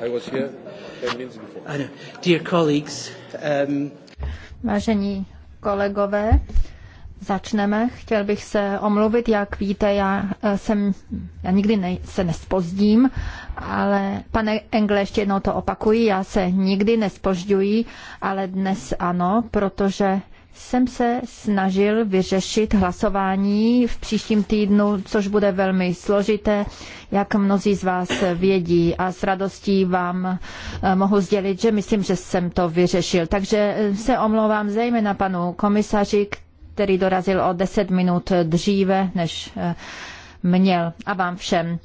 I was here 10 minutes before. I know. Dear colleagues, um... Vážení kolegové, začneme. Chtěl bych se omluvit, jak víte, já eh, jsem, já nikdy ne, se nespozdím, ale pane Engle, ještě jednou to opakuji, já se nikdy nespožďuji, ale dnes ano, protože jsem se snažil vyřešit hlasování v příštím týdnu, což bude velmi složité, jak mnozí z vás vědí. A s radostí vám eh, mohu sdělit, že myslím, že jsem to vyřešil. Takže eh, se omlouvám zejména panu komisaři, který dorazil o 10 minut dříve, než eh, měl. A vám všem.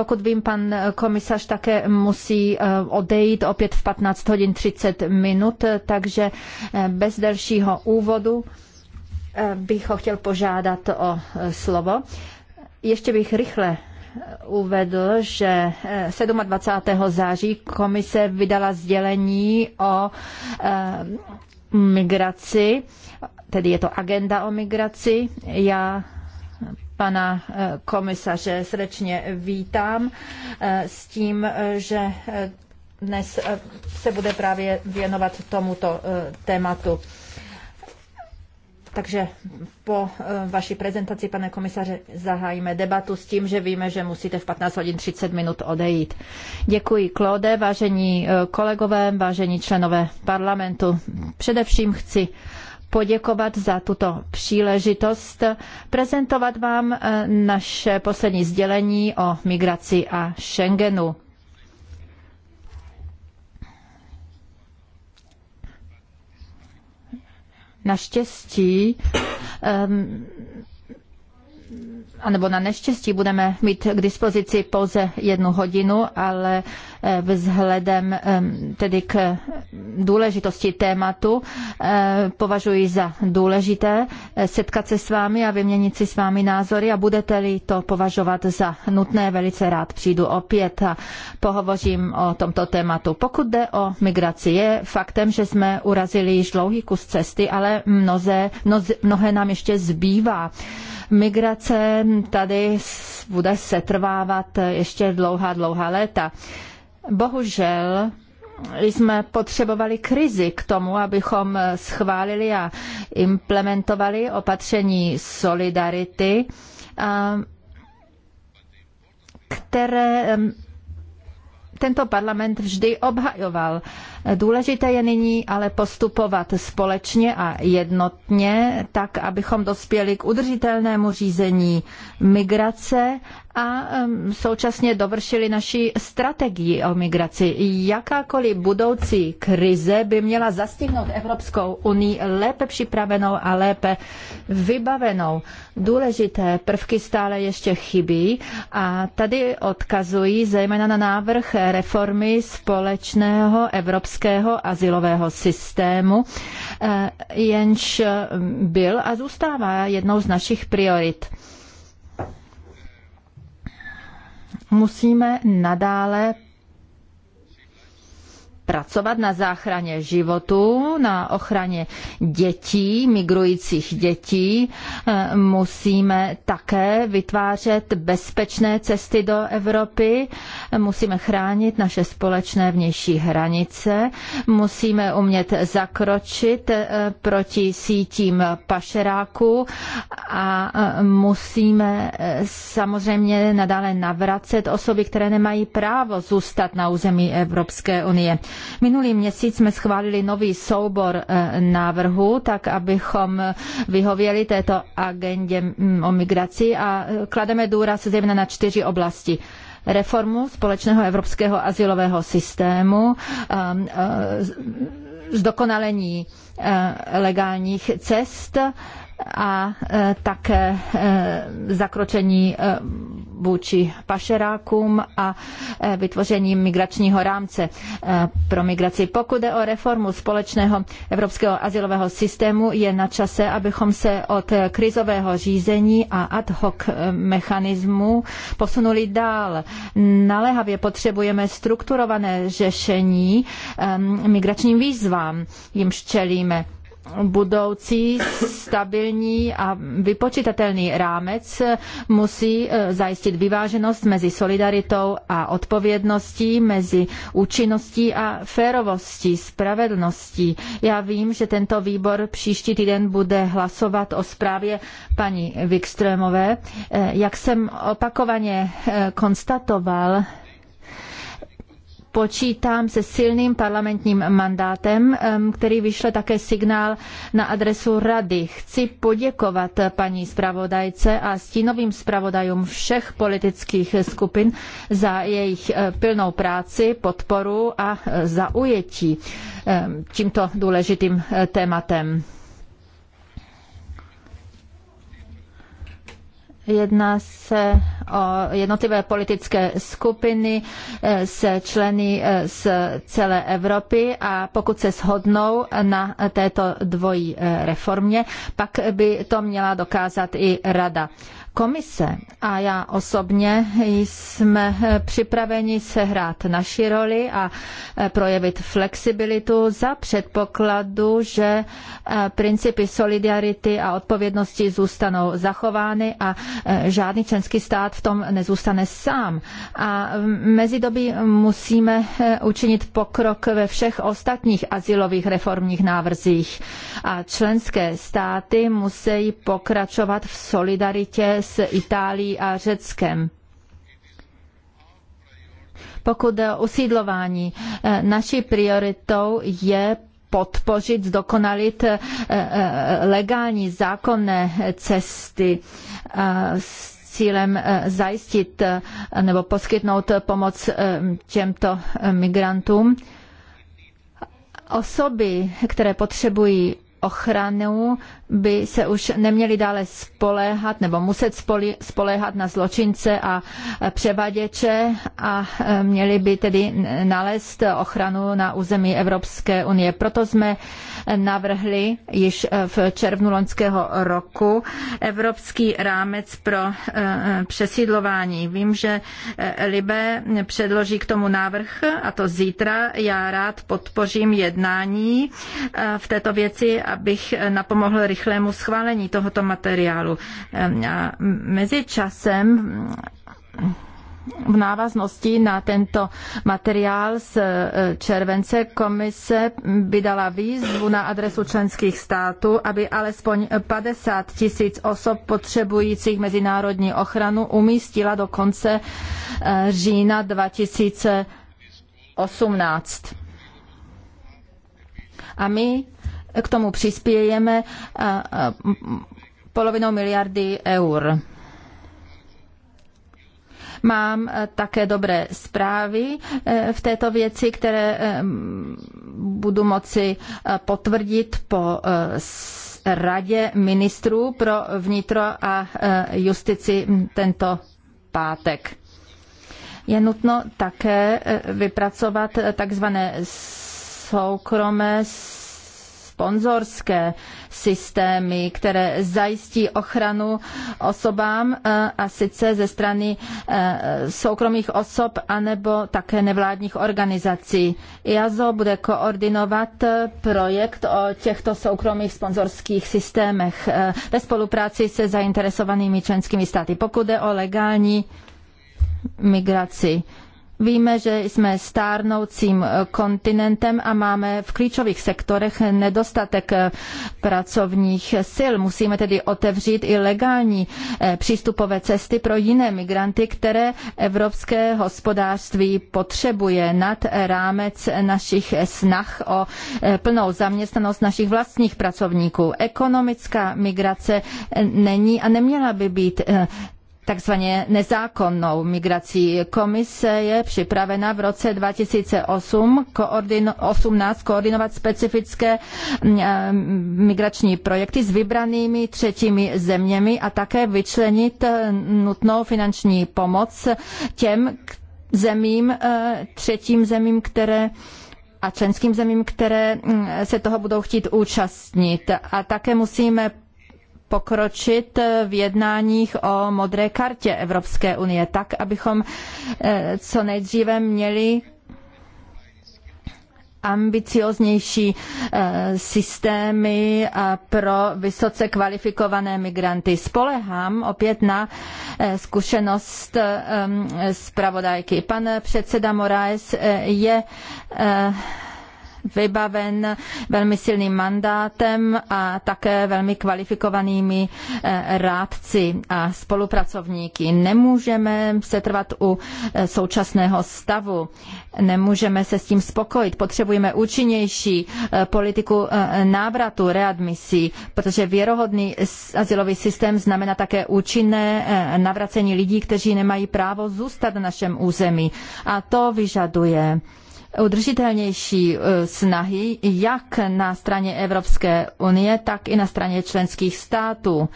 Pokud vím, pan komisař také musí eh, odejít opět v 15 hodin 30 minut, takže eh, bez dalšího úvodu eh, bych ho chtěl požádat o slovo. Ještě bych rychle uvedl, že 27. září komise vydala sdělení o migraci, tedy je to agenda o migraci. Já pana eh, komisaře srdečně vítám eh, s tím, eh, že dnes se bude právě věnovat tomuto tématu. Takže po vaší prezentaci, pane komisaře, zahájíme debatu s tím, že víme, že musíte v 15 hodin 30 minut odejít. Děkuji, Klode, vážení kolegové, vážení členové parlamentu. Především chci poděkovat za tuto příležitost prezentovat vám eh, naše poslední sdělení o migraci a Schengenu. Naštěstí um, anebo na neštěstí budeme mít k dispozici pouze jednu hodinu, ale eh, vzhledem ehm, tedy k důležitosti tématu eh, považuji za důležité eh, setkat se s vámi a vyměnit si s vámi názory a budete-li to považovat za nutné, velice rád přijdu opět a pohovořím o tomto tématu. Pokud jde o migraci, je faktem, že jsme urazili již dlouhý kus cesty, ale mnoze, mnoze, mnohé nám ještě zbývá Migrace tady bude setrvávat ještě dlouhá, dlouhá léta. Bohužel jsme potřebovali krizi k tomu, abychom schválili a implementovali opatření solidarity, které tento parlament vždy obhajoval. Důležité je nyní ale postupovat společně a jednotně, tak abychom dospěli k udržitelnému řízení migrace a současně dovršili naši strategii o migraci. Jakákoliv budoucí krize by měla zastihnout Evropskou unii lépe připravenou a lépe vybavenou. Důležité prvky stále ještě chybí a tady odkazují zejména na návrh reformy společného evropského evropského asilového systému, eh, jenž byl a zůstává jednou z našich priorit. Musíme nadále pracovat na záchraně životu, na ochraně dětí, migrujících dětí. Eh, musíme také vytvářet bezpečné cesty do Evropy, musíme chránit naše společné vnější hranice, musíme umět zakročit eh, proti sítím pašeráků a eh, musíme samozřejmě nadále navracet osoby, které nemají právo zůstat na území Evropské unie. Minulý měsíc jsme schválili nový soubor eh, návrhu, tak abychom vyhověli této agendě mm, o migraci a eh, klademe důraz zejména na čtyři oblasti reformu společného evropského asilového systému, ehm, eh, zdokonalení legálních cest, a e, také e, zakročení e, vůči pašerákům a vytvoření migračního rámce pro migraci. Pokud jde o reformu společného evropského asilového systému, je na čase, abychom se od krizového řízení a ad hoc mechanismu posunuli dál. Naléhavě potřebujeme strukturované řešení migračním výzvám, jimž čelíme budoucí stabilní a vypočitatelný rámec musí eh, zajistit vyváženost mezi solidaritou a odpovědností, mezi účinností a férovostí, spravedlností. Já vím, že tento výbor příští týden bude hlasovat o zprávě paní Wikströmové. Eh, jak jsem opakovaně eh, konstatoval, počítám se silným parlamentním mandátem, který vyšle také signál na adresu rady. Chci poděkovat paní zpravodajce a stínovým zpravodajům všech politických skupin za jejich eh, pilnou práci, podporu a eh, zaujetí tímto důležitým eh, tématem. Jedná se o jednotlivé politické skupiny eh, se členy eh, z celé Evropy a pokud se shodnou na této dvojí eh, reformě, pak by to měla dokázat i Rada. Komise a já osobně jsme připraveni sehrát naši roli a e, projevit flexibilitu za předpokladu, že e, principy solidarity a odpovědnosti zůstanou zachovány a e, žádný členský stát v tom nezůstane sám. A mezidobí musíme učinit pokrok ve všech ostatních asilových reformních návrzích. A členské státy musí pokračovat v solidaritě s Itálií a Řeckem. Pokud jde o usídlování, eh, naší prioritou je podpořit, zdokonalit eh, eh, legální zákonné cesty s cílem zajistit nebo poskytnout pomoc těmto migrantům. Osoby, které potřebují ochranu by se už neměli dále spoléhat nebo muset spoléhat na zločince a převaděče a e, měli by tedy nalézt ochranu na území Evropské unie. Proto jsme navrhli již e, v červnu loňského roku Evropský rámec pro e, přesídlování. Vím, že Libe předloží k tomu návrh a to zítra. Já rád podpořím jednání v této věci abych eh, napomohl rychlému schválení tohoto materiálu. Ehm, a mezi časem mm, v návaznosti na tento materiál z eh, července komise vydala výzvu na adresu členských států, aby alespoň 50 tisíc osob potřebujících mezinárodní ochranu umístila do konce eh, října 2018. A my k tomu přispějeme polovinou miliardy eur. Mám e, také dobré zprávy e, v této věci, které e, budu moci potvrdit po radě ministrů pro vnitro a justici tento pátek. Je nutno také vypracovat takzvané soukromé sponzorské systémy, které zajistí ochranu osobám eh, a sice ze strany eh, soukromých osob anebo také nevládních organizací. IAZO bude koordinovat eh, projekt o těchto soukromých sponzorských systémech ve spolupráci se zainteresovanými členskými státy. Pokud jde o legální migraci, Víme, že jsme stárnoucím eh, kontinentem a máme v klíčových sektorech nedostatek eh, pracovních sil. Musíme tedy otevřít i legální eh, přístupové cesty pro jiné migranty, které evropské hospodářství potřebuje nad rámec našich snah o plnou zaměstnanost našich vlastních pracovníků. Ekonomická migrace není a neměla by být tzv. nezákonnou migrací. Komise je připravena v roce 2008 koordin, 18 koordinovat specifické mm, eh, migrační projekty s vybranými třetími zeměmi a také vyčlenit eh, nutnou finanční pomoc těm zemím, eh, třetím zemím, které a členským zemím, které mm, se toho budou chtít účastnit. A také musíme pokročit v jednáních o modré kartě Evropské unie, tak abychom eh, co nejdříve měli ambicioznější eh, systémy eh, pro vysoce kvalifikované migranty. Spolehám opět na zkušenost zpravodajky. Pan předseda Moraes je vybaven velmi silným mandátem a také velmi kvalifikovanými eh, rádci a spolupracovníky. Nemůžeme se trvat u eh, současného stavu. Nemůžeme se s tím spokojit. Potřebujeme účinnější eh, politiku návratu, readmisí, protože věrohodný asilový systém znamená také účinné navracení lidí, kteří nemají právo zůstat na našem území. A to vyžaduje udržitelnější eh, snahy, jak na straně Evropské unie, tak i na straně členských států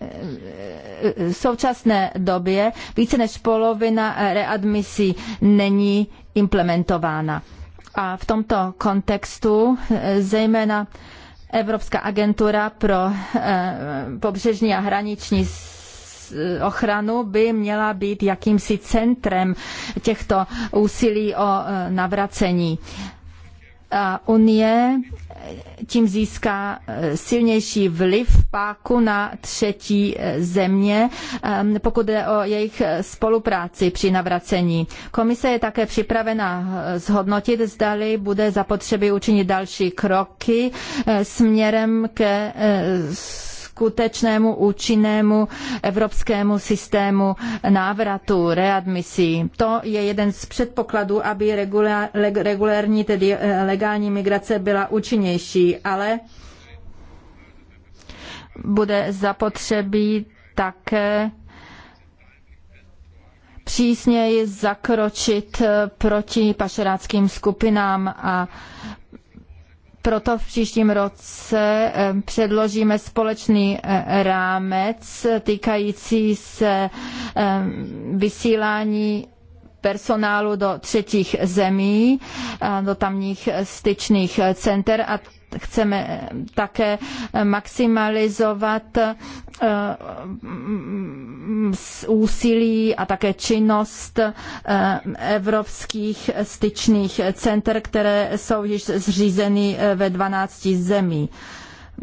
eh, v současné době více než polovina readmisí není implementována. A v tomto kontextu eh, zejména Evropská agentura pro pobřežní a hraniční ochranu by měla být jakýmsi centrem těchto úsilí o e, navracení. A Unie tím získá e, silnější vliv páku na třetí e, země, pokud jde o jejich spolupráci při navracení. Komise je také připravena zhodnotit, zdali bude zapotřebí učinit další kroky směrem ke skutečnému účinnému evropskému systému návratu, readmisí. To je jeden z předpokladů, aby regulérní, tedy eh, legální migrace byla účinnější, ale bude zapotřebí také přísněji zakročit eh, proti pašeráckým skupinám a proto v příštím roce eh, předložíme společný eh, rámec týkající se eh, vysílání personálu do třetích zemí, do tamních styčných center a chceme také maximalizovat eh, úsilí a také činnost eh, evropských styčných center, které jsou již zřízeny eh, ve 12 zemích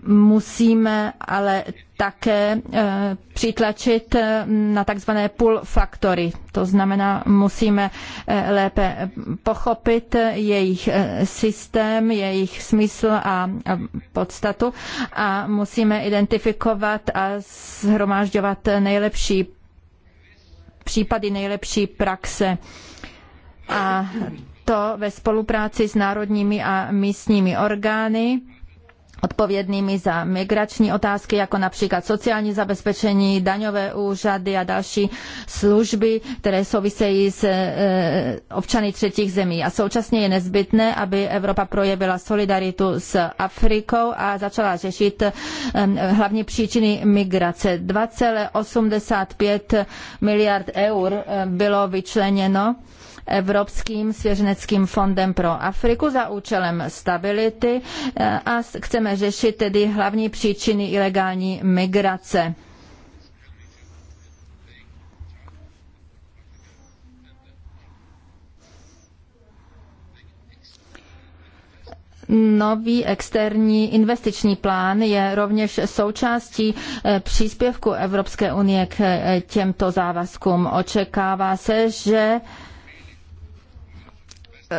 musíme ale také eh, přitlačit eh, na takzvané pull faktory. To znamená, musíme eh, lépe pochopit jejich systém, jejich smysl a podstatu a musíme identifikovat a shromážďovat nejlepší případy nejlepší praxe. A to ve spolupráci s národními a místními orgány odpovědnými za migrační otázky, jako například sociální zabezpečení, daňové úřady a další služby, které souvisejí s e, občany třetích zemí. A současně je nezbytné, aby Evropa projevila solidaritu s Afrikou a začala řešit e, hlavní příčiny migrace. 2,85 miliard eur e, bylo vyčleněno Evropským svěřeneckým fondem pro Afriku za účelem stability eh, a chceme řešit tedy hlavní příčiny ilegální migrace. Nový externí investiční plán je rovněž součástí eh, příspěvku Evropské unie k eh, těmto závazkům. Očekává se, že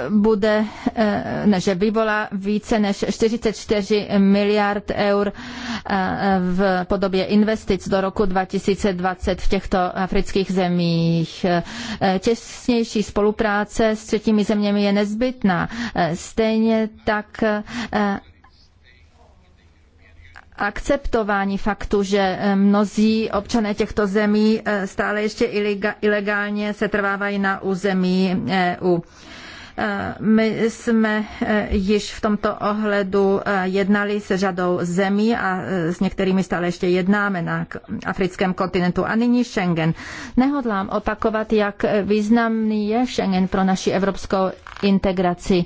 bude, eh, ne, že vyvolá více než 44 miliard eur eh, v podobě investic do roku 2020 v těchto afrických zemích. Eh, těsnější spolupráce s třetími zeměmi je nezbytná. Stejně tak akceptování faktu, že mnozí občané těchto zemí stále ještě ilegálně se trvávají na území EU. My jsme eh, již v tomto ohledu eh, jednali s řadou zemí a eh, s některými stále ještě jednáme na africkém kontinentu. A nyní Schengen. Nehodlám opakovat, jak významný je Schengen pro naši evropskou integraci.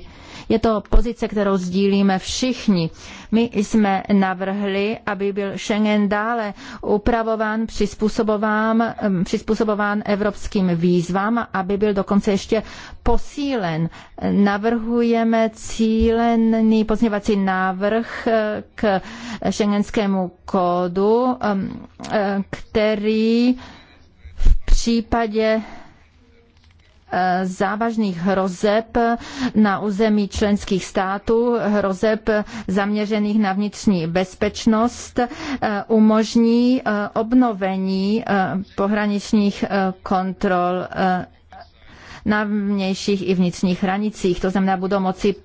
Je to pozice, kterou sdílíme všichni. My jsme navrhli, aby byl Schengen dále upravován, přizpůsobován, mm, přizpůsobován evropským výzvám, aby byl dokonce ještě posílen. Navrhujeme cílený pozměvací návrh eh, k šengenskému kódu, mm, eh, který v případě závažných hrozeb na území členských států, hrozeb zaměřených na vnitřní bezpečnost, eh, umožní eh, obnovení eh, pohraničních kontrol na vnějších i vnitřních hranicích. To znamená, budou moci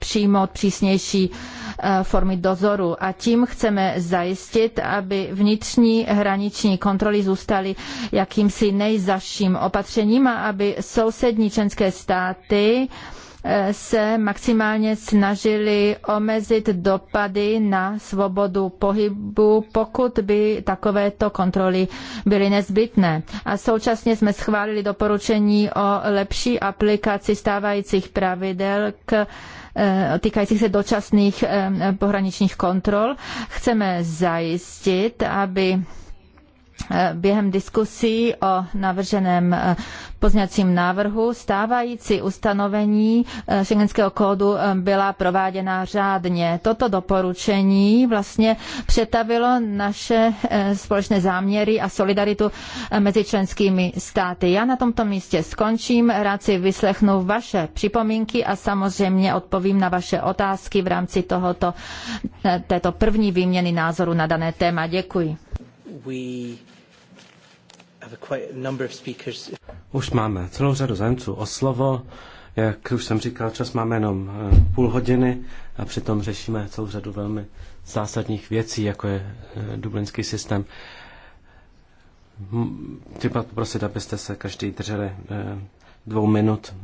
přijmout přísnější eh, formy dozoru a tím chceme zajistit, aby vnitřní hraniční kontroly zůstaly jakýmsi nejzaším opatřením a aby sousední členské státy eh, se maximálně snažili omezit dopady na svobodu pohybu, pokud by takovéto kontroly byly nezbytné. A současně jsme schválili doporučení o lepší aplikaci stávajících pravidel k Eh, týkajících se dočasných eh, pohraničních kontrol. Chceme zajistit, aby Eh, během diskusí o navrženém eh, pozněcím návrhu stávající ustanovení eh, Schengenského kódu byla prováděna řádně. Toto doporučení vlastně přetavilo naše společné záměry a solidaritu mezi členskými státy. Já na tomto místě skončím, rád si vyslechnu vaše připomínky a samozřejmě odpovím na vaše otázky v rámci tohoto, této první výměny názoru na dané téma. Děkuji. We už máme celou řadu zájemců o slovo. Jak už jsem říkal, čas máme jenom eh, půl hodiny a přitom řešíme celou řadu velmi zásadních věcí, jako je eh, dublinský systém. Chci vás poprosit, abyste se každý drželi eh, dvou minut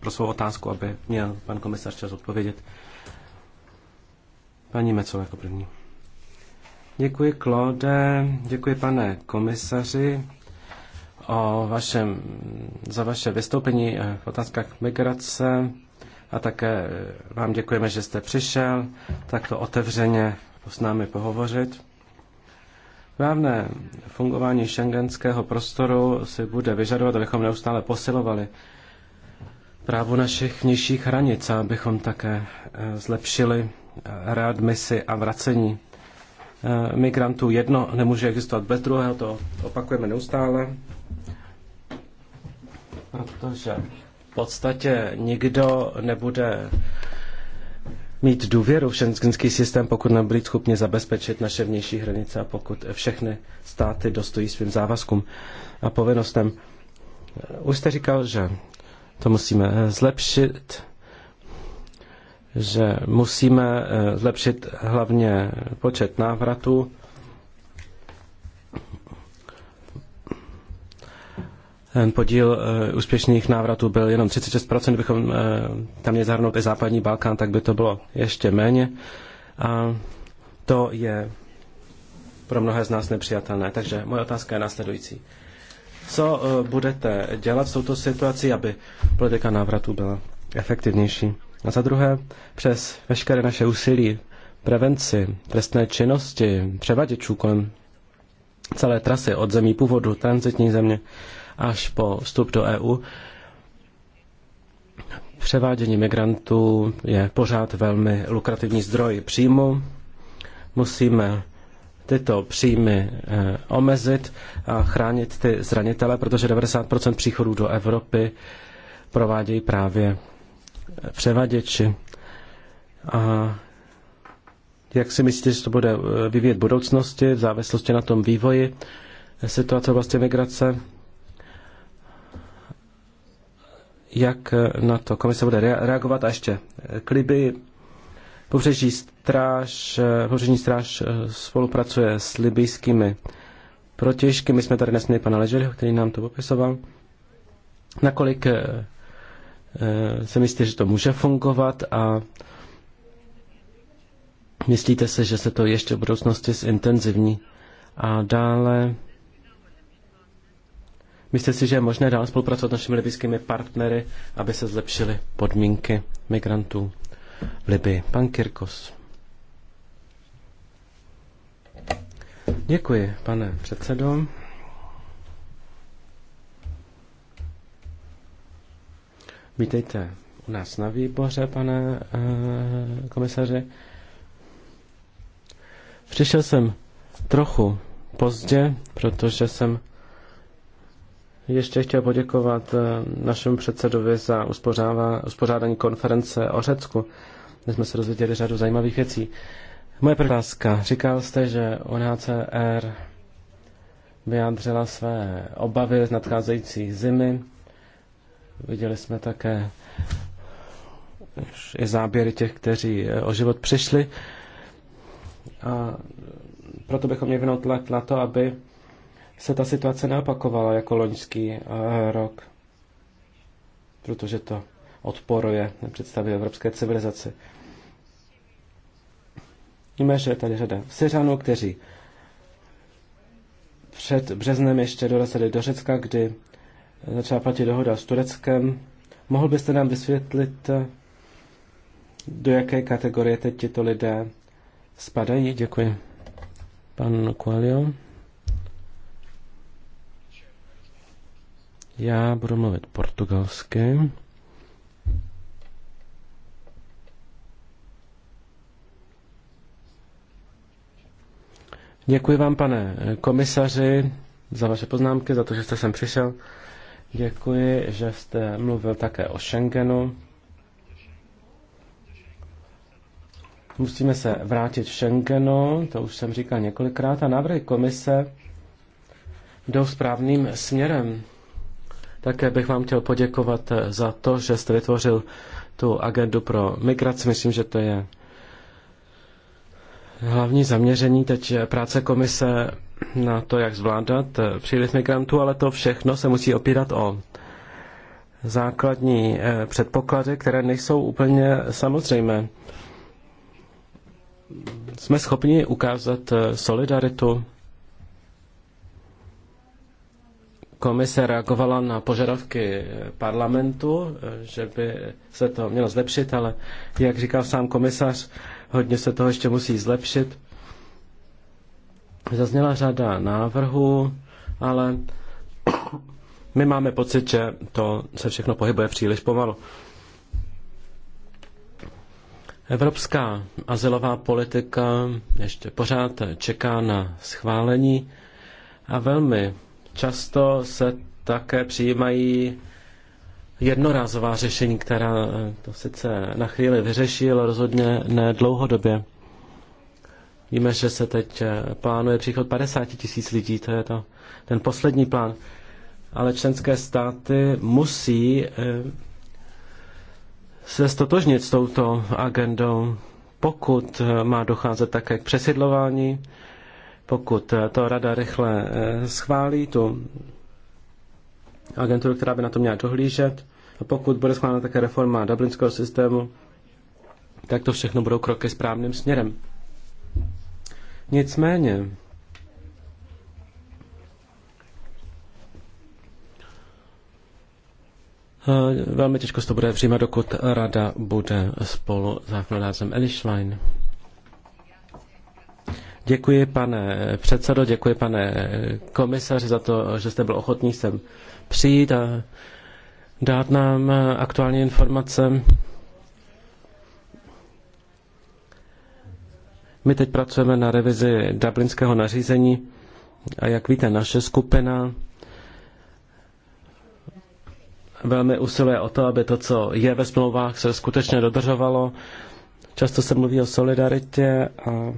pro svou otázku, aby měl pan komisař čas odpovědět. Paní Mecová jako první. Děkuji, Claude. Děkuji, pane komisaři o vašem, za vaše vystoupení eh, v otázkách migrace a také eh, vám děkujeme, že jste přišel takto otevřeně s námi pohovořit. Právné fungování šengenského prostoru si bude vyžadovat, abychom neustále posilovali právo našich nižších hranic, abychom také eh, zlepšili readmisy a vracení migrantů. Jedno nemůže existovat bez druhého, to opakujeme neustále protože v podstatě nikdo nebude mít důvěru v šengenský systém, pokud nebude schopni zabezpečit naše vnější hranice a pokud všechny státy dostojí svým závazkům a povinnostem. Eh, už jste říkal, že to musíme eh, zlepšit, že musíme eh, zlepšit hlavně počet návratů podíl eh, úspěšných návratů byl jenom 36%, kdybychom eh, tam měli zahrnout i západní Balkán, tak by to bylo ještě méně. A to je pro mnohé z nás nepřijatelné. Takže moje otázka je následující. Co eh, budete dělat s touto situací, aby politika návratu byla efektivnější? A za druhé, přes veškeré naše úsilí prevenci trestné činnosti převaděčů kolem celé trasy od zemí původu, transitní země, až po vstup do EU. Převádění migrantů je pořád velmi lukrativní zdroj příjmu. Musíme tyto příjmy eh, omezit a chránit ty zranitele, protože 90% příchodů do Evropy provádějí právě eh, převaděči. A jak si myslíte, že to bude eh, vyvíjet v budoucnosti v závislosti na tom vývoji situace v oblasti migrace? jak eh, na to komise bude reagovat a ještě eh, kliby. Pobřeží stráž, eh, pobřežní stráž spolupracuje s libijskými protěžky. My jsme tady měli pana Leželiho, který nám to popisoval. Nakolik se myslíte, že to může fungovat a myslíte se, že se to ještě v budoucnosti zintenzivní? A dále Myslíte si, že je možné dál spolupracovat s našimi libijskými partnery, aby se zlepšily podmínky migrantů v Libii. Pan Kirkos. Děkuji, pane předsedo. Vítejte u nás na výboře, pane e, komisaři. Přišel jsem trochu pozdě, protože jsem ještě chtěl poděkovat eh, našemu předsedovi za uspořádání konference o Řecku, My jsme se dozvěděli řadu zajímavých věcí. Moje první otázka. Říkal jste, že UNHCR vyjádřila své obavy z nadcházející zimy. Viděli jsme také i záběry těch, kteří eh, o život přišli. A proto bychom měli vnout tlak na to, aby se ta situace neopakovala jako loňský eh, rok, protože to odporuje představě evropské civilizace. Víme, že je tady řada Syřanů, kteří před březnem ještě dorazili do Řecka, kdy začala platit dohoda s Tureckem. Mohl byste nám vysvětlit, eh, do jaké kategorie teď tito lidé spadají? Děkuji. Pan Coelho. Já budu mluvit portugalsky. Děkuji vám, pane komisaři, za vaše poznámky, za to, že jste sem přišel. Děkuji, že jste mluvil také o Schengenu. Musíme se vrátit v Schengenu, to už jsem říkal několikrát, a návrhy komise jdou správným směrem. Také bych vám chtěl poděkovat eh, za to, že jste vytvořil tu agendu pro migraci. Myslím, že to je hlavní zaměření teď práce komise na to, jak zvládat eh, příliv migrantů, ale to všechno se musí opírat o základní eh, předpoklady, které nejsou úplně samozřejmé. Jsme schopni ukázat solidaritu komise reagovala na požadavky parlamentu, že by se to mělo zlepšit, ale jak říkal sám komisař, hodně se toho ještě musí zlepšit. Zazněla řada návrhů, ale my máme pocit, že to se všechno pohybuje příliš pomalu. Evropská azylová politika ještě pořád čeká na schválení a velmi Často se také přijímají jednorázová řešení, která eh, to sice na chvíli vyřeší, ale rozhodně ne dlouhodobě. Víme, že se teď eh, plánuje příchod 50 tisíc lidí, to je to, ten poslední plán. Ale členské státy musí eh, se stotožnit s touto agendou, pokud má docházet také k přesidlování pokud to rada rychle eh, schválí, tu agenturu, která by na to měla dohlížet, a pokud bude schválena také reforma dublinského systému, tak to všechno budou kroky správným směrem. Nicméně, eh, velmi těžko se to bude přijímat, dokud rada bude spolu zákonodácem Elišlein. Děkuji, pane předsedo, děkuji, pane komisaři, za to, že jste byl ochotný sem přijít a dát nám aktuální informace. My teď pracujeme na revizi dublinského nařízení a jak víte, naše skupina velmi usiluje o to, aby to, co je ve smlouvách, se skutečně dodržovalo. Často se mluví o solidaritě a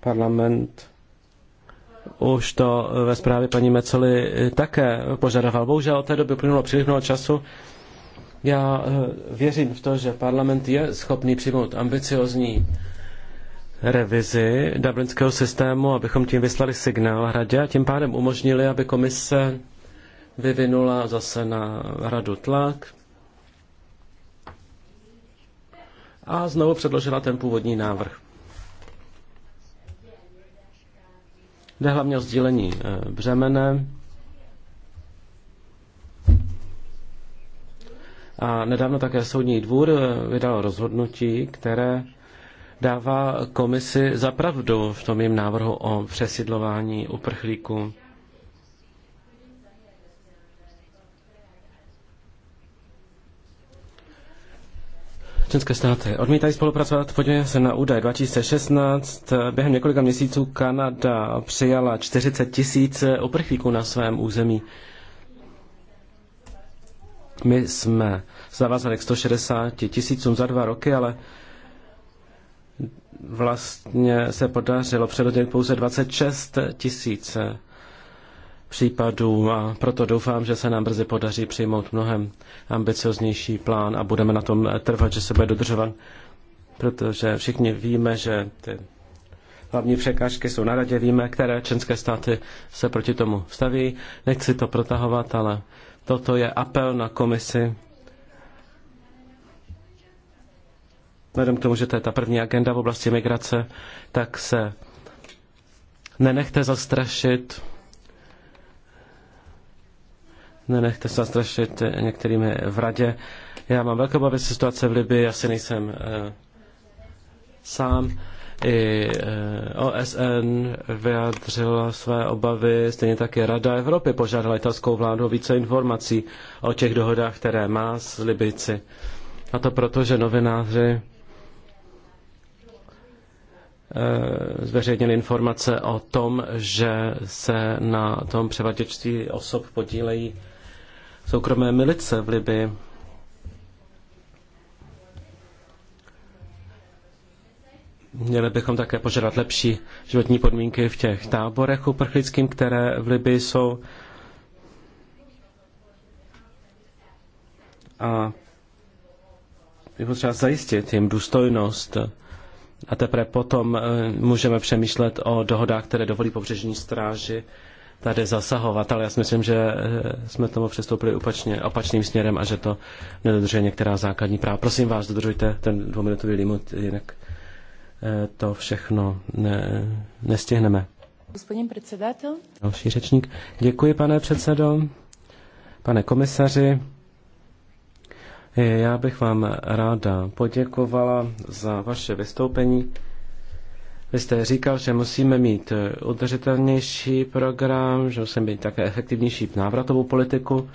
Parlament už to ve zprávě paní Mecoli také požadoval. Bohužel od té doby uplynulo příliš mnoho času. Já eh, věřím v to, že parlament je schopný přijmout ambiciozní revizi dublinského systému, abychom tím vyslali signál hradě a tím pádem umožnili, aby komise vyvinula zase na radu tlak a znovu předložila ten původní návrh. Jde hlavně o sdílení eh, břemene a nedávno také Soudní dvůr eh, vydal rozhodnutí, které dává komisi zapravdu v tom jim návrhu o přesidlování uprchlíků. Členské státy odmítají spolupracovat. Podívejme se na údaj 2016. Během několika měsíců Kanada přijala 40 tisíc uprchlíků na svém území. My jsme zavázali k 160 tisícům za dva roky, ale vlastně se podařilo předodit pouze 26 tisíce případů a proto doufám, že se nám brzy podaří přijmout mnohem ambicioznější plán a budeme na tom trvat, že se bude dodržovat, protože všichni víme, že ty hlavní překážky jsou na radě, víme, které členské státy se proti tomu staví. Nechci to protahovat, ale toto je apel na komisi. Vzhledem k tomu, že to je ta první agenda v oblasti migrace, tak se nenechte zastrašit Nenechte se zastrašit některými v radě. Já mám velké obavy situace v Libii, asi nejsem eh, sám. I eh, OSN vyjádřila své obavy, stejně také Rada Evropy požádala italskou vládu o více informací o těch dohodách, které má s Libici. A to proto, že novináři eh, zveřejnili informace o tom, že se na tom převaděčství osob podílejí soukromé milice v Libii. Měli bychom také požadat lepší životní podmínky v těch táborech uprchlickým, které v Libii jsou. A je potřeba zajistit jim důstojnost. A teprve potom eh, můžeme přemýšlet o dohodách, které dovolí pobřežní stráži tady zasahovat, ale já si myslím, že eh, jsme tomu přistoupili opačně, opačným směrem a že to nedodržuje některá základní práva. Prosím vás, dodržujte ten dvouminutový limit, jinak eh, to všechno ne, nestihneme. Gospodin předsedatel. Další řečník. Děkuji, pane předsedo, pane komisaři. Já bych vám ráda poděkovala za vaše vystoupení. Vy jste říkal, že musíme mít eh, udržitelnější program, že musíme mít také efektivnější návratovou politiku.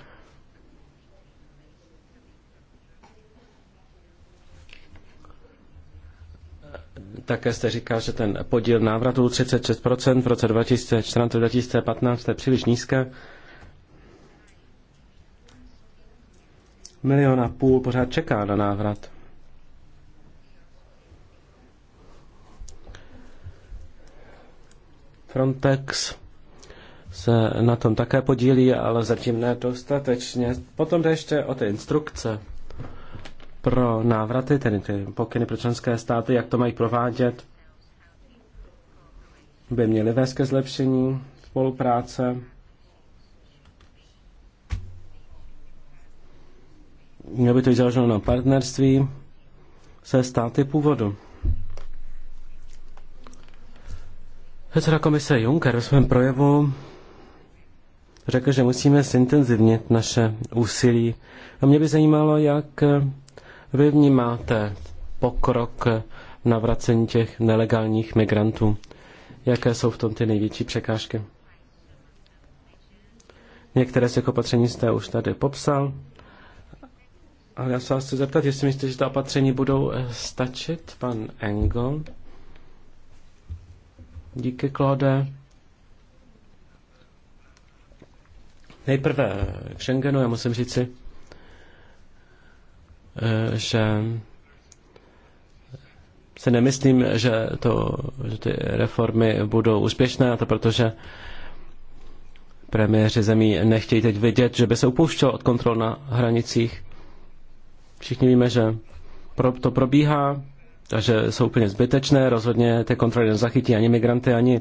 Také jste říkal, že ten podíl návratů 36% v roce 2014-2015 je příliš nízké. Milion a půl pořád čeká na návrat. Frontex se na tom také podílí, ale zatím ne dostatečně. Potom jde ještě o ty instrukce pro návraty, tedy ty pokyny pro členské státy, jak to mají provádět, by měly vést ke zlepšení spolupráce. Mělo by to být založeno na partnerství se státy původu. Předseda komise Juncker ve svém projevu řekl, že musíme zintenzivnit naše úsilí. A mě by zajímalo, jak eh, vy vnímáte pokrok na vracení těch nelegálních migrantů. Jaké jsou v tom ty největší překážky? Některé z těch opatření jste už tady popsal, ale já se vás chci zeptat, jestli myslíte, že ta opatření budou eh, stačit, pan Engel. Díky, Klode. Nejprve eh, k Schengenu, já musím říci, eh, že si nemyslím, že, to, že ty reformy budou úspěšné, a to protože premiéři zemí nechtějí teď vidět, že by se upouštěl od kontrol na hranicích. Všichni víme, že to probíhá, takže jsou úplně zbytečné, rozhodně ty kontroly nezachytí ani migranty, ani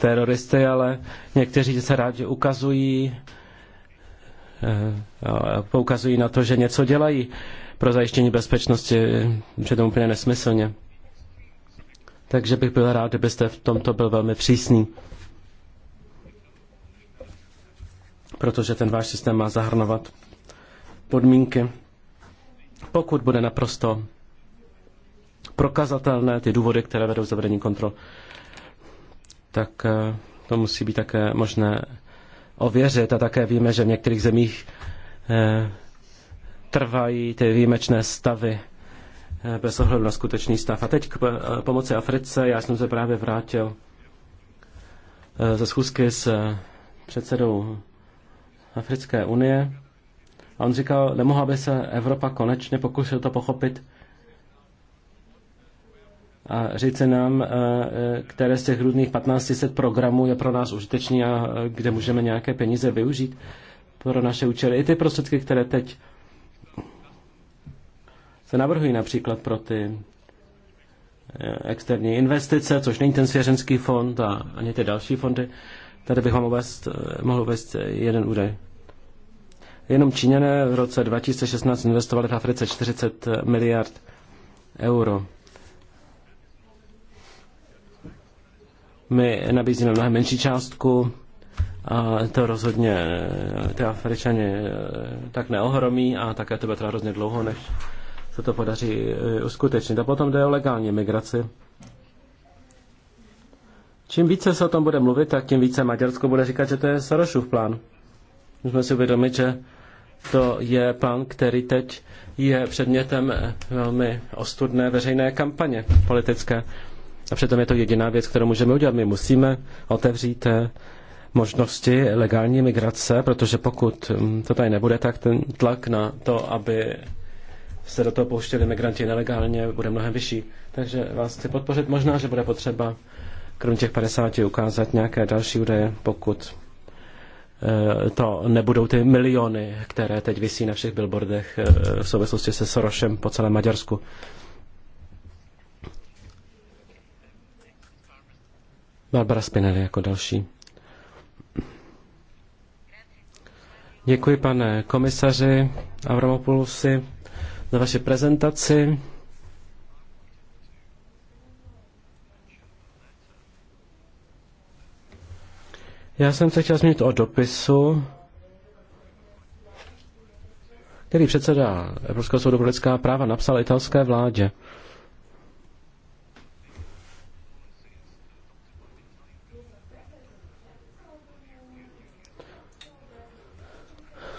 teroristy, ale někteří se rádi ukazují, eh, poukazují na to, že něco dělají pro zajištění bezpečnosti, přitom úplně nesmyslně. Takže bych byl rád, kdybyste v tomto byl velmi přísný. Protože ten váš systém má zahrnovat podmínky. Pokud bude naprosto prokazatelné ty důvody, které vedou k zavedení kontrol, tak eh, to musí být také možné ověřit. A také víme, že v některých zemích eh, trvají ty výjimečné stavy eh, bez ohledu na skutečný stav. A teď k pomoci Africe. Já jsem se právě vrátil ze schůzky s předsedou Africké unie. A on říkal, nemohla by se Evropa konečně pokusit to pochopit, a říci nám, eh, které z těch různých 1500 programů je pro nás užitečný a eh, kde můžeme nějaké peníze využít pro naše účely. I ty prostředky, které teď se navrhují například pro ty eh, externí investice, což není ten svěřenský fond a ani ty další fondy. Tady bych vám uvést, mohl uvést jeden údaj. Jenom Číňané v roce 2016 investovali v Africe 40 miliard euro. My nabízíme mnohem menší částku a to rozhodně eh, ty Afričani eh, tak neohromí a také to bude hrozně dlouho, než se to podaří eh, uskutečnit. A potom jde o legální migraci. Čím více se o tom bude mluvit, tak tím více Maďarsko bude říkat, že to je Sorosův plán. Musíme si uvědomit, že to je plán, který teď je předmětem velmi ostudné veřejné kampaně politické. A přitom je to jediná věc, kterou můžeme udělat. My musíme otevřít eh, možnosti legální migrace, protože pokud mm, to tady nebude, tak ten tlak na to, aby se do toho pouštěli migranti nelegálně, bude mnohem vyšší. Takže vás chci podpořit. Možná, že bude potřeba krom těch 50 ukázat nějaké další údaje, pokud eh, to nebudou ty miliony, které teď vysí na všech billboardech eh, v souvislosti se Sorošem po celém Maďarsku. Barbara Spinelli jako další. Děkuji, pane komisaři Avramopoulosi, za vaši prezentaci. Já jsem se chtěl zmínit o dopisu, který předseda Evropského soudu pro lidská práva napsal italské vládě.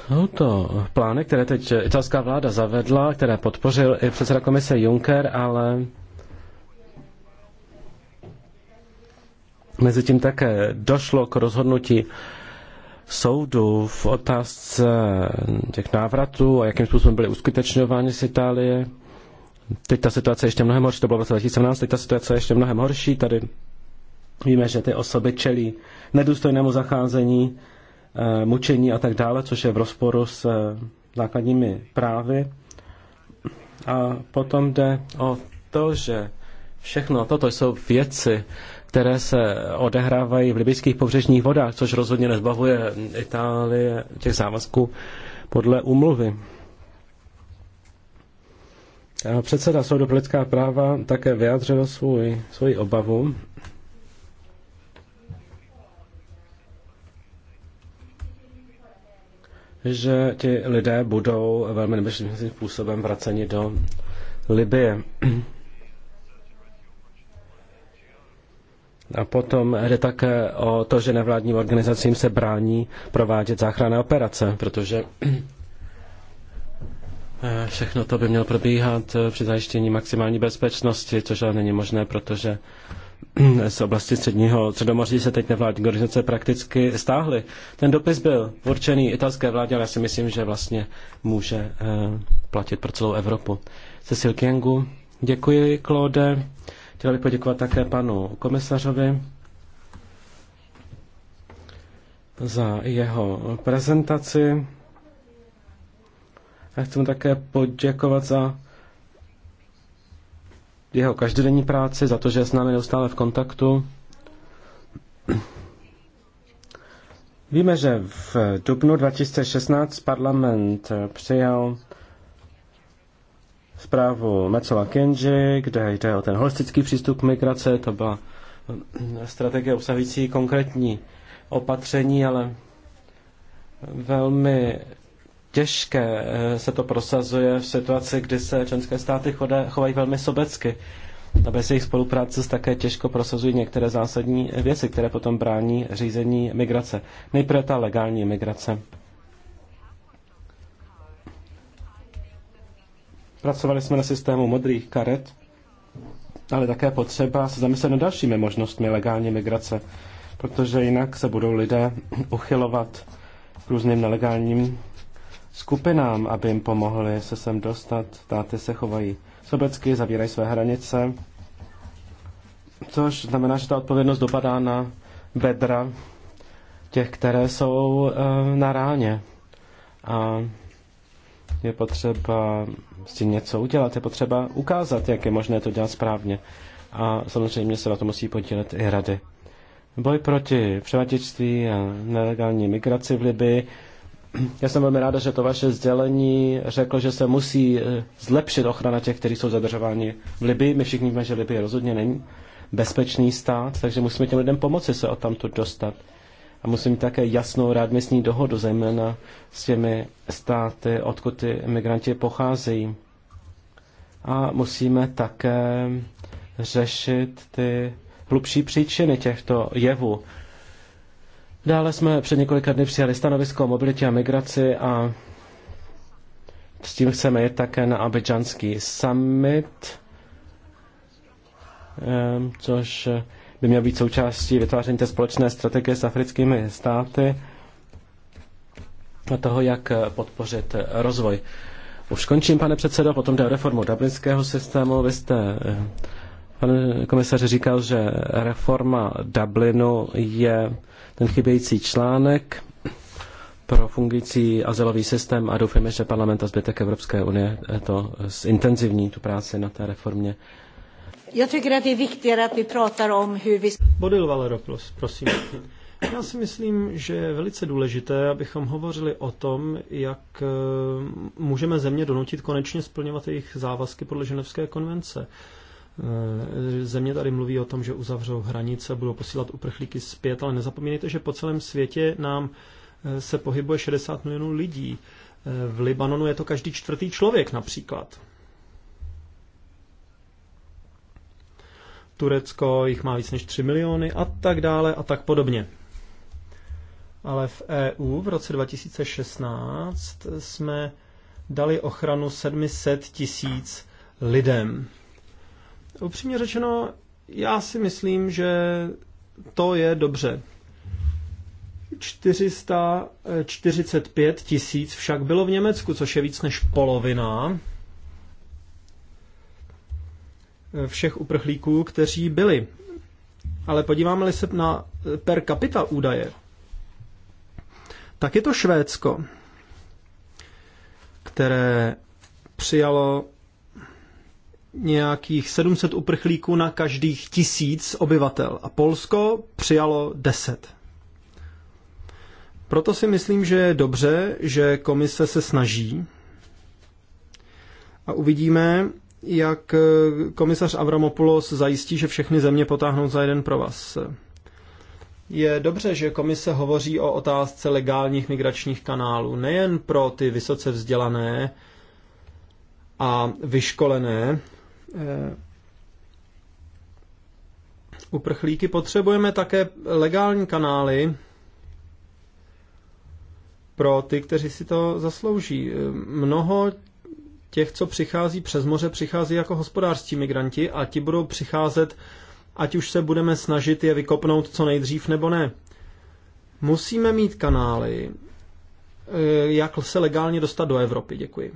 No to plány, které teď italská vláda zavedla, které podpořil i předseda komise Juncker, ale mezi tím také došlo k rozhodnutí soudu v otázce těch návratů a jakým způsobem byly uskutečňovány z Itálie. Teď ta situace je ještě mnohem horší, to bylo v roce 2017, teď ta situace je ještě mnohem horší. Tady víme, že ty osoby čelí nedůstojnému zacházení, Eh, mučení a tak dále, což je v rozporu s eh, základními právy. A potom jde o to, že všechno toto jsou věci, které se odehrávají v libyských pobřežních vodách, což rozhodně nezbavuje Itálie těch závazků podle úmluvy. Předseda soudu pro lidská práva také vyjádřil svůj, svůj obavu, že ti lidé budou velmi nebezpečným způsobem vraceni do Libie. A potom jde také o to, že nevládním organizacím se brání provádět záchranné operace, protože všechno to by mělo probíhat při zajištění maximální bezpečnosti, což ale není možné, protože z oblasti středního středomoří se teď nevládní organizace prakticky stáhly. Ten dopis byl určený italské vládě, ale já si myslím, že vlastně může eh, platit pro celou Evropu. Cecil Kiengu, děkuji, Claude. Chtěla bych poděkovat také panu komisařovi za jeho prezentaci. Já chci mu také poděkovat za jeho každodenní práci, za to, že je s námi neustále v kontaktu. Víme, že v dubnu 2016 parlament přijal zprávu Mecola Kenji, kde jde o ten holistický přístup k migrace. To byla strategie obsahující konkrétní opatření, ale velmi těžké eh, se to prosazuje v situaci, kdy se členské státy chovají velmi sobecky. A bez jejich spolupráce se také těžko prosazují některé zásadní věci, které potom brání řízení migrace. Nejprve ta legální migrace. Pracovali jsme na systému modrých karet, ale také potřeba se zamyslet nad dalšími možnostmi legální migrace, protože jinak se budou lidé uchylovat k různým nelegálním skupinám, aby jim pomohli se sem dostat. Státy se chovají sobecky, zavírají své hranice, což znamená, že ta odpovědnost dopadá na bedra těch, které jsou eh, na ráně. A je potřeba s tím něco udělat, je potřeba ukázat, jak je možné to dělat správně. A samozřejmě se na to musí podílet i rady. Boj proti převaděčství a nelegální migraci v Libii já jsem velmi ráda, že to vaše sdělení řeklo, že se musí eh, zlepšit ochrana těch, kteří jsou zadržováni v Libii. My všichni víme, že Libie rozhodně není bezpečný stát, takže musíme těm lidem pomoci se od tamto dostat. A musíme mít také jasnou rádmístní dohodu, zejména s těmi státy, odkud ty migranti pocházejí. A musíme také řešit ty hlubší příčiny těchto jevů. Dále jsme před několika dny přijali stanovisko o mobilitě a migraci a s tím chceme jít také na abidžanský summit, což by měl být součástí vytváření té společné strategie s africkými státy a toho, jak podpořit rozvoj. Už končím, pane předsedo, potom jde o reformu dublinského systému. Vy jste, eh, pane komisaře, říkal, že reforma Dublinu je ten chybějící článek pro fungující azylový systém a doufáme, že parlament a zbytek Evropské unie eh, to eh, zintenzivní tu práci na té reformě. tycker vi pratar om hur vi... Bodil Valeropoulos, prosím. Já si myslím, že je velice důležité, abychom hovořili o tom, jak eh, můžeme země donutit konečně splňovat jejich závazky podle Ženevské konvence. Eh, země tady mluví o tom, že uzavřou hranice, budou posílat uprchlíky zpět, ale nezapomínejte, že po celém světě nám eh, se pohybuje 60 milionů lidí. Eh, v Libanonu je to každý čtvrtý člověk například. Turecko jich má víc než 3 miliony a tak dále a tak podobně. Ale v EU v roce 2016 jsme dali ochranu 700 tisíc lidem. Upřímně řečeno, já si myslím, že to je dobře. 445 tisíc však bylo v Německu, což je víc než polovina všech uprchlíků, kteří byli. Ale podíváme-li se na per capita údaje, tak je to Švédsko, které přijalo nějakých 700 uprchlíků na každých tisíc obyvatel a Polsko přijalo 10. Proto si myslím, že je dobře, že komise se snaží a uvidíme, jak komisař Avramopoulos zajistí, že všechny země potáhnou za jeden provaz. Je dobře, že komise hovoří o otázce legálních migračních kanálů, nejen pro ty vysoce vzdělané a vyškolené, Eh, uprchlíky, potřebujeme také legální kanály pro ty, kteří si to zaslouží. Eh, mnoho těch, co přichází přes moře, přichází jako hospodářští migranti a ti budou přicházet, ať už se budeme snažit je vykopnout co nejdřív nebo ne. Musíme mít kanály, eh, jak se legálně dostat do Evropy. Děkuji.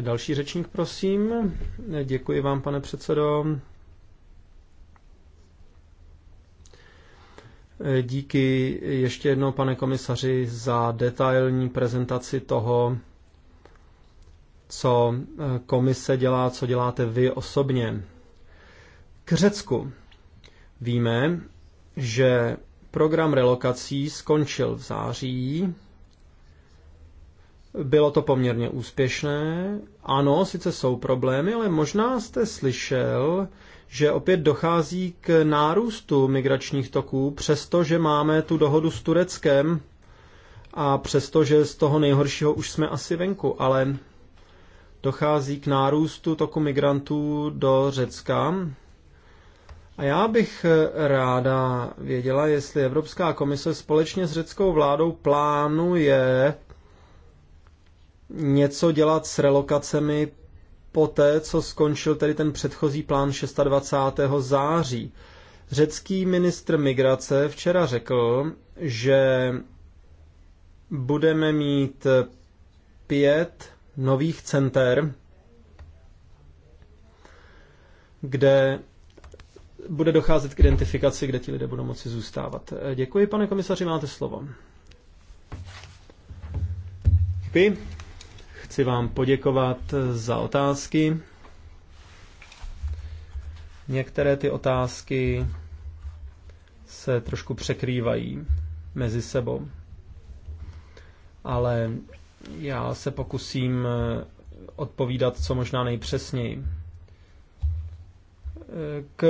Další řečník, prosím. Děkuji vám, pane předsedo. Díky ještě jednou, pane komisaři, za detailní prezentaci toho, co komise dělá, co děláte vy osobně. K Řecku. Víme, že program relokací skončil v září bylo to poměrně úspěšné. Ano, sice jsou problémy, ale možná jste slyšel, že opět dochází k nárůstu migračních toků, přestože máme tu dohodu s Tureckem a přestože z toho nejhoršího už jsme asi venku, ale dochází k nárůstu toku migrantů do Řecka. A já bych ráda věděla, jestli Evropská komise společně s řeckou vládou plánuje něco dělat s relokacemi po té, co skončil tedy ten předchozí plán 26. září. Řecký ministr migrace včera řekl, že budeme mít pět nových center, kde bude docházet k identifikaci, kde ti lidé budou moci zůstávat. Děkuji, pane komisaři, máte slovo. Děkuji. Chci vám poděkovat za otázky. Některé ty otázky se trošku překrývají mezi sebou. Ale já se pokusím odpovídat co možná nejpřesněji. K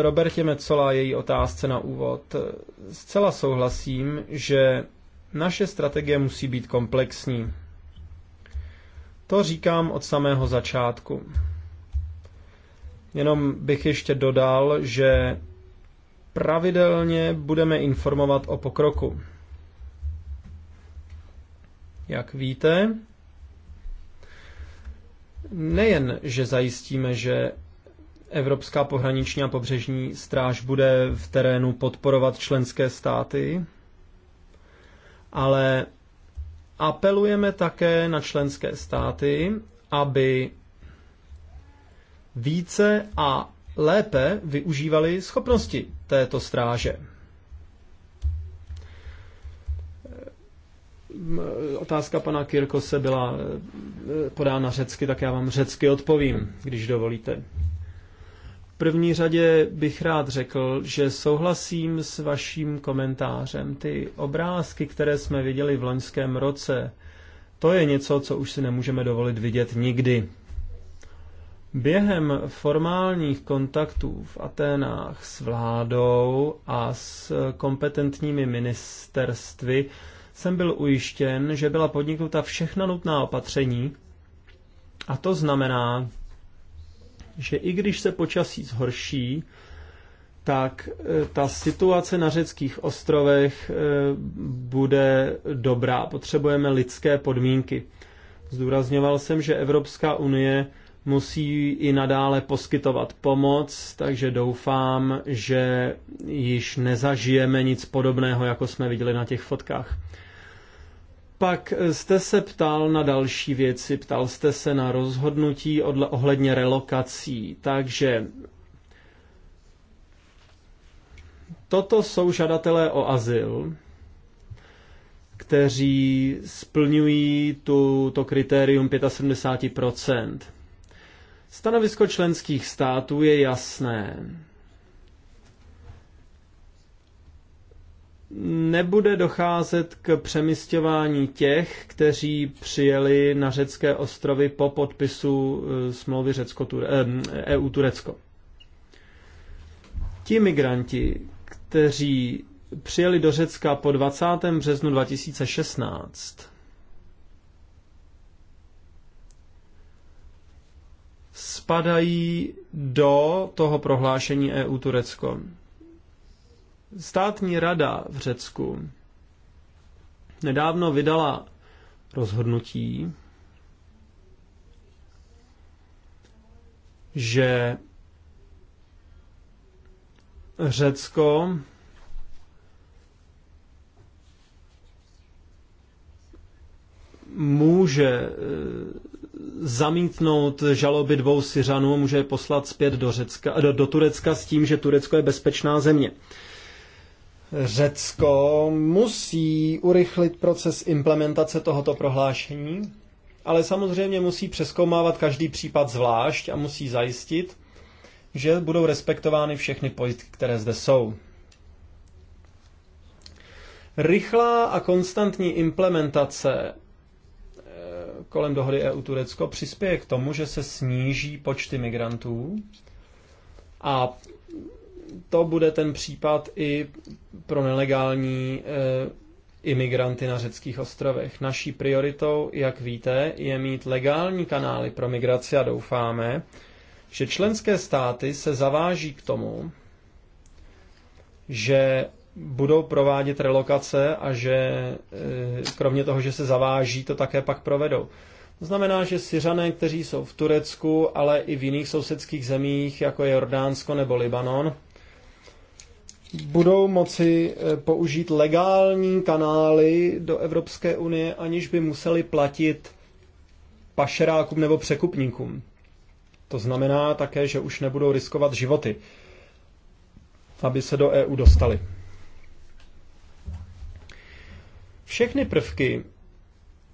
Robertě Mecola její otázce na úvod. Zcela souhlasím, že naše strategie musí být komplexní. To říkám od samého začátku. Jenom bych ještě dodal, že pravidelně budeme informovat o pokroku. Jak víte, nejen, že zajistíme, že Evropská pohraniční a pobřežní stráž bude v terénu podporovat členské státy, ale Apelujeme také na členské státy, aby více a lépe využívali schopnosti této stráže. Otázka pana Kirkose byla eh, podána řecky, tak já vám řecky odpovím, když dovolíte první řadě bych rád řekl, že souhlasím s vaším komentářem. Ty obrázky, které jsme viděli v loňském roce, to je něco, co už si nemůžeme dovolit vidět nikdy. Během formálních kontaktů v Aténách s vládou a s kompetentními ministerstvy jsem byl ujištěn, že byla podniknuta všechna nutná opatření, a to znamená, že i když se počasí zhorší, tak e, ta situace na řeckých ostrovech e, bude dobrá. Potřebujeme lidské podmínky. Zdůrazňoval jsem, že Evropská unie musí i nadále poskytovat pomoc, takže doufám, že již nezažijeme nic podobného, jako jsme viděli na těch fotkách. Pak jste se ptal na další věci, ptal jste se na rozhodnutí ohledně relokací. Takže toto jsou žadatelé o azyl, kteří splňují tu, to kritérium 75 Stanovisko členských států je jasné. nebude docházet k přemysťování těch, kteří přijeli na řecké ostrovy po podpisu eh, smlouvy Řecko, EU eh, e Turecko. Ti migranti, kteří přijeli do Řecka po 20. březnu 2016, spadají do toho prohlášení EU Turecko. Státní rada v Řecku nedávno vydala rozhodnutí, že Řecko může eh, zamítnout žaloby dvou Syřanů, může je poslat zpět do, Řecka, do, do Turecka s tím, že Turecko je bezpečná země. Řecko musí urychlit proces implementace tohoto prohlášení, ale samozřejmě musí přeskoumávat každý případ zvlášť a musí zajistit, že budou respektovány všechny pojistky, které zde jsou. Rychlá a konstantní implementace eh, kolem dohody EU-Turecko přispěje k tomu, že se sníží počty migrantů a to bude ten případ i pro nelegální eh, imigranty na řeckých ostrovech. Naší prioritou, jak víte, je mít legální kanály pro migraci a doufáme, že členské státy se zaváží k tomu, že budou provádět relokace a že eh, kromě toho, že se zaváží, to také pak provedou. To znamená, že Syřané, kteří jsou v Turecku, ale i v jiných sousedských zemích, jako je Jordánsko nebo Libanon, budou moci eh, použít legální kanály do Evropské unie, aniž by museli platit pašerákům nebo překupníkům. To znamená také, že už nebudou riskovat životy, aby se do EU dostali. Všechny prvky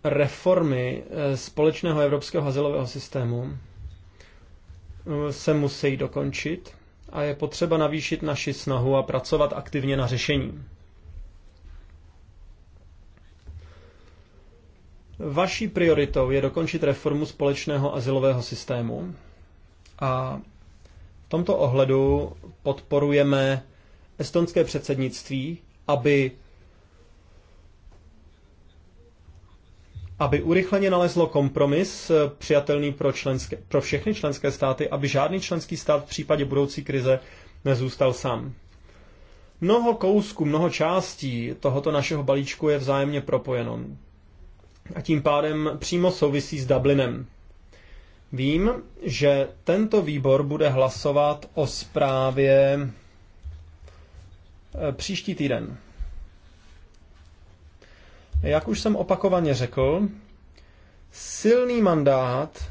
reformy eh, společného evropského azylového systému eh, se musí dokončit a je potřeba navýšit naši snahu a pracovat aktivně na řešení. Vaší prioritou je dokončit reformu společného asilového systému a v tomto ohledu podporujeme estonské předsednictví, aby aby urychleně nalezlo kompromis eh, přijatelný pro, členské, pro všechny členské státy, aby žádný členský stát v případě budoucí krize nezůstal sám. Mnoho kousků, mnoho částí tohoto našeho balíčku je vzájemně propojeno. A tím pádem přímo souvisí s Dublinem. Vím, že tento výbor bude hlasovat o zprávě eh, příští týden. Jak už jsem opakovaně řekl, silný mandát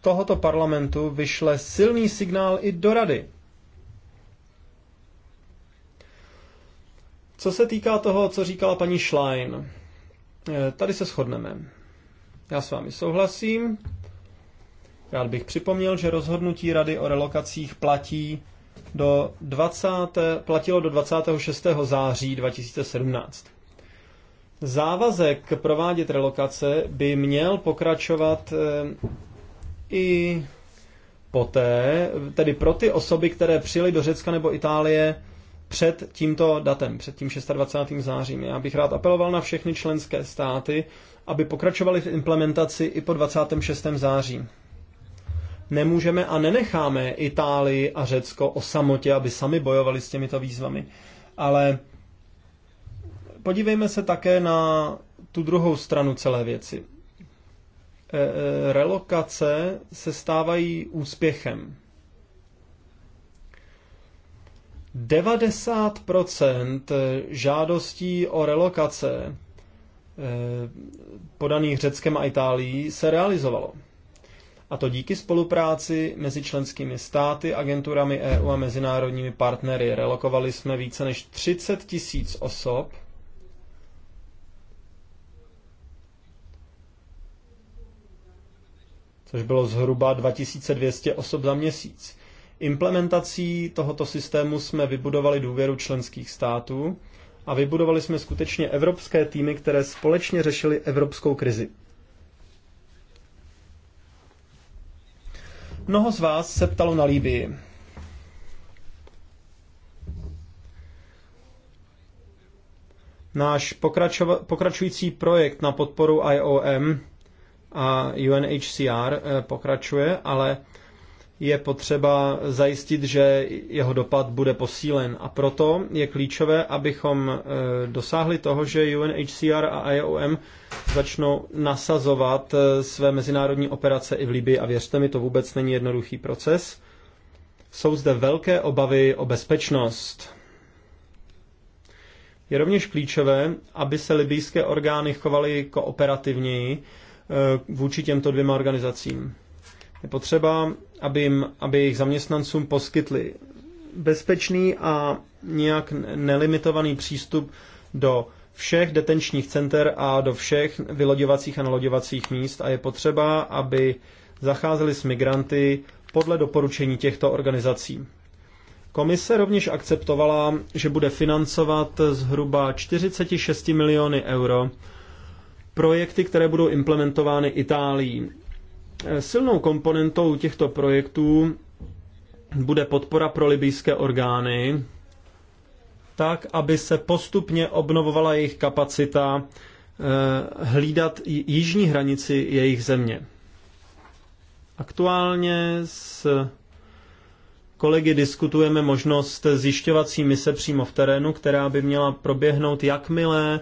tohoto parlamentu vyšle silný signál i do rady. Co se týká toho, co říkala paní Schlein, eh, tady se shodneme. Já s vámi souhlasím. Rád bych připomněl, že rozhodnutí Rady o relokacích platí do 20, platilo do 26. září 2017. Závazek provádět relokace by měl pokračovat eh, i poté, tedy pro ty osoby, které přijeli do Řecka nebo Itálie před tímto datem, před tím 26. zářím. Já bych rád apeloval na všechny členské státy, aby pokračovali v implementaci i po 26. září. Nemůžeme a nenecháme Itálii a Řecko o samotě, aby sami bojovali s těmito výzvami. Ale Podívejme se také na tu druhou stranu celé věci. E, e, relokace se stávají úspěchem. 90 žádostí o relokace e, podaných Řeckem a Itálií se realizovalo. A to díky spolupráci mezi členskými státy, agenturami EU a mezinárodními partnery. Relokovali jsme více než 30 tisíc osob což bylo zhruba 2200 osob za měsíc. Implementací tohoto systému jsme vybudovali důvěru členských států a vybudovali jsme skutečně evropské týmy, které společně řešily evropskou krizi. Mnoho z vás se ptalo na Líbii. Náš pokračující projekt na podporu IOM a UNHCR eh, pokračuje, ale je potřeba zajistit, že jeho dopad bude posílen. A proto je klíčové, abychom eh, dosáhli toho, že UNHCR a IOM začnou nasazovat eh, své mezinárodní operace i v Libii. A věřte mi, to vůbec není jednoduchý proces. Jsou zde velké obavy o bezpečnost. Je rovněž klíčové, aby se libijské orgány chovaly kooperativněji Eh, vůči těmto dvěma organizacím. Je potřeba, aby, jim, aby jejich zaměstnancům poskytli bezpečný a nějak nelimitovaný přístup do všech detenčních center a do všech vyloděvacích a naloděvacích míst a je potřeba, aby zacházeli s migranty podle doporučení těchto organizací. Komise rovněž akceptovala, že bude financovat zhruba 46 miliony euro projekty, které budou implementovány Itálií. Eh, silnou komponentou těchto projektů bude podpora pro libijské orgány, tak, aby se postupně obnovovala jejich kapacita eh, hlídat jižní hranici jejich země. Aktuálně s kolegy diskutujeme možnost zjišťovací mise přímo v terénu, která by měla proběhnout, jakmile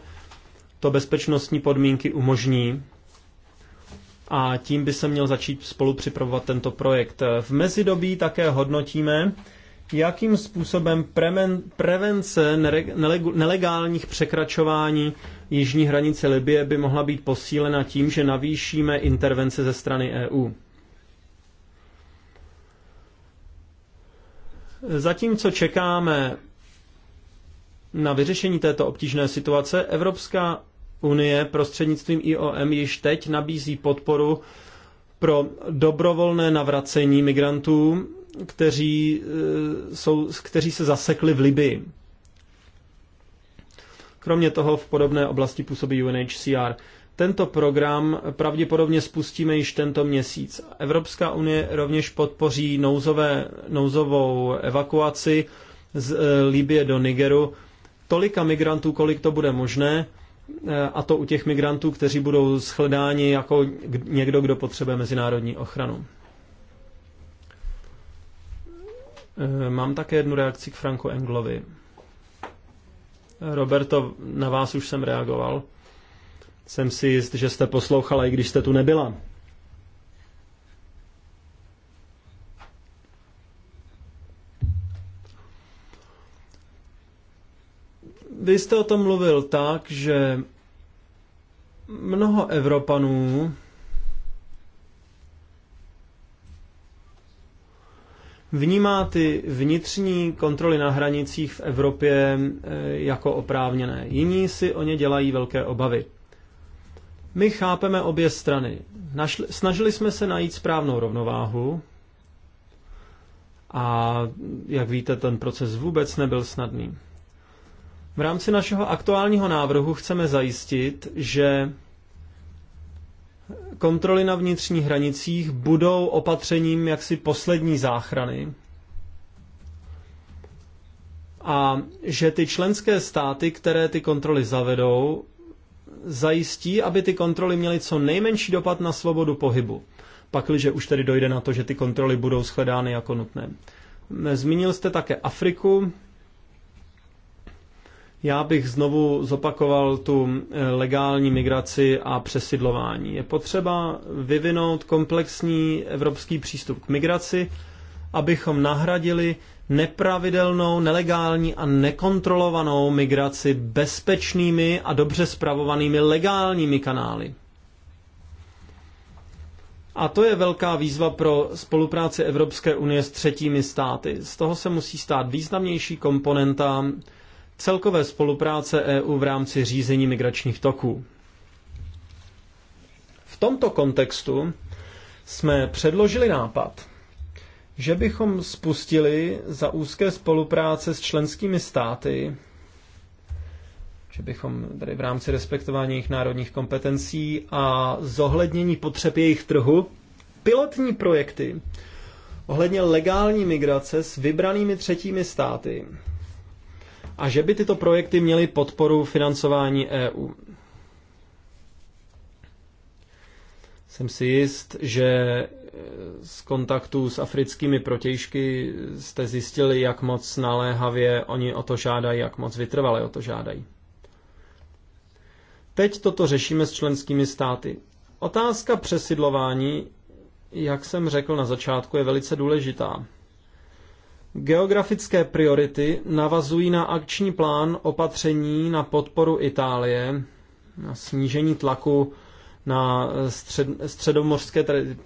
to bezpečnostní podmínky umožní a tím by se měl začít spolu připravovat tento projekt. V mezidobí také hodnotíme, jakým způsobem premen, prevence nelegálních překračování jižní hranice Libie by mohla být posílena tím, že navýšíme intervence ze strany EU. Zatímco čekáme na vyřešení této obtížné situace Evropská unie prostřednictvím IOM již teď nabízí podporu pro dobrovolné navracení migrantů, kteří, e, jsou, kteří se zasekli v Libii. Kromě toho v podobné oblasti působí UNHCR. Tento program pravděpodobně spustíme již tento měsíc. Evropská unie rovněž podpoří nouzové, nouzovou evakuaci z e, Libie do Nigeru tolika migrantů, kolik to bude možné, eh, a to u těch migrantů, kteří budou shledáni jako někdo, kdo potřebuje mezinárodní ochranu. Eh, mám také jednu reakci k Franku Englovi. Roberto, na vás už jsem reagoval. Jsem si jist, že jste poslouchala, i když jste tu nebyla. Vy jste o tom mluvil tak, že mnoho Evropanů vnímá ty vnitřní kontroly na hranicích v Evropě eh, jako oprávněné. Jiní si o ně dělají velké obavy. My chápeme obě strany. Našli, snažili jsme se najít správnou rovnováhu a, jak víte, ten proces vůbec nebyl snadný. V rámci našeho aktuálního návrhu chceme zajistit, že kontroly na vnitřních hranicích budou opatřením jaksi poslední záchrany, a že ty členské státy, které ty kontroly zavedou, zajistí, aby ty kontroly měly co nejmenší dopad na svobodu pohybu. Pakliže už tedy dojde na to, že ty kontroly budou shledány jako nutné. Zmínil jste také Afriku. Já bych znovu zopakoval tu eh, legální migraci a přesidlování. Je potřeba vyvinout komplexní evropský přístup k migraci, abychom nahradili nepravidelnou, nelegální a nekontrolovanou migraci bezpečnými a dobře spravovanými legálními kanály. A to je velká výzva pro spolupráci Evropské unie s třetími státy. Z toho se musí stát významnější komponenta celkové spolupráce EU v rámci řízení migračních toků. V tomto kontextu jsme předložili nápad, že bychom spustili za úzké spolupráce s členskými státy, že bychom tady v rámci respektování jejich národních kompetencí a zohlednění potřeb jejich trhu pilotní projekty ohledně legální migrace s vybranými třetími státy, a že by tyto projekty měly podporu financování EU. Jsem si jist, že eh, z kontaktu s africkými protějšky jste zjistili, jak moc naléhavě oni o to žádají, jak moc vytrvale o to žádají. Teď toto řešíme s členskými státy. Otázka přesidlování, jak jsem řekl na začátku, je velice důležitá. Geografické priority navazují na akční plán opatření na podporu Itálie, na snížení tlaku na střed, středomorské, tedy,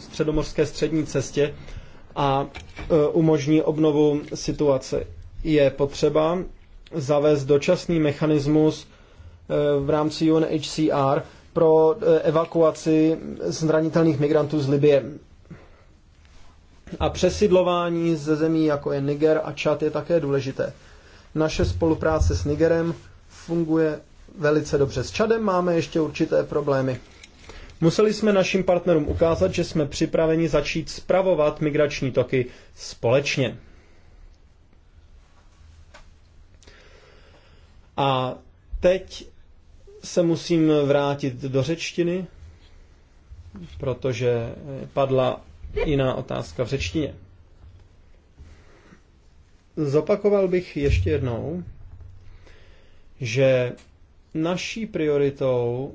středomorské střední cestě a e, umožní obnovu situace. Je potřeba zavést dočasný mechanismus e, v rámci UNHCR pro e, evakuaci zranitelných migrantů z Libie a přesidlování ze zemí, jako je Niger a Čad, je také důležité. Naše spolupráce s Nigerem funguje velice dobře. S Čadem máme ještě určité problémy. Museli jsme našim partnerům ukázat, že jsme připraveni začít spravovat migrační toky společně. A teď se musím vrátit do řečtiny, protože padla jiná otázka v řečtině. Zopakoval bych ještě jednou, že naší prioritou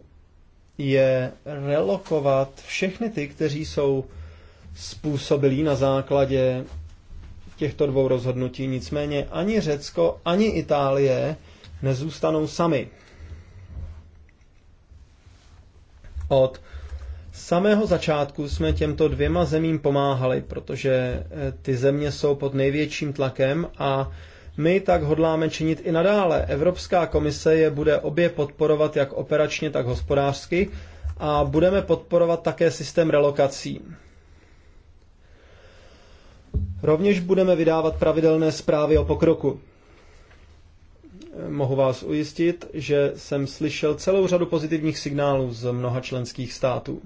je relokovat všechny ty, kteří jsou způsobilí na základě těchto dvou rozhodnutí. Nicméně ani Řecko, ani Itálie nezůstanou sami. Od samého začátku jsme těmto dvěma zemím pomáhali, protože eh, ty země jsou pod největším tlakem a my tak hodláme činit i nadále. Evropská komise je bude obě podporovat jak operačně, tak hospodářsky a budeme podporovat také systém relokací. Rovněž budeme vydávat pravidelné zprávy o pokroku. Mohu vás ujistit, že jsem slyšel celou řadu pozitivních signálů z mnoha členských států.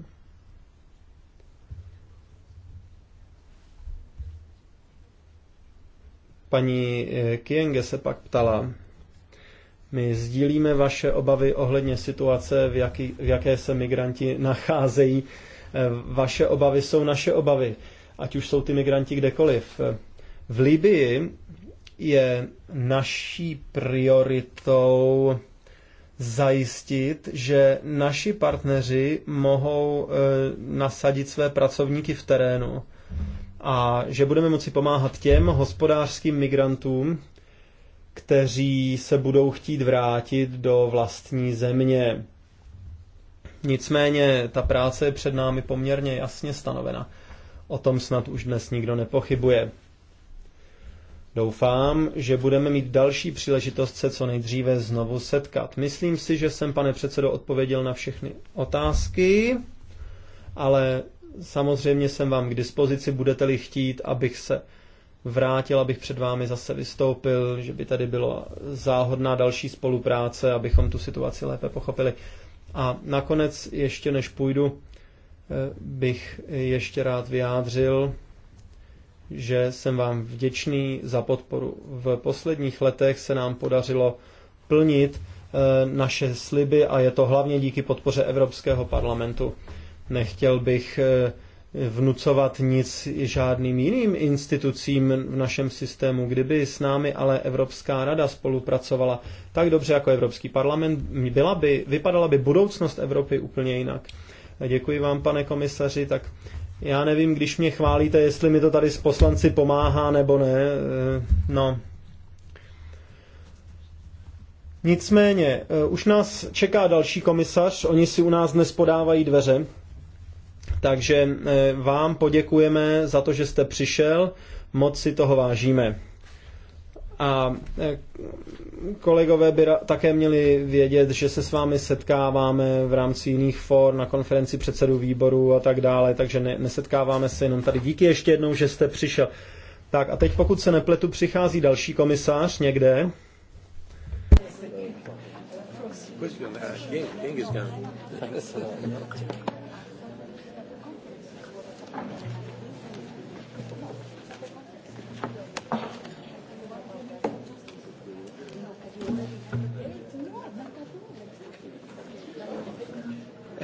Paní eh, Kienge se pak ptala, my sdílíme vaše obavy ohledně situace, v, jaký, v jaké se migranti nacházejí. Eh, vaše obavy jsou naše obavy, ať už jsou ty migranti kdekoliv. V Libii je naší prioritou zajistit, že naši partneři mohou eh, nasadit své pracovníky v terénu a že budeme moci pomáhat těm hospodářským migrantům, kteří se budou chtít vrátit do vlastní země. Nicméně ta práce je před námi poměrně jasně stanovena. O tom snad už dnes nikdo nepochybuje. Doufám, že budeme mít další příležitost se co nejdříve znovu setkat. Myslím si, že jsem, pane předsedo, odpověděl na všechny otázky, ale Samozřejmě jsem vám k dispozici, budete-li chtít, abych se vrátil, abych před vámi zase vystoupil, že by tady bylo záhodná další spolupráce, abychom tu situaci lépe pochopili. A nakonec, ještě než půjdu, eh, bych ještě rád vyjádřil, že jsem vám vděčný za podporu. V posledních letech se nám podařilo plnit eh, naše sliby a je to hlavně díky podpoře Evropského parlamentu. Nechtěl bych eh, vnucovat nic žádným jiným institucím v našem systému. Kdyby s námi ale Evropská rada spolupracovala tak dobře jako Evropský parlament, byla by, vypadala by budoucnost Evropy úplně jinak. Děkuji vám, pane komisaři, tak já nevím, když mě chválíte, jestli mi to tady s poslanci pomáhá nebo ne. Eh, no. Nicméně, eh, už nás čeká další komisař, oni si u nás dnes podávají dveře, takže eh, vám poděkujeme za to, že jste přišel, moc si toho vážíme. A eh, kolegové by také měli vědět, že se s vámi setkáváme v rámci jiných for, na konferenci předsedů výboru a tak dále, takže ne, nesetkáváme se jenom tady. Díky ještě jednou, že jste přišel. Tak a teď pokud se nepletu, přichází další komisář někde. uh,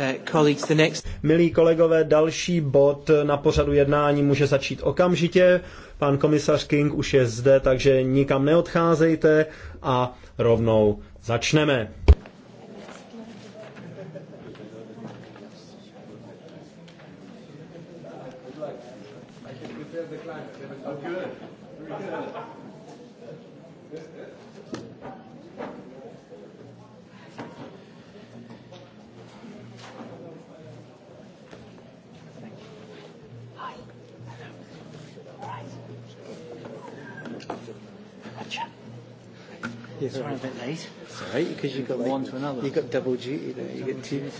Eh, Milí kolegové, další bod na pořadu jednání může začít okamžitě. Pan komisař King už je zde, takže nikam neodcházejte a rovnou začneme. late. It's right, because you've got like, one to another. You've got double duty there. You get two.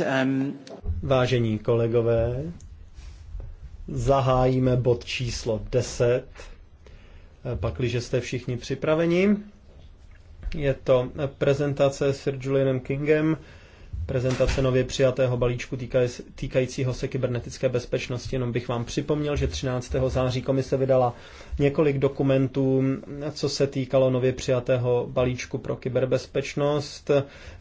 Um, Vážení kolegové, zahájíme bod číslo 10, pakliže jste všichni připraveni. Je to prezentace s Sir Julianem Kingem prezentace nově přijatého balíčku týkajícího se kybernetické bezpečnosti. Jenom bych vám připomněl, že 13. září komise vydala několik dokumentů, co se týkalo nově přijatého balíčku pro kyberbezpečnost,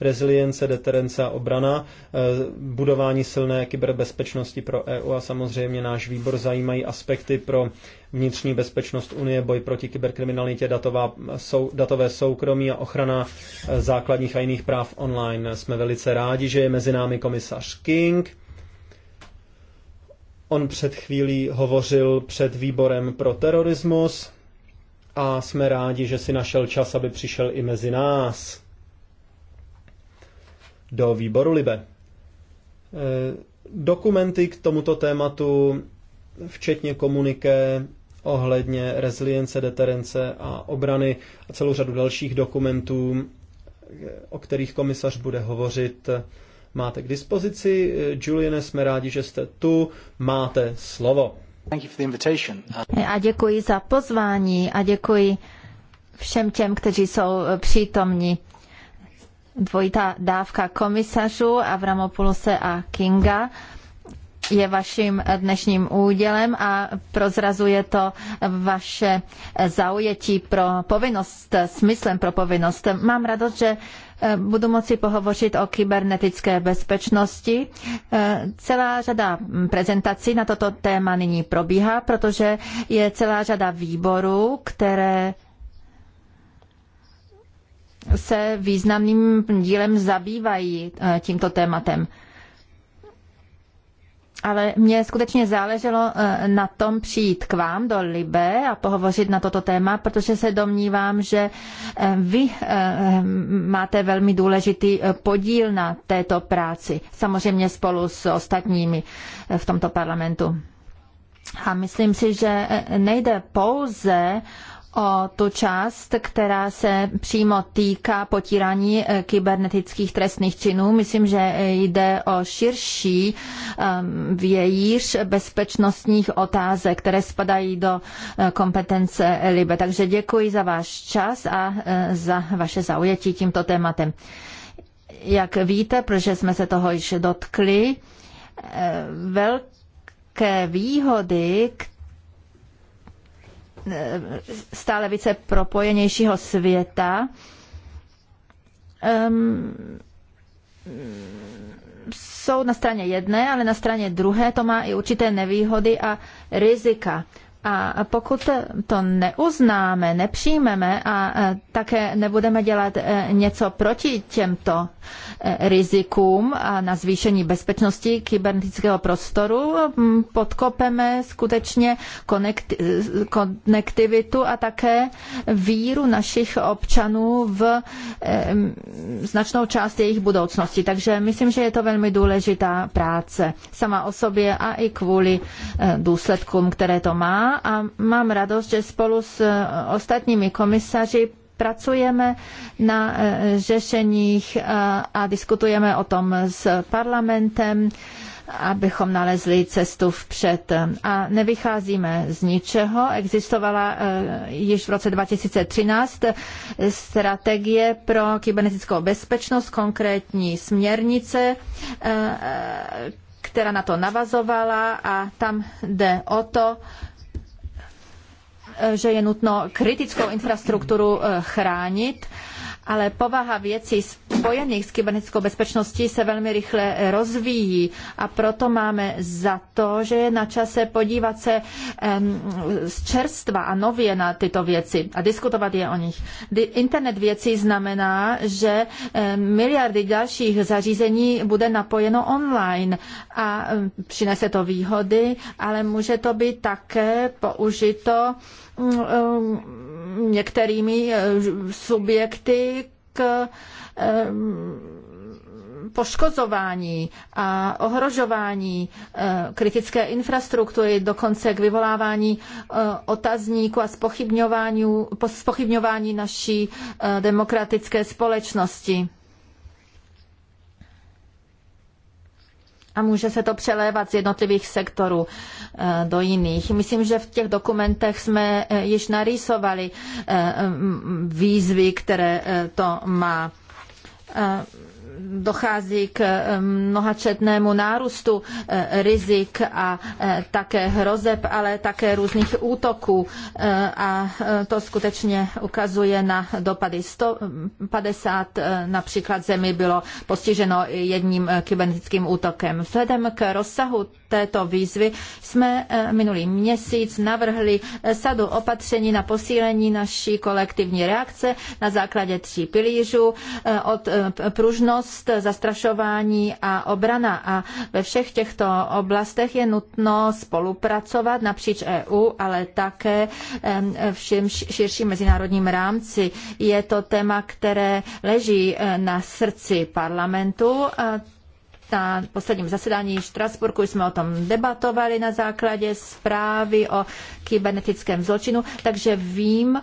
rezilience, deterence a obrana, eh, budování silné kyberbezpečnosti pro EU a samozřejmě náš výbor zajímají aspekty pro vnitřní bezpečnost Unie, boj proti kyberkriminalitě, datová, sou, datové soukromí a ochrana eh, základních a jiných práv online. Jsme velice rádi, rádi, že je mezi námi komisař King. On před chvílí hovořil před výborem pro terorismus a jsme rádi, že si našel čas, aby přišel i mezi nás do výboru Libe. E, dokumenty k tomuto tématu, včetně komuniké ohledně rezilience, deterence a obrany a celou řadu dalších dokumentů o kterých komisař bude hovořit, máte k dispozici. Juliane, jsme rádi, že jste tu. Máte slovo. A děkuji za pozvání a děkuji všem těm, kteří jsou eh, přítomní. Dvojitá dávka komisařů Avramopulose a Kinga je vaším dnešním údělem a prozrazuje to vaše zaujetí pro povinnost, smyslem pro povinnost. Mám radost, že eh, budu moci pohovořit o kybernetické bezpečnosti. Eh, celá řada hm, prezentací na toto téma nyní probíhá, protože je celá řada výborů, které se významným dílem zabývají eh, tímto tématem ale mě skutečně záleželo eh, na tom přijít k vám do Libe a pohovořit na toto téma, protože se domnívám, že eh, vy eh, hm, máte velmi důležitý podíl na této práci, samozřejmě spolu s ostatními v tomto parlamentu. A myslím si, že nejde pouze o tu část, která se přímo týká potírání eh, kybernetických trestných činů. Myslím, že jde o širší ehm, vějíř bezpečnostních otázek, které spadají do eh, kompetence LIBE. Takže děkuji za váš čas a eh, za vaše zaujetí tímto tématem. Jak víte, protože jsme se toho již dotkli, velké výhody, které E, stále více propojenějšího světa, um, jsou na straně jedné, ale na straně druhé to má i určité nevýhody a rizika. A pokud to neuznáme, nepřijmeme a e, také nebudeme dělat e, něco proti těmto e, rizikům a na zvýšení bezpečnosti kybernetického prostoru, podkopeme skutečně konektivitu a také víru našich občanů v značnou část jejich budoucnosti. Takže myslím, že je to velmi důležitá práce sama o sobě a i kvůli důsledkům, které to má a mám radost, že spolu s e, ostatními komisaři pracujeme na e, řešeních e, a diskutujeme o tom s parlamentem abychom nalezli cestu vpřed. A nevycházíme z ničeho. Existovala již v roce 2013 strategie pro kybernetickou bezpečnost, konkrétní směrnice, která na to navazovala a tam jde o to, že je nutno kritickou infrastrukturu eh, chránit, ale povaha věcí spojených s kybernetickou bezpečností se velmi rychle rozvíjí a proto máme za to, že je na čase podívat se z čerstva a nově na tyto věci a diskutovat je o nich. Internet věcí znamená, že miliardy dalších zařízení bude napojeno online a přinese to výhody, ale může to být také použito Um, některými eh, subjekty k eh, poškozování a ohrožování eh, kritické infrastruktury, dokonce k vyvolávání otazníků a spochybňování, spochybňování naší demokratické společnosti. a může se to přelévat z jednotlivých sektorů eh, do jiných. Myslím, že v těch dokumentech jsme eh, již narýsovali eh, výzvy, které to má dochází k eh, mnohačetnému nárůstu eh, rizik a eh, také hrozeb, ale také různých útoků a to skutečně ukazuje na dopady. 150 například zemí bylo postiženo jedním kybernetickým útokem. Vzhledem k rozsahu této výzvy jsme minulý měsíc navrhli sadu opatření na posílení naší kolektivní reakce na základě tří pilířů od pružnost bezpečnost, zastrašování a obrana. A ve všech těchto oblastech je nutno spolupracovat napříč EU, ale také v širším mezinárodním rámci. Je to téma, které leží eh, na srdci parlamentu na posledním zasedání v Štrasburku jsme o tom debatovali na základě zprávy o kybernetickém zločinu, takže vím,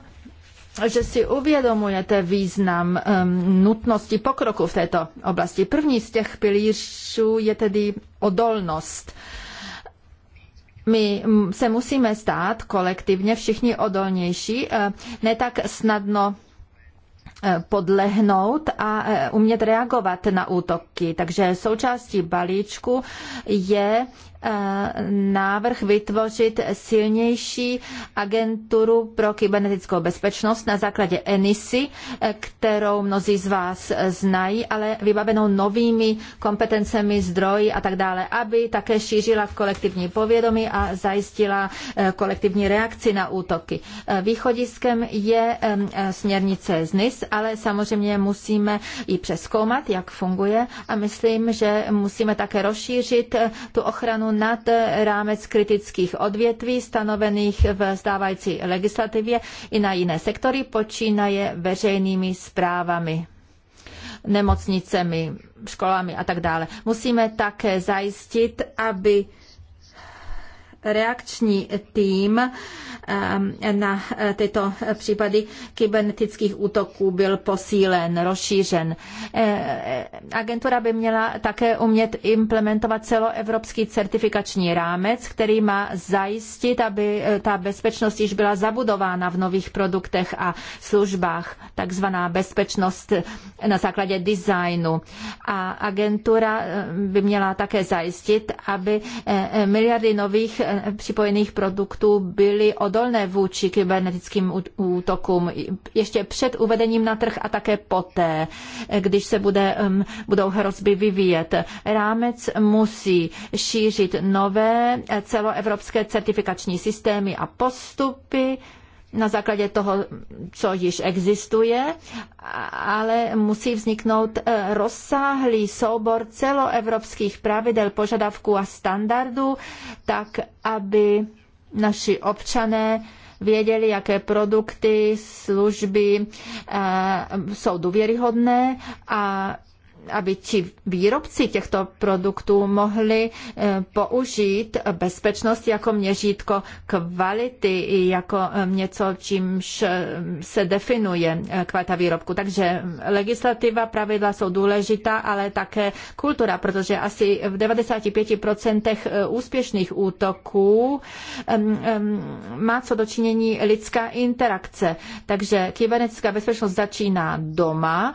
že si uvědomujete význam um, nutnosti pokroku v této oblasti. První z těch pilířů je tedy odolnost. My se musíme stát kolektivně všichni odolnější, e, ne tak snadno e, podlehnout a e, umět reagovat na útoky. Takže součástí balíčku je Eh, návrh vytvořit silnější agenturu pro kybernetickou bezpečnost na základě ENISY, eh, kterou mnozí z vás znají, ale vybavenou novými kompetencemi, zdroji a tak dále, aby také šířila kolektivní povědomí a zajistila eh, kolektivní reakci na útoky. Východiskem je směrnice z NIS, ale samozřejmě musíme ji přeskoumat, jak funguje a myslím, že musíme také rozšířit tu ochranu nad rámec kritických odvětví stanovených v stávající legislativě i na jiné sektory, počínaje veřejnými zprávami nemocnicemi, školami a tak dále. Musíme také zajistit, aby reakční tým Ehm, na eh, tyto případy kybernetických útoků byl posílen, rozšířen. Eh, eh, agentura by měla také umět implementovat celoevropský certifikační rámec, který má zajistit, aby ta bezpečnost již byla zabudována v nových produktech a službách, takzvaná bezpečnost na základě designu. A agentura by měla také zajistit, aby miliardy nových připojených produktů byly odolné vůči kybernetickým útokům ještě před uvedením na trh a také poté, když se bude, um, budou hrozby vyvíjet. Rámec musí šířit nové celoevropské certifikační systémy a postupy, na základě toho, co již existuje, ale musí vzniknout eh, rozsáhlý soubor celoevropských pravidel, požadavků a standardů, tak aby naši občané věděli, jaké produkty, služby eh, jsou důvěryhodné a aby ti výrobci těchto produktů mohli eh, použít bezpečnost jako měřítko kvality, jako eh, něco, čímž eh, se definuje kvalita výrobku. Takže mm, legislativa, pravidla jsou důležitá, ale také kultura, protože asi v 95% úspěšných útoků mm, mm, má co dočinění lidská interakce. Takže kybernetická bezpečnost začíná doma,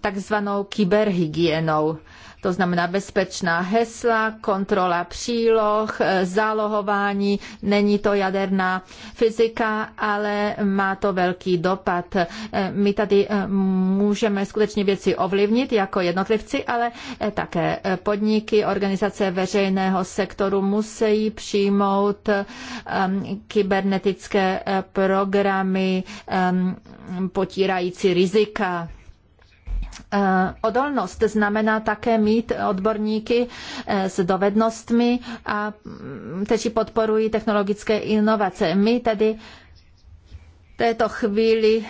takzvanou kyber Hygienou, To znamená bezpečná hesla, kontrola příloh, eh, zálohování. Není to jaderná fyzika, ale má to velký dopad. Eh, my tady eh, můžeme skutečně věci ovlivnit jako jednotlivci, ale také podniky, organizace veřejného sektoru musí přijmout ehm, kybernetické programy ehm, potírající rizika Eh, odolnost znamená také mít odborníky eh, s dovednostmi, a, mm, kteří podporují technologické inovace. My tedy této chvíli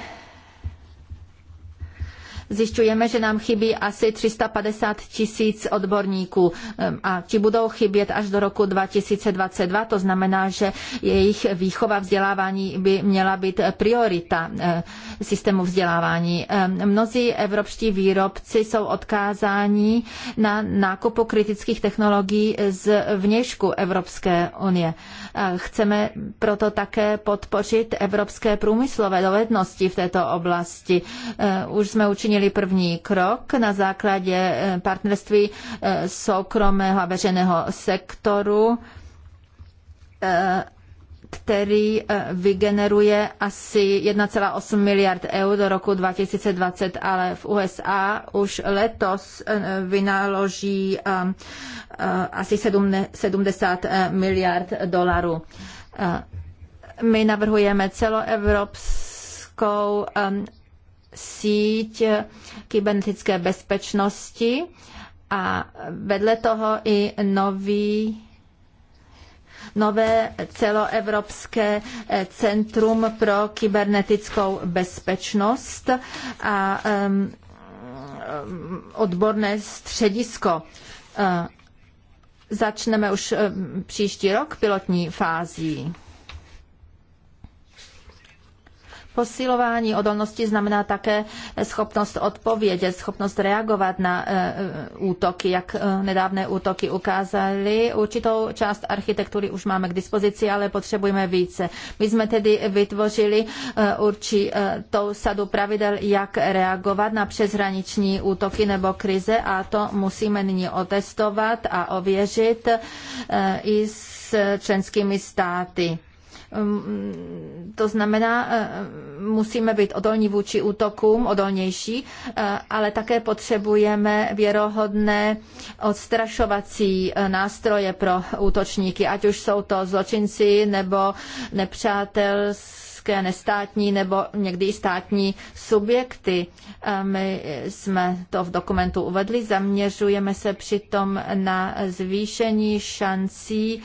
zjišťujeme, že nám chybí asi 350 tisíc odborníků ehm, a ti budou chybět až do roku 2022. To znamená, že jejich výchova vzdělávání by měla být priorita eh, systému vzdělávání. Ehm, mnozí evropští výrobci jsou odkázáni na nákupu kritických technologií z vnějšku Evropské unie. Chceme proto také podpořit evropské průmyslové dovednosti v této oblasti. E, už jsme učinili první krok na základě e, partnerství e, soukromého a veřejného sektoru který eh, vygeneruje asi 1,8 miliard eur do roku 2020, ale v USA už letos eh, vynaloží eh, asi 70 miliard dolarů. My navrhujeme celoevropskou síť kybernetické bezpečnosti a vedle toho i nový nové celoevropské eh, centrum pro kybernetickou bezpečnost a odborné středisko. Eh, začneme už eh, příští rok pilotní fází. Posilování odolnosti znamená také schopnost odpovědět, schopnost reagovat na eh, eh, útoky, jak eh, nedávné útoky ukázaly. Určitou část architektury už máme k dispozici, ale potřebujeme více. My jsme tedy vytvořili určitou sadu pravidel, jak reagovat na přeshraniční útoky nebo krize a to musíme nyní otestovat a ověřit i s členskými státy. Ehm, to znamená, ehm, musíme být odolní vůči útokům, odolnější, eh, ale také potřebujeme věrohodné odstrašovací eh, nástroje pro útočníky, ať už jsou to zločinci nebo nepřátelské nestátní nebo někdy i státní subjekty. Eh, my jsme to v dokumentu uvedli, zaměřujeme se přitom na zvýšení šancí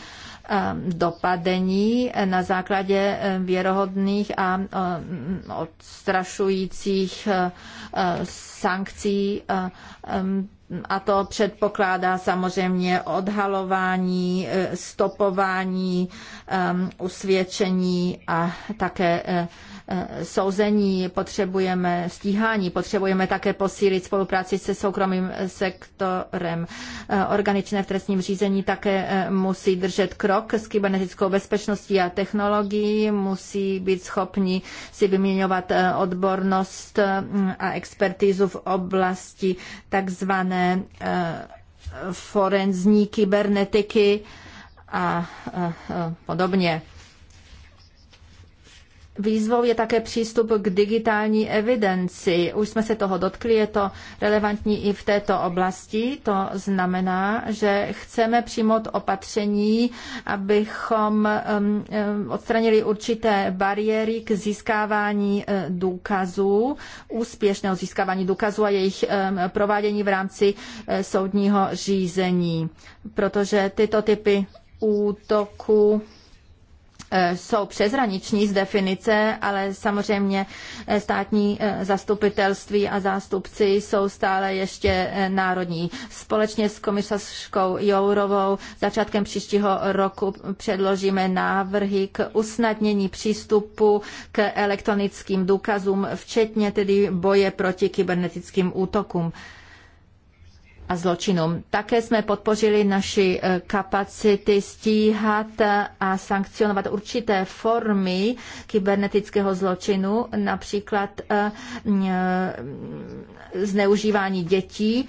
Um, dopadení na základě um, věrohodných a um, odstrašujících uh, uh, sankcí uh, a to předpokládá samozřejmě odhalování, stopování, usvědčení a také Eh, souzení, potřebujeme stíhání, potřebujeme také posílit spolupráci se soukromým sektorem. Eh, organičné v trestním řízení také eh, musí držet krok s kybernetickou bezpečností a technologií, musí být schopni si vyměňovat odbornost mm, a expertizu v oblasti takzvané forenzní kybernetiky a podobně. Výzvou je také přístup k digitální evidenci. Už jsme se toho dotkli, je to relevantní i v této oblasti. To znamená, že chceme přijmout opatření, abychom um, um, odstranili určité bariéry k získávání eh, důkazů, úspěšného získávání důkazů a jejich provádění v rámci eh, soudního řízení. Protože tyto typy útoku Eh, jsou přeshraniční z definice, ale samozřejmě eh, státní eh, zastupitelství a zástupci jsou stále ještě národní. Společně s komisařkou Jourovou začátkem příštího roku předložíme návrhy k usnadnění přístupu k elektronickým důkazům, včetně tedy boje proti kybernetickým útokům a zločinům. Také jsme podpořili naši eh, kapacity stíhat eh, a sankcionovat určité formy kybernetického zločinu, například eh, zneužívání dětí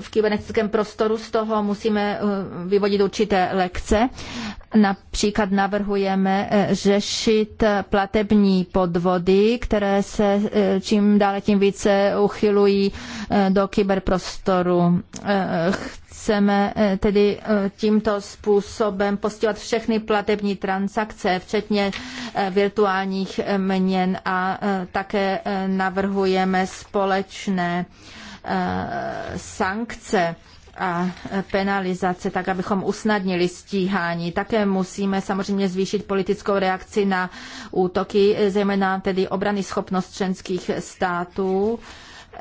v kybernetickém prostoru. Z toho musíme vyvodit určité lekce. Například navrhujeme řešit platební podvody, které se čím dále tím více uchylují do kyberprostoru prostoru. Eh, chceme eh, tedy eh, tímto způsobem postihovat všechny platební transakce, včetně virtuálních měn a také navrhujeme společné sankce a penalizace, tak abychom usnadnili stíhání. Také musíme samozřejmě zvýšit politickou reakci na útoky, zejména tedy obrany schopnost členských států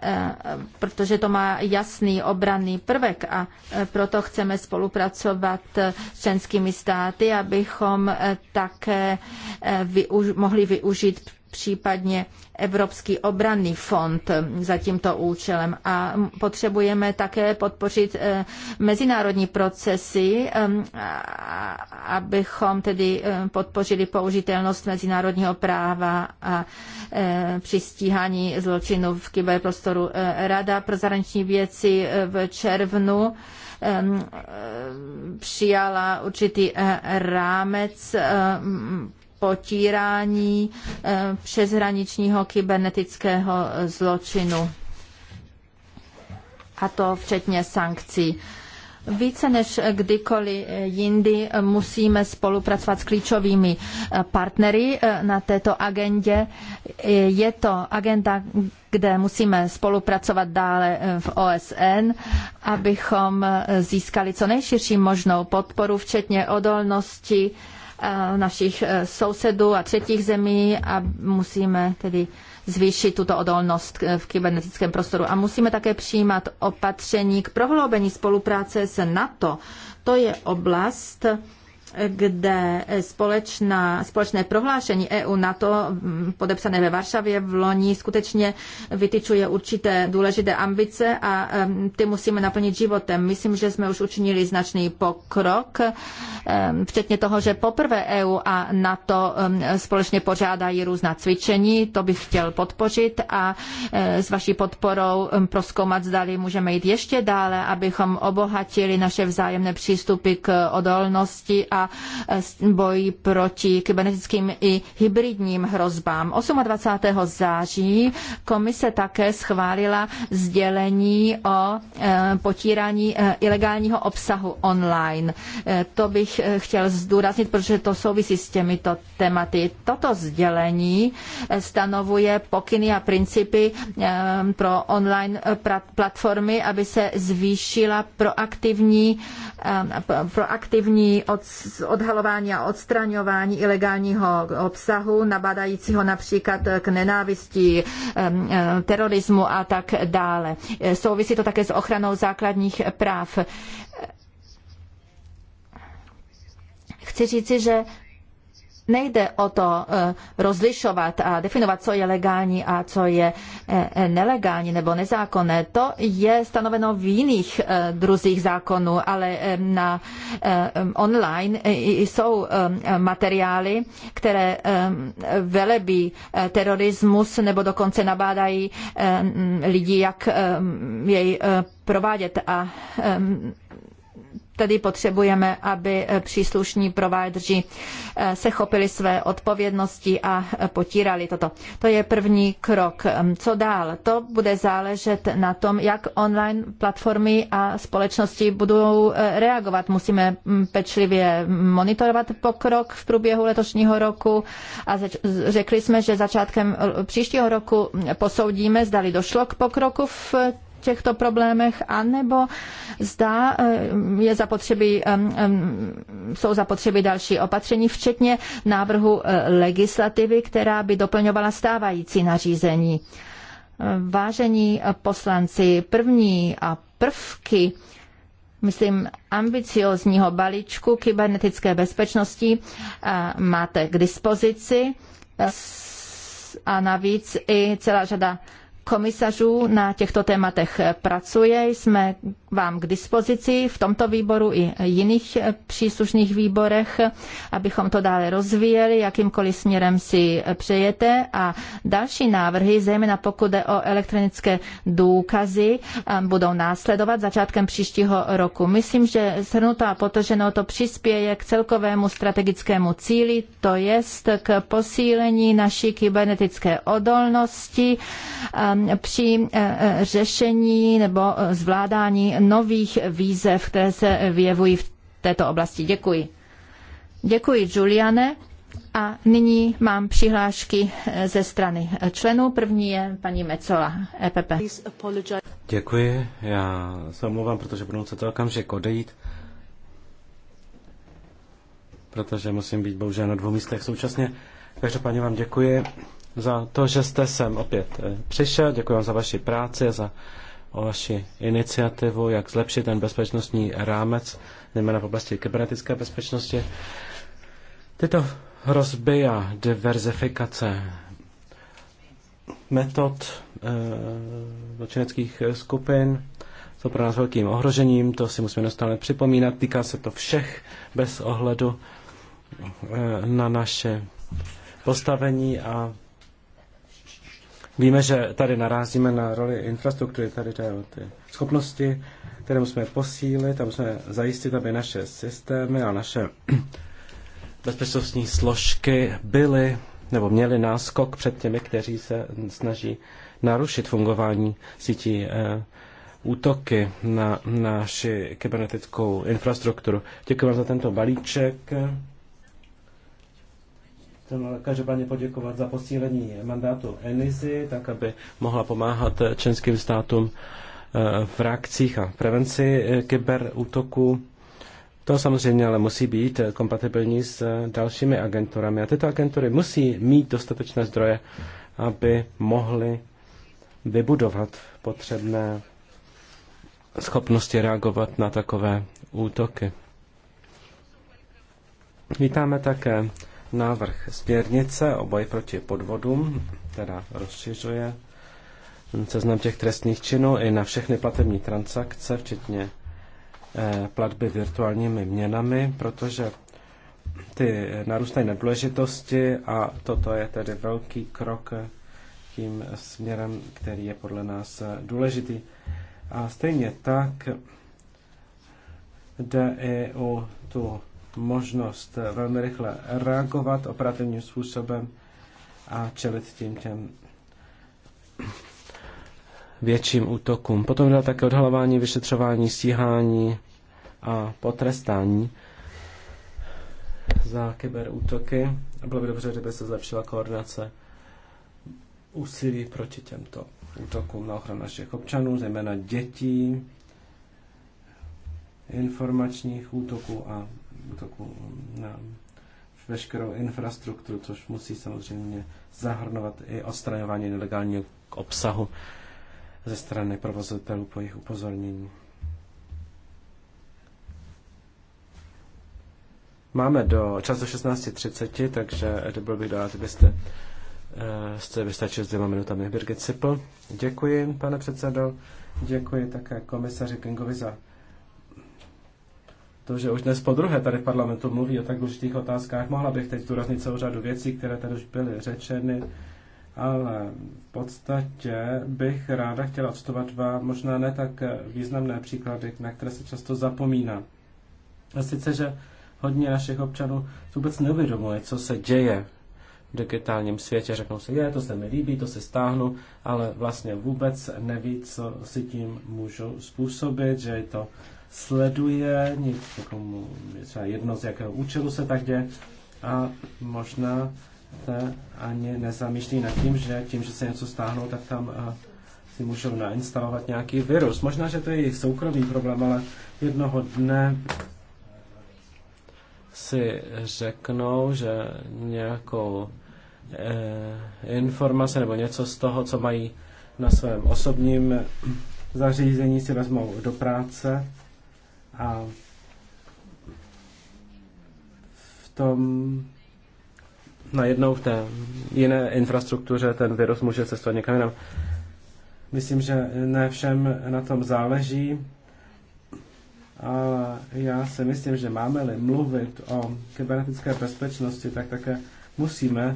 Eh, protože to má jasný obranný prvek a eh, proto chceme spolupracovat eh, s členskými státy, abychom také využ mohli využít případně Evropský obranný fond za tímto účelem. A potřebujeme také podpořit eh, mezinárodní procesy, eh, abychom tedy eh, podpořili použitelnost mezinárodního práva a při stíhání zločinů v kyberprostoru. Rada pro zahraniční věci v červnu přijala určitý rámec potírání eh, přeshraničního kybernetického zločinu. A to včetně sankcí. Více než kdykoliv jindy musíme spolupracovat s klíčovými eh, partnery eh, na této agendě. Je to agenda, kde musíme spolupracovat dále v OSN, abychom získali co nejširší možnou podporu, včetně odolnosti Eh, našich eh, sousedů a třetích zemí a musíme tedy zvýšit tuto odolnost eh, v kybernetickém prostoru. A musíme také přijímat opatření k prohloubení spolupráce s NATO. To je oblast, kde společná, společné prohlášení EU na to mm, podepsané ve Varšavě v loni skutečně vytyčuje určité důležité ambice a ty musíme naplnit životem. Myslím, že jsme už učinili značný pokrok, včetně toho, že poprvé EU a NATO společně pořádají různá cvičení, to bych chtěl podpořit a e, s vaší podporou proskoumat, zdali můžeme jít ještě dále, abychom obohatili naše vzájemné přístupy k odolnosti a Eh, boj proti kybernetickým i hybridním hrozbám. 28. září komise také schválila sdělení o eh, potírání eh, ilegálního obsahu online. To bych chtěl zdůraznit, protože to souvisí s těmito tématy. Toto sdělení stanovuje pokyny a principy pro online platformy, aby se zvýšila proaktivní, proaktivní od odhalování a odstraňování ilegálního obsahu, nabádajícího například k nenávisti, terorismu a tak dále. Souvisí to také s ochranou základních práv. Chci říci, že nejde o to eh, rozlišovat a definovat, co je legální a co je eh, nelegální nebo nezákonné. To je stanoveno v jiných eh, druzích zákonů, ale na online jsou materiály, které velebí terorismus nebo dokonce nabádají lidi, jak jej provádět a Tedy potřebujeme, aby eh, příslušní provádři eh, se chopili své odpovědnosti a eh, potírali toto. To je první krok. Ehm, co dál? To bude záležet na tom, jak online platformy a společnosti budou reagovat. Musíme mm, pečlivě monitorovat pokrok v průběhu letošního roku a řekli jsme, že začátkem příštího roku mm, posoudíme, zdali došlo k pokroku v těchto problémech, anebo zda eh, je zapotřebí, eh, eh, jsou zapotřebí další opatření, včetně návrhu legislativy, která by doplňovala stávající nařízení. Vážení poslanci, první a prvky, myslím, ambiciozního balíčku kybernetické bezpečnosti máte k dispozici a navíc i celá řada komisařů na těchto tématech pracuje. Jsme vám k dispozici v tomto výboru i jiných eh, příslušných výborech, abychom to dále rozvíjeli, jakýmkoliv směrem si přejete. A další návrhy, zejména pokud jde o elektronické důkazy, eh, budou následovat začátkem příštího roku. Myslím, že shrnuto a potoženo to přispěje k celkovému strategickému cíli, to jest k posílení naší kybernetické odolnosti ehm, při eh, řešení nebo zvládání nových výzev, které se vyjevují v této oblasti. Děkuji. Děkuji, Juliane. A nyní mám přihlášky eh, ze strany eh, členů. První je paní Mecola, EPP. Děkuji, já se omlouvám, protože budu muset okamžik odejít, protože musím být bohužel na dvou místech současně. paní, vám děkuji za to, že jste sem opět eh, přišel, děkuji vám za vaši práci a za o vaši iniciativu, jak zlepšit ten bezpečnostní rámec, zejména v oblasti kybernetické bezpečnosti. Tyto hrozby a diverzifikace metod eh, zločineckých e, skupin jsou pro nás velkým ohrožením, to si musíme neustále připomínat, týká se to všech bez ohledu e, na naše postavení a Víme, že tady narazíme na roli infrastruktury, tady jde o ty schopnosti, které musíme posílit a musíme zajistit, aby naše systémy a naše bezpečnostní složky byly nebo měly náskok před těmi, kteří se snaží narušit fungování sítí e, útoky na naši kybernetickou infrastrukturu. Děkuji vám za tento balíček každopádně poděkovat za posílení mandátu ENISY, tak aby mohla pomáhat členským státům eh, v reakcích a prevenci eh, kyberútoků. To samozřejmě ale musí být eh, kompatibilní s dalšími agenturami. A tyto agentury musí mít dostatečné zdroje, aby mohly vybudovat potřebné schopnosti reagovat na takové útoky. Vítáme také návrh směrnice o boji proti podvodům, která rozšiřuje seznam těch trestných činů i na všechny platební transakce, včetně eh, platby virtuálními měnami, protože ty narůstají nedůležitosti a toto je tedy velký krok tím směrem, který je podle nás důležitý. A stejně tak jde i o tu možnost velmi rychle reagovat operativním způsobem a čelit tím těm větším útokům. Potom dělá také odhalování, vyšetřování, stíhání a potrestání za kyberútoky. Bylo by dobře, kdyby se zlepšila koordinace úsilí proti těmto útokům na ochranu našich občanů, zejména dětí, informačních útoků a útoku na veškerou infrastrukturu, což musí samozřejmě zahrnovat i odstraňování nelegálního obsahu ze strany provozovatelů po jejich upozornění. Máme do čas do 16.30, takže byl bych dát, byste eh, jste vystačil s dvěma minutami. Birgit Sipl, děkuji, pane předsedo, děkuji také komisaři Kingovi za to, že už dnes po druhé tady v parlamentu mluví o tak důležitých otázkách, mohla bych teď zdůraznit celou řadu věcí, které tady už byly řečeny, ale v podstatě bych ráda chtěla odstovat dva možná ne tak významné příklady, na které se často zapomíná. A sice, že hodně našich občanů vůbec neuvědomuje, co se děje v digitálním světě. Řeknou si, je, to se mi líbí, to se stáhnu, ale vlastně vůbec neví, co si tím můžou způsobit, že je to sleduje, někomu jako třeba jedno z jakého účelu se tak děje a možná se ani nezamýšlí nad tím, že tím, že se něco stáhnou, tak tam si můžou nainstalovat nějaký virus. Možná, že to je jejich soukromý problém, ale jednoho dne si řeknou, že nějakou e, informace nebo něco z toho, co mají na svém osobním zařízení, si vezmou do práce a v tom najednou v té jiné infrastruktuře ten virus může cestovat někam jinam. Myslím, že ne všem na tom záleží, ale já si myslím, že máme-li mluvit o kybernetické bezpečnosti, tak také musíme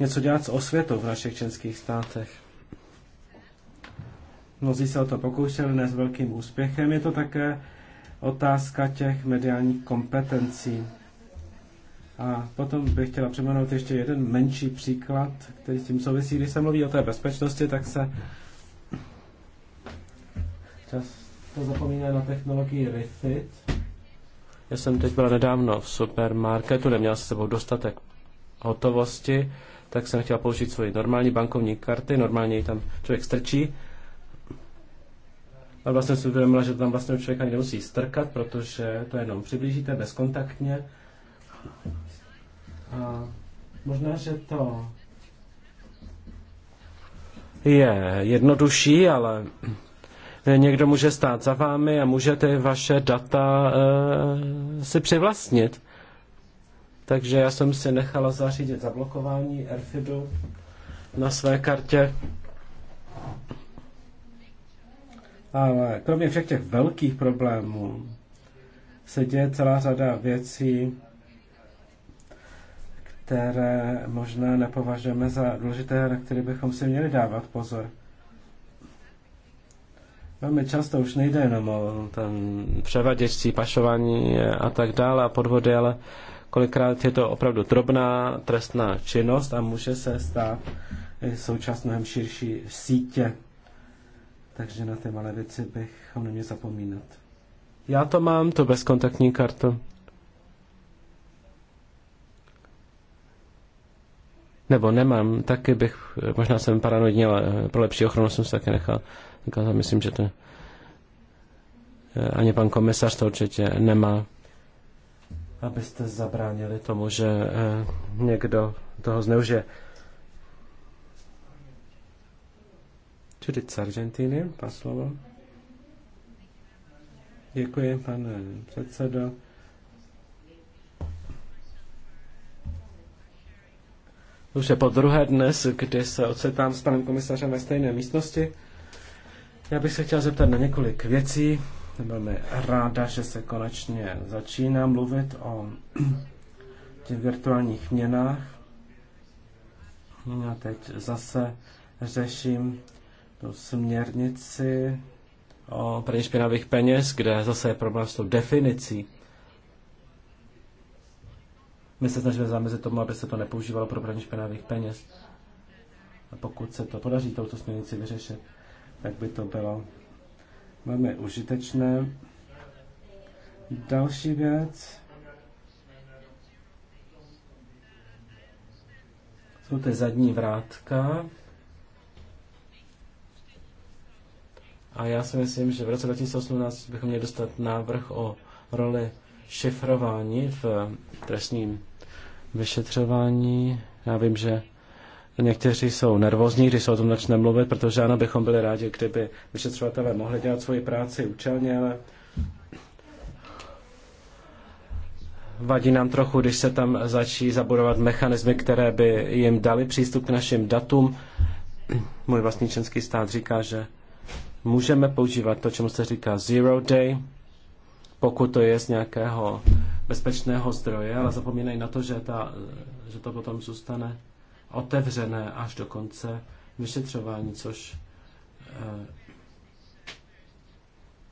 něco dělat s osvětou v našich českých státech. Mnozí se o to pokoušeli, ne s velkým úspěchem. Je to také otázka těch mediálních kompetencí. A potom bych chtěla připomenout ještě jeden menší příklad, který s tím souvisí. Když se mluví o té bezpečnosti, tak se často zapomíná na technologii Refit. Já jsem teď byla nedávno v supermarketu, neměl s sebou dostatek hotovosti, tak jsem chtěla použít svoji normální bankovní karty, normálně ji tam člověk strčí, a vlastně si uvědomila, že tam vlastně člověk ani nemusí strkat, protože to jenom přiblížíte bezkontaktně. A možná, že to je jednodušší, ale někdo může stát za vámi a může ty vaše data uh, si přivlastnit. Takže já jsem si nechala zařídit zablokování RFIDu na své kartě ale kromě všech těch velkých problémů se děje celá řada věcí, které možná nepovažujeme za důležité, na které bychom si měli dávat pozor. Velmi často už nejde jenom o ten převaděčství, pašování a tak dále a podvody, ale kolikrát je to opravdu drobná trestná činnost a může se stát součást mnohem širší sítě takže na ty malé věci bychom neměl zapomínat. Já to mám, to bezkontaktní kartu. Nebo nemám, taky bych, možná jsem paranoidní, ale eh, pro lepší ochranu jsem se taky nechal. já myslím, že to eh, ani pan komisař to určitě nemá. Abyste zabránili tomu, že eh, někdo toho zneužije. Čili z Argentiny, pan slovo. Děkuji, pane předsedo. Už je po druhé dnes, kdy se ocitám s panem komisařem ve stejné místnosti. Já bych se chtěl zeptat na několik věcí. velmi ráda, že se konečně začíná mluvit o těch virtuálních měnách. Já teď zase řeším tu směrnici o praní špinavých peněz, kde zase je problém s tou definicí. My se snažíme zamezit tomu, aby se to nepoužívalo pro praní špinavých peněz. A pokud se to podaří touto směrnici vyřešit, tak by to bylo velmi užitečné. Další věc. Jsou ty zadní vrátka. A já si myslím, že v roce 2018 bychom měli dostat návrh o roli šifrování v eh, trestním vyšetřování. Já vím, že někteří jsou nervózní, když se o tom začne mluvit, protože ano, bychom byli rádi, kdyby vyšetřovatelé mohli dělat svoji práci účelně, ale vadí nám trochu, když se tam začí zabudovat mechanismy, které by jim dali přístup k našim datům. Můj vlastní členský stát říká, že můžeme používat to, čemu se říká zero day, pokud to je z nějakého bezpečného zdroje, ale zapomínají na to, že, ta, že to potom zůstane otevřené až do konce vyšetřování, což eh,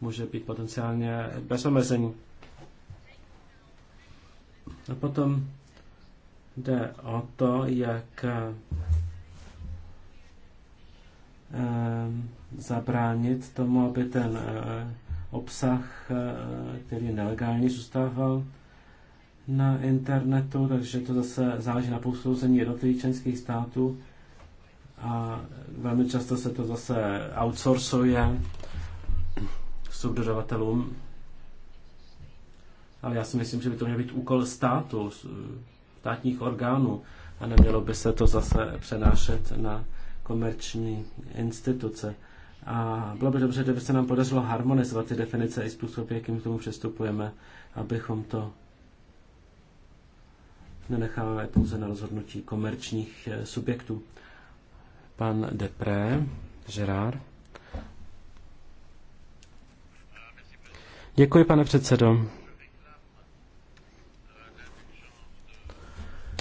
může být potenciálně bez omezení. A potom jde o to, jak eh, zabránit tomu, aby ten eh, obsah, eh, který nelegálně zůstával na internetu, takže to zase záleží na posouzení jednotlivých členských států a velmi často se to zase outsourcuje subdodavatelům. Ale já si myslím, že by to měl být úkol státu, eh, státních orgánů a nemělo by se to zase přenášet na komerční instituce. A bylo by dobře, kdyby se nám podařilo harmonizovat ty definice i způsob, jakým k tomu přistupujeme, abychom to nenechávali pouze na rozhodnutí komerčních eh, subjektů. Pan Depré, Gerard. Děkuji, pane předsedo.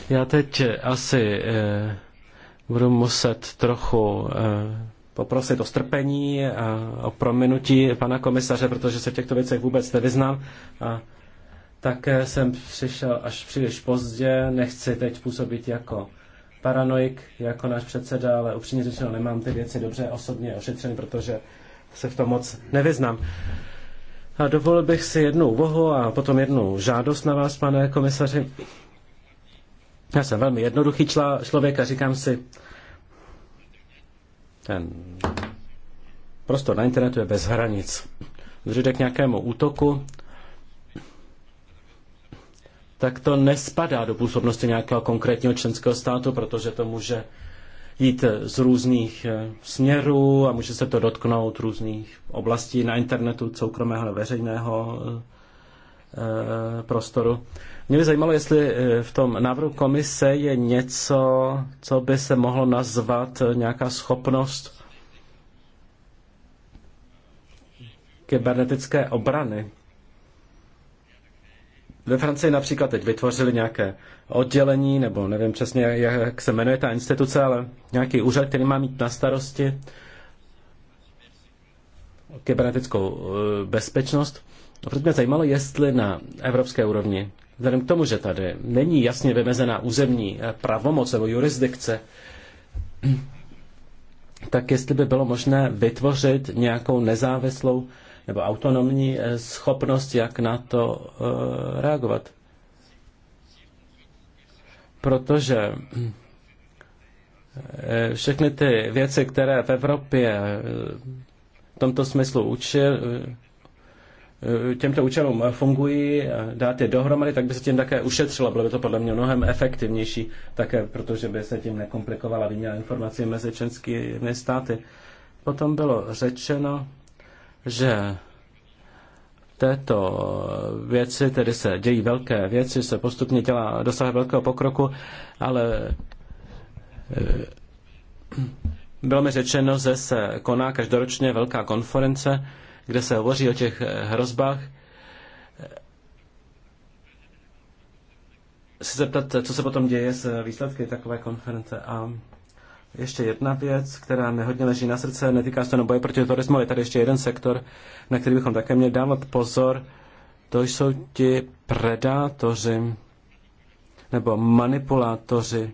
Já teď eh, asi eh, budu muset trochu eh, poprosit o strpení a eh, o prominutí pana komisaře, protože se v těchto věcech vůbec nevyznám. A také eh, jsem přišel až příliš pozdě, nechci teď působit jako paranoik, jako náš předseda, ale upřímně řečeno nemám ty věci dobře osobně ošetřeny, protože se v tom moc nevyznám. A dovolil bych si jednu úvohu a potom jednu žádost na vás, pane komisaři. Já jsem velmi jednoduchý člověk a říkám si, ten prostor na internetu je bez hranic. Když jde k nějakému útoku, tak to nespadá do působnosti nějakého konkrétního členského státu, protože to může jít z různých eh, směrů a může se to dotknout různých oblastí na internetu, soukromého nebo veřejného eh, eh, prostoru. Mě by zajímalo, jestli eh, v tom návrhu komise je něco, co by se mohlo nazvat eh, nějaká schopnost kybernetické obrany. Ve Francii například teď vytvořili nějaké oddělení, nebo nevím přesně, jak se jmenuje ta instituce, ale nějaký úřad, který má mít na starosti kybernetickou eh, bezpečnost. A proto mě zajímalo, jestli na evropské úrovni Vzhledem k tomu, že tady není jasně vymezená územní eh, pravomoc nebo jurisdikce, tak jestli by bylo možné vytvořit nějakou nezávislou nebo autonomní eh, schopnost, jak na to eh, reagovat. Protože všechny ty věci, které v Evropě v tomto smyslu učil, Eh, těmto účelům eh, fungují, eh, dát je dohromady, tak by se tím také ušetřilo. Bylo by to podle mě mnohem efektivnější, také protože by se tím nekomplikovala výměna informací mezi členskými státy. Potom bylo řečeno, že této věci, tedy se dějí velké věci, se postupně dělá, dosah velkého pokroku, ale bylo mi řečeno, že se koná každoročně velká konference, kde se hovoří o těch eh, hrozbách, se zeptat, co se potom děje s eh, výsledky takové konference. A ještě jedna věc, která mi hodně leží na srdce, netýká se to jenom boje proti terorismu, je tady ještě jeden sektor, na který bychom také měli dávat pozor, to jsou ti predátoři nebo manipulátoři,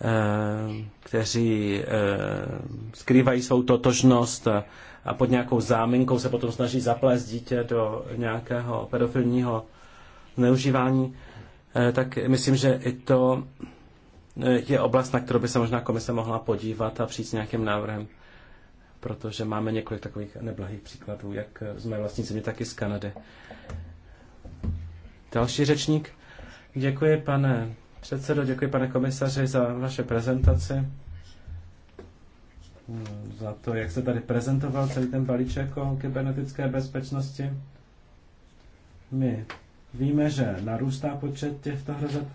eh, kteří skrývají svou totožnost a pod nějakou záminkou se potom snaží zaplést dítě do nějakého pedofilního zneužívání, eh, tak myslím, že i to eh, je oblast, na kterou by se možná komise mohla podívat a přijít s nějakým návrhem, protože máme několik takových neblahých příkladů, jak eh, z mé vlastní země, tak i z Kanady. Další řečník. Děkuji, pane předsedo, děkuji, pane komisaři, za vaše prezentaci za to, jak se tady prezentoval celý ten balíček o kybernetické bezpečnosti. My víme, že narůstá počet těchto hrozeb.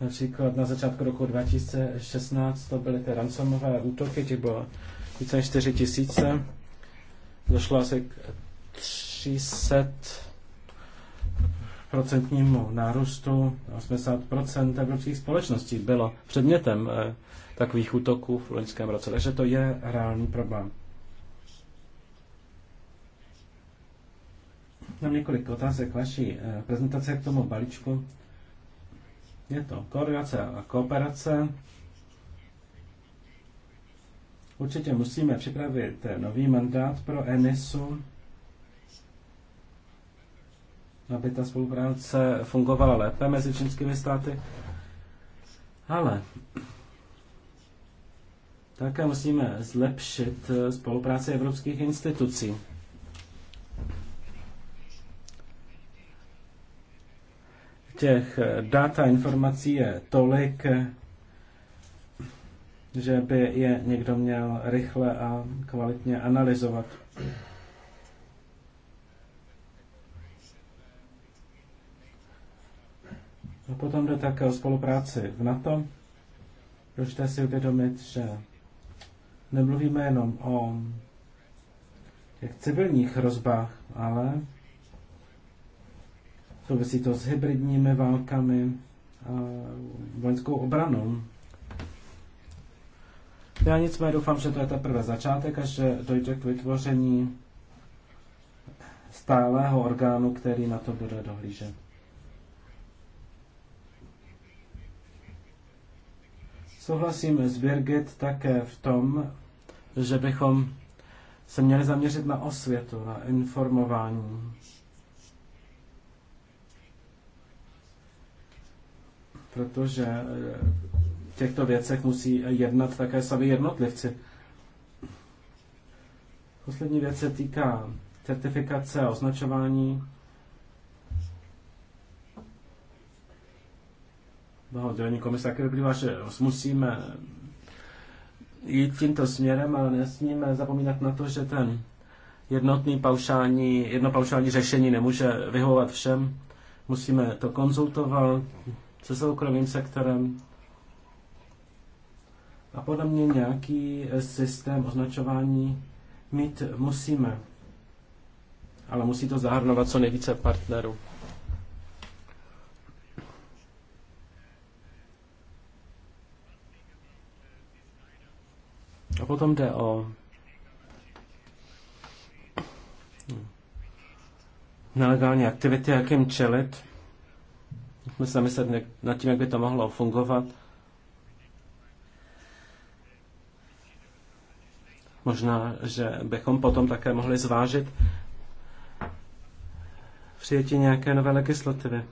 Například na začátku roku 2016 to byly ty ransomové útoky, těch bylo více než 4 tisíce. Došlo asi k 300 procentnímu nárůstu 80% evropských společností bylo předmětem eh, takových útoků v loňském roce. Takže to je reálný problém. Mám několik otázek vaší eh, prezentace k tomu balíčku. Je to koordinace a kooperace. Určitě musíme připravit eh, nový mandát pro ENISu aby ta spolupráce fungovala lépe mezi čínskými státy. Ale také musíme zlepšit eh, spolupráci evropských institucí. Těch eh, data a informací je tolik, eh, že by je někdo měl rychle a kvalitně analyzovat. A potom jde také o spolupráci v NATO. Důležité si uvědomit, že nemluvíme jenom o jak civilních hrozbách, ale souvisí to s hybridními válkami a vojenskou obranou. Já nicméně doufám, že to je teprve začátek a že dojde k vytvoření stálého orgánu, který na to bude dohlížet. Souhlasím s Birgit také v tom, že bychom se měli zaměřit na osvětu, na informování. Protože v eh, těchto věcech musí jednat také sami jednotlivci. Poslední věc se týká certifikace a označování. toho dělení komise také vyplývá, že musíme jít tímto směrem, ale nesmíme zapomínat na to, že ten jednotný paušální, jedno paušální řešení nemůže vyhovovat všem. Musíme to konzultovat se soukromým sektorem. A podle mě nějaký systém označování mít musíme. Ale musí to zahrnovat co nejvíce partnerů. A potom jde o nelegální aktivity, jak jim čelit. Musíme se myslet nad tím, jak by to mohlo fungovat. Možná, že bychom potom také mohli zvážit přijetí nějaké nové legislativy.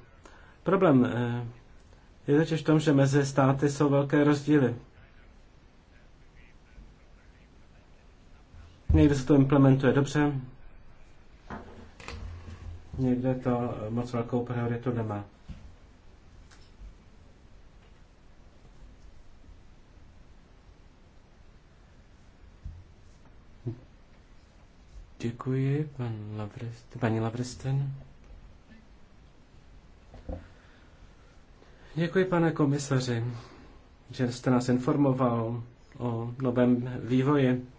Problém eh, je totiž v tom, že mezi státy jsou velké rozdíly. Někde se to implementuje dobře, někde to moc velkou prioritu nemá. Děkuji, pan Lavrist, paní Lavristin. Děkuji, pane komisaři, že jste nás informoval o novém vývoji.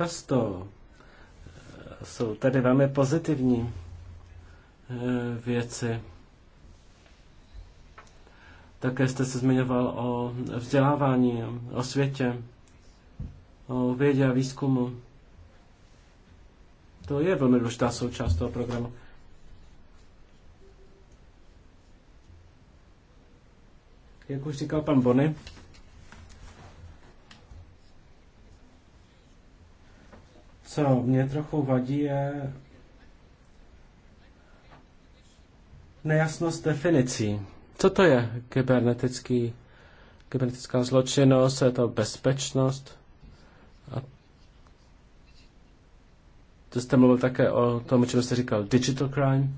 Často eh, jsou tady velmi pozitivní eh, věci. Také jste se zmiňoval o vzdělávání, o světě, o vědě a výzkumu. To je velmi důležitá součást toho programu. Jak už říkal pan Bony, Co mě trochu vadí, je nejasnost definicí. Co to je kybernetický, kybernetická zločinnost, je to bezpečnost? A to jste mluvil také o tom, o čem jste říkal, digital crime.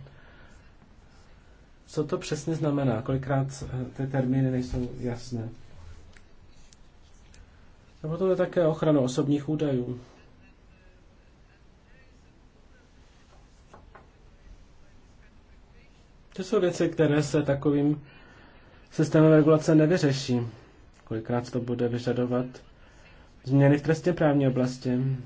Co to přesně znamená? Kolikrát ty termíny nejsou jasné? A potom je také ochrana osobních údajů. To jsou věci, které se takovým systémem regulace nevyřeší. Kolikrát to bude vyžadovat změny v trestně právní oblasti.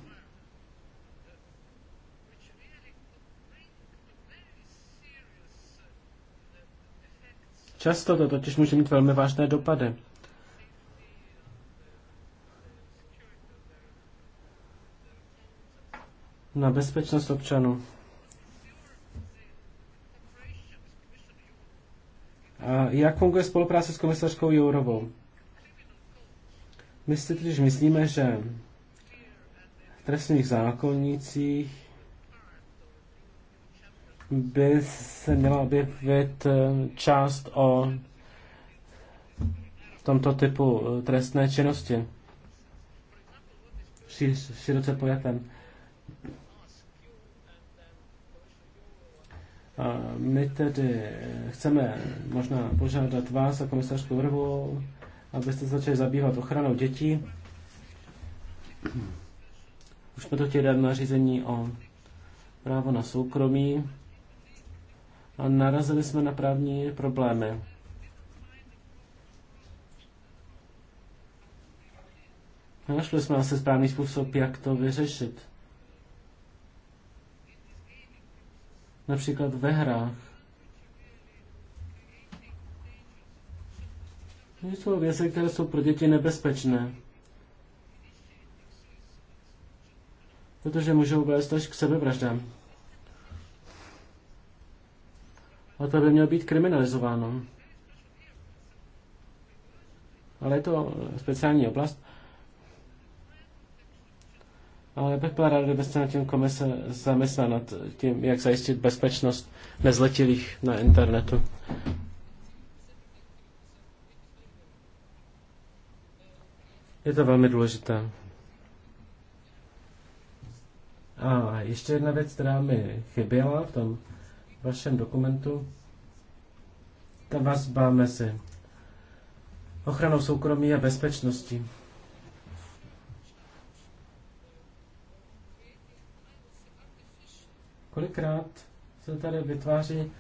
Často to totiž může mít velmi vážné dopady. Na bezpečnost občanů. Jak funguje spolupráce s komisařkou Jourovou? My si totiž myslíme, že v trestních zákonnicích by se měla objevit eh, část o tomto typu eh, trestné činnosti. Široce pojatem. A my tedy chceme možná požádat vás a komisařku Vrvu, abyste začali zabývat ochranou dětí. Už jsme to chtěli dát řízení o právo na soukromí a narazili jsme na právní problémy. Našli jsme asi správný způsob, jak to vyřešit. například ve hrách. To jsou věci, které jsou pro děti nebezpečné. Protože můžou vést až k sebevraždám. A to by mělo být kriminalizováno. Ale je to speciální oblast. Ale já bych byl rád, kdyby se na tím komise zamyslela nad tím, jak zajistit bezpečnost nezletilých na internetu. Je to velmi důležité. A ještě jedna věc, která mi chyběla v tom vašem dokumentu, ta vazba mezi ochranou soukromí a bezpečností. Kolikrát se tady vytváří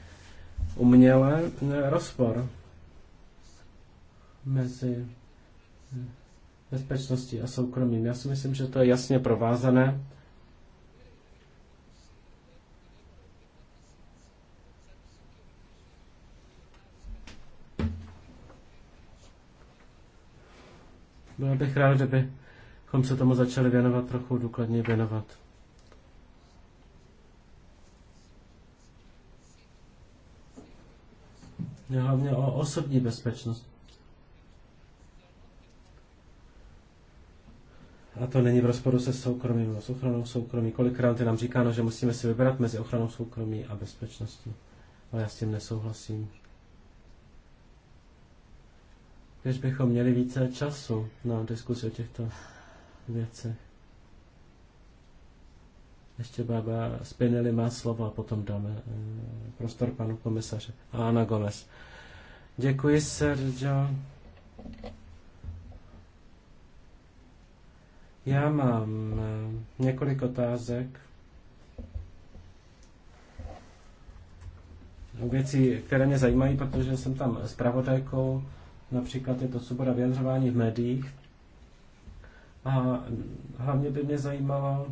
uměle eh, rozpor mezi bezpečností a soukromím. Já si myslím, že to je jasně provázané. Byl bych rád, kdybychom se tomu začali věnovat trochu důkladně věnovat. Jde hlavně o osobní bezpečnost. A to není v rozporu se soukromím, s ochranou soukromí. Kolikrát je nám říkáno, že musíme si vybrat mezi ochranou soukromí a bezpečností. Ale já s tím nesouhlasím. Když bychom měli více času na diskusi o těchto věcech. Ještě Baba Spinelli má slovo a potom dáme eh, prostor panu komisaři. Ana Gomez. Děkuji, Sergio. Já mám eh, několik otázek. Věci které mě zajímají, protože jsem tam zpravodajkou, například je to svoboda vyjadřování v médiích. A hlavně by mě zajímalo,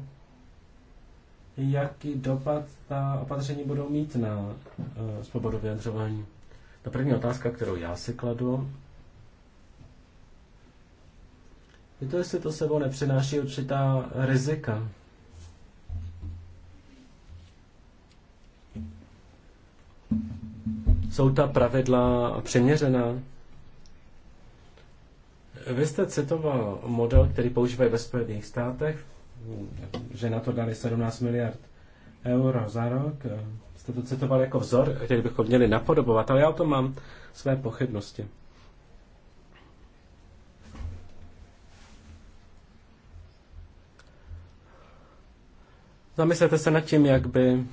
jaký dopad ta opatření budou mít na uh, svobodu vyjadřování. Ta první otázka, kterou já si kladu, je to, jestli to sebou nepřináší určitá rizika. Jsou ta pravidla přeměřená? Vy jste citoval model, který používají ve Spojených státech, že na to dali 17 miliard euro za rok. Jste to citoval jako vzor, který bychom měli napodobovat, ale já o tom mám své pochybnosti. Zamyslete se nad tím, jak by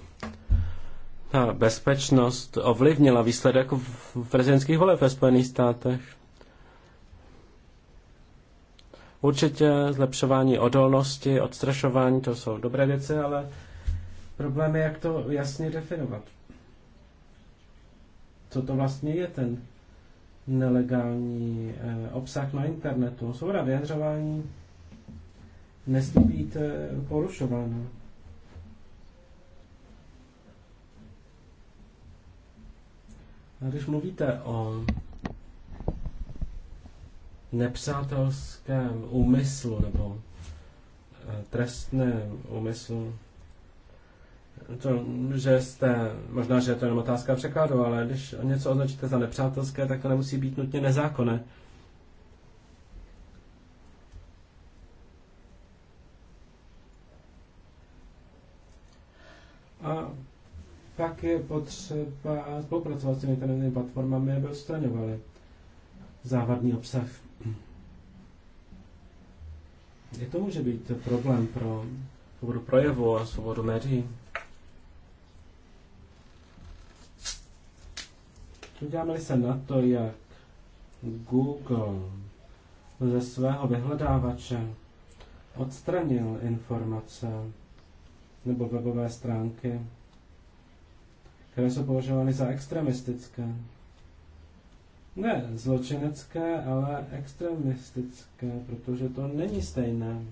ta bezpečnost ovlivnila výsledek v prezidentských voleb ve Spojených státech. Určitě zlepšování odolnosti, odstrašování, to jsou dobré věci, ale problém je, jak to jasně definovat. Co to vlastně je ten nelegální eh, obsah na internetu? Svoboda vyjadřování nesmí být eh, porušována. A když mluvíte o nepřátelském úmyslu nebo eh, trestném úmyslu. To, že jste, možná, že je to jenom otázka překladu, ale když něco označíte za nepřátelské, tak to nemusí být nutně nezákonné. A pak je potřeba spolupracovat s těmi internetovými platformami, aby odstraňovali závadný obsah. Je to může být problém pro svobodu projevu a svobodu médií. Podíváme se na to, jak Google ze svého vyhledávače odstranil informace nebo webové stránky, které jsou považovány za extremistické ne zločinecké, ale extremistické, protože to není stejné.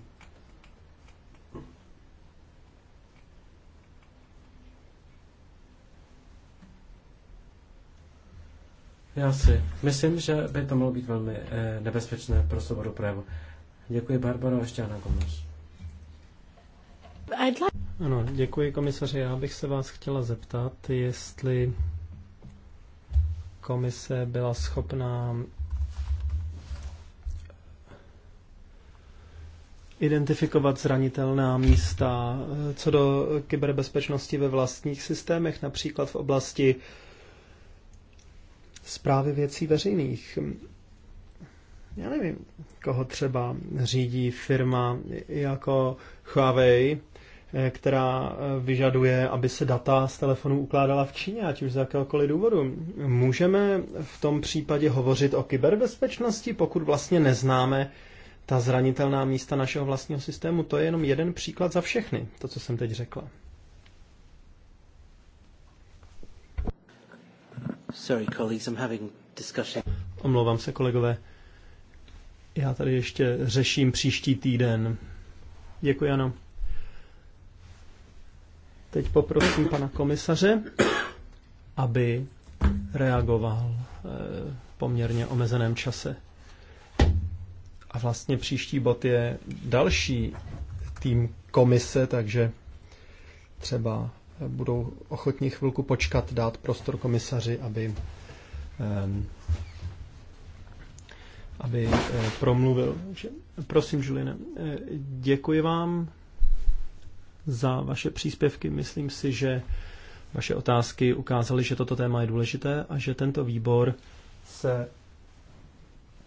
Já si myslím, že by to mohlo být velmi eh, nebezpečné pro svobodu projevu. Děkuji, a ještě Anna Gomes. Ano, děkuji, komisaři. Já bych se vás chtěla zeptat, jestli komise byla schopná identifikovat zranitelná místa eh, co do kyberbezpečnosti ve vlastních systémech, například v oblasti zprávy věcí veřejných. Já nevím, koho třeba řídí firma jako Huawei, Eh, která eh, vyžaduje, aby se data z telefonu ukládala v Číně, ať už z jakéhokoliv důvodu. Můžeme v tom případě hovořit o kyberbezpečnosti, pokud vlastně neznáme ta zranitelná místa našeho vlastního systému. To je jenom jeden příklad za všechny, to, co jsem teď řekla. Sorry, colleagues, I'm having discussion. Omlouvám se, kolegové. Já tady ještě řeším příští týden. Děkuji, ano. Teď poprosím pana komisaře, aby reagoval eh, v poměrně omezeném čase. A vlastně příští bod je další tým komise, takže třeba eh, budou ochotní chvilku počkat, dát prostor komisaři, aby, ehm, aby eh, promluvil. Prosím, Žuline, děkuji vám za vaše příspěvky. Myslím si, že vaše otázky ukázaly, že toto téma je důležité a že tento výbor se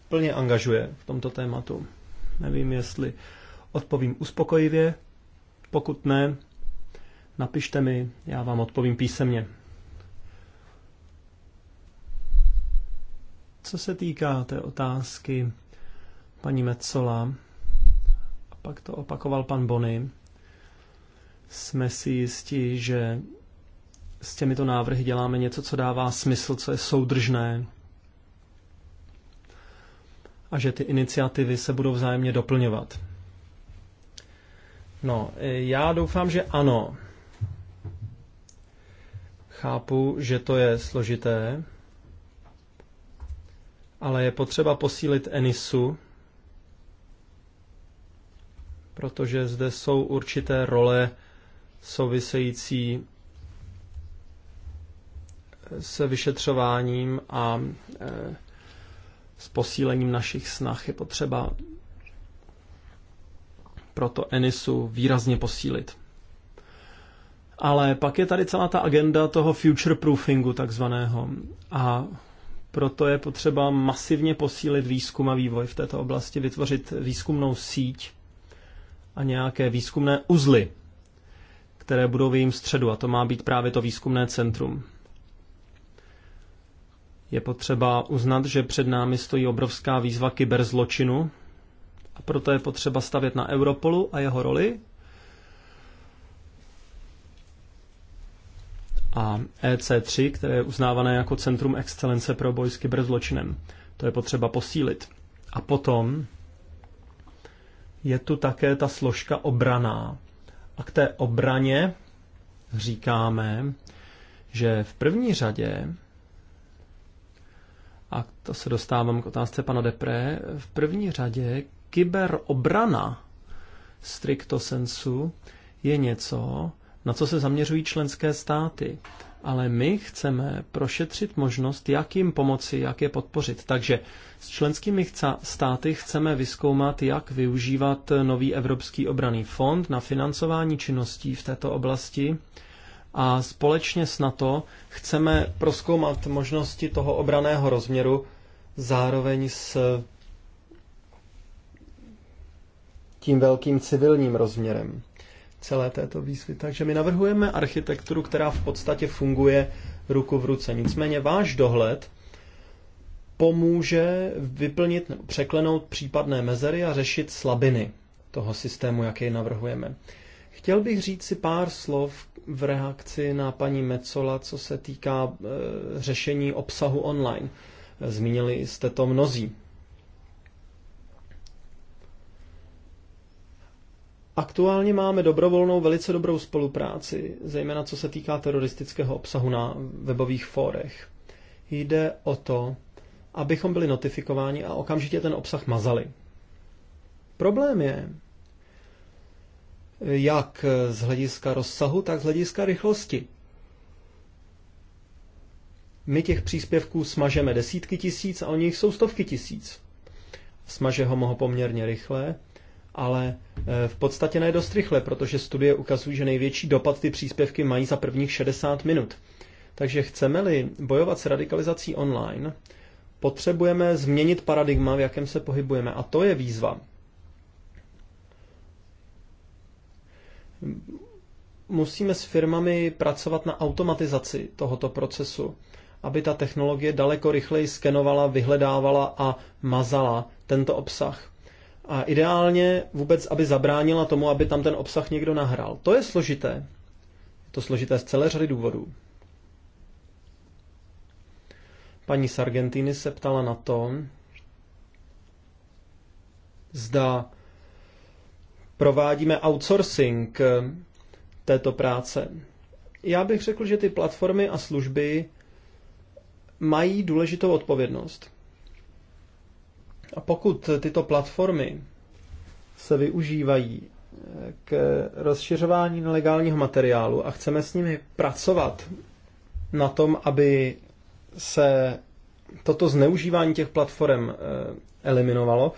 plně angažuje v tomto tématu. Nevím, jestli odpovím uspokojivě. Pokud ne, napište mi, já vám odpovím písemně. Co se týká té otázky paní Metzola, a pak to opakoval pan Bony, jsme si jistí, že s těmito návrhy děláme něco, co dává smysl, co je soudržné a že ty iniciativy se budou vzájemně doplňovat. No, já doufám, že ano. Chápu, že to je složité, ale je potřeba posílit Enisu, protože zde jsou určité role související se vyšetřováním a e, s posílením našich snah je potřeba proto Enisu výrazně posílit. Ale pak je tady celá ta agenda toho future proofingu takzvaného a proto je potřeba masivně posílit výzkum a vývoj v této oblasti, vytvořit výzkumnou síť a nějaké výzkumné uzly které budou v jejím středu a to má být právě to výzkumné centrum. Je potřeba uznat, že před námi stojí obrovská výzva kyberzločinu a proto je potřeba stavět na Europolu a jeho roli a EC3, které je uznávané jako Centrum excelence pro boj s kyberzločinem. To je potřeba posílit. A potom je tu také ta složka obraná, a k té obraně říkáme, že v první řadě, a to se dostávám k otázce pana Depré, v první řadě kyberobrana stricto sensu je něco, na co se zaměřují členské státy ale my chceme prošetřit možnost, jak jim pomoci, jak je podpořit. Takže s členskými státy chceme vyskoumat, jak využívat nový Evropský obraný fond na financování činností v této oblasti a společně s NATO chceme proskoumat možnosti toho obraného rozměru zároveň s tím velkým civilním rozměrem celé této výzvy. Takže my navrhujeme architekturu, která v podstatě funguje ruku v ruce. Nicméně váš dohled pomůže vyplnit překlenout případné mezery a řešit slabiny toho systému, jaký navrhujeme. Chtěl bych říct si pár slov v reakci na paní Mecola, co se týká e, řešení obsahu online. E, zmínili jste to mnozí. Aktuálně máme dobrovolnou, velice dobrou spolupráci, zejména co se týká teroristického obsahu na webových fórech. Jde o to, abychom byli notifikováni a okamžitě ten obsah mazali. Problém je, jak z hlediska rozsahu, tak z hlediska rychlosti. My těch příspěvků smažeme desítky tisíc a o nich jsou stovky tisíc. Smaže ho mohou poměrně rychle, ale eh, v podstatě ne dost rychle, protože studie ukazují, že největší dopad ty příspěvky mají za prvních 60 minut. Takže chceme-li bojovat s radikalizací online, potřebujeme změnit paradigma, v jakém se pohybujeme. A to je výzva. Musíme s firmami pracovat na automatizaci tohoto procesu, aby ta technologie daleko rychleji skenovala, vyhledávala a mazala tento obsah a ideálně vůbec, aby zabránila tomu, aby tam ten obsah někdo nahrál. To je složité. Je to složité z celé řady důvodů. Paní Sargentini se ptala na to, zda provádíme outsourcing této práce. Já bych řekl, že ty platformy a služby mají důležitou odpovědnost. A pokud tyto platformy se využívají eh, k rozšiřování nelegálního materiálu a chceme s nimi pracovat na tom, aby se toto zneužívání těch platform eh, eliminovalo,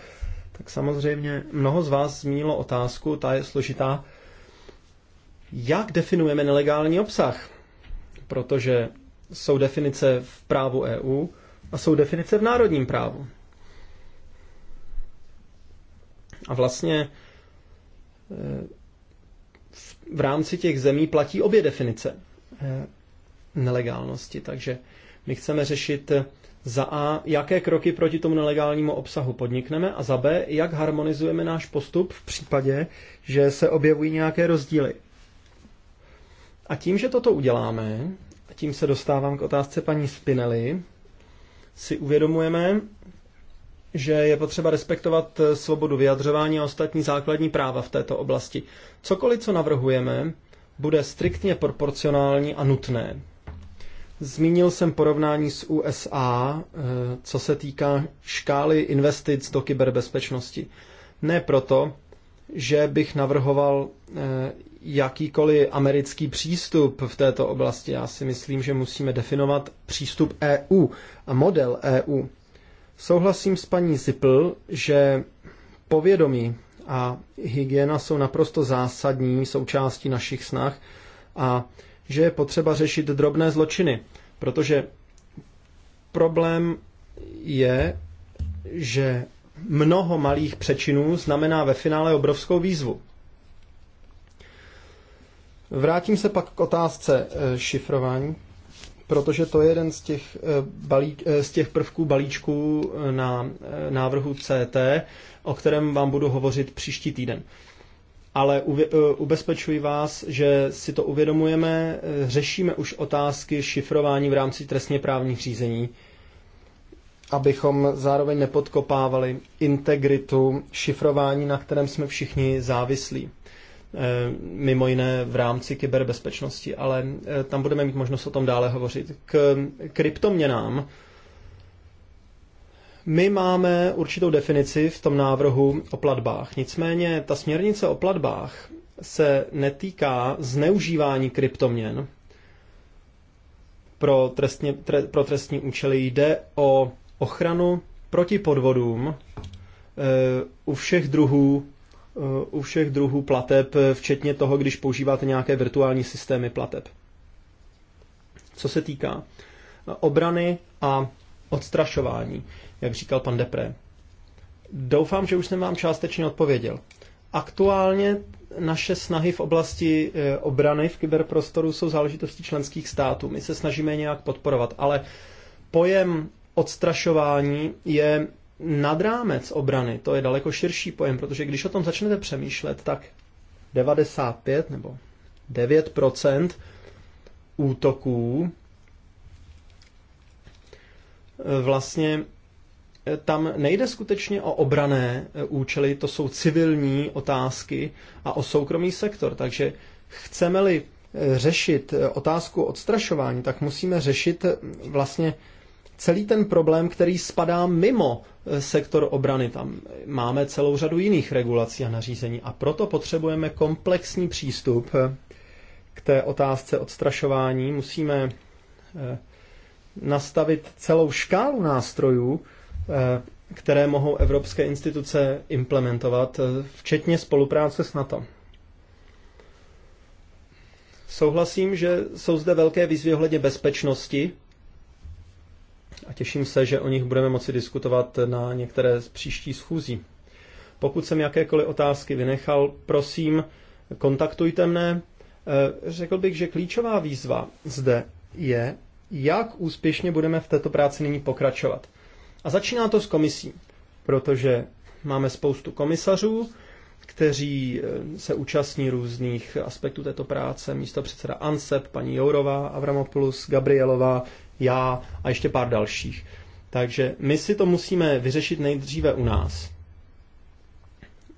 tak samozřejmě mnoho z vás zmínilo otázku, ta je složitá, jak definujeme nelegální obsah, protože jsou definice v právu EU a jsou definice v národním právu. A vlastně eh, v rámci těch zemí platí obě definice eh, nelegálnosti. Takže my chceme řešit eh, za A, jaké kroky proti tomu nelegálnímu obsahu podnikneme a za B, jak harmonizujeme náš postup v případě, že se objevují nějaké rozdíly. A tím, že toto uděláme, a tím se dostávám k otázce paní Spinelli, si uvědomujeme, že je potřeba respektovat eh, svobodu vyjadřování a ostatní základní práva v této oblasti. Cokoliv, co navrhujeme, bude striktně proporcionální a nutné. Zmínil jsem porovnání s USA, eh, co se týká škály investic do kyberbezpečnosti. Ne proto, že bych navrhoval eh, jakýkoliv americký přístup v této oblasti. Já si myslím, že musíme definovat přístup EU a model EU. Souhlasím s paní Zipl, že povědomí a hygiena jsou naprosto zásadní součástí našich snah a že je potřeba řešit drobné zločiny, protože problém je, že mnoho malých přečinů znamená ve finále obrovskou výzvu. Vrátím se pak k otázce eh, šifrování protože to je jeden z těch, eh, balík, eh, z těch prvků balíčků eh, na návrhu CT, o kterém vám budu hovořit příští týden. Ale ubezpečuji vás, že si to uvědomujeme, řešíme už otázky šifrování v rámci trestně právních řízení, abychom zároveň nepodkopávali integritu šifrování, na kterém jsme všichni závislí. Eh, mimo jiné v rámci kyberbezpečnosti, ale eh, tam budeme mít možnost o tom dále hovořit. K kryptoměnám my máme určitou definici v tom návrhu o platbách. Nicméně ta směrnice o platbách se netýká zneužívání kryptoměn pro, trestně, tre, pro trestní účely. Jde o ochranu proti podvodům e, u všech druhů u všech druhů plateb, včetně toho, když používáte nějaké virtuální systémy plateb. Co se týká obrany a odstrašování, jak říkal pan Depré. Doufám, že už jsem vám částečně odpověděl. Aktuálně naše snahy v oblasti eh, obrany v kyberprostoru jsou záležitostí členských států. My se snažíme nějak podporovat, ale pojem odstrašování je nad rámec obrany, to je daleko širší pojem, protože když o tom začnete přemýšlet, tak 95 nebo 9 útoků eh, vlastně eh, tam nejde skutečně o obrané eh, účely, to jsou civilní otázky a o soukromý sektor. Takže chceme-li řešit otázku odstrašování, tak musíme řešit vlastně celý ten problém, který spadá mimo eh, sektor obrany. Tam máme celou řadu jiných regulací a nařízení a proto potřebujeme komplexní přístup eh, k té otázce odstrašování. Musíme eh, nastavit celou škálu nástrojů, které mohou evropské instituce implementovat, včetně spolupráce s NATO. Souhlasím, že jsou zde velké výzvy ohledně bezpečnosti, a těším se, že o nich budeme moci diskutovat na některé z příští schůzí. Pokud jsem jakékoliv otázky vynechal, prosím, kontaktujte mne. E, řekl bych, že klíčová výzva zde je, jak úspěšně budeme v této práci nyní pokračovat. A začíná to s komisí, protože máme spoustu komisařů, kteří e, se účastní různých aspektů této práce. Místo předseda ANSEP, paní Jourová, Avramopoulos, Gabrielová, já a ještě pár dalších. Takže my si to musíme vyřešit nejdříve u nás.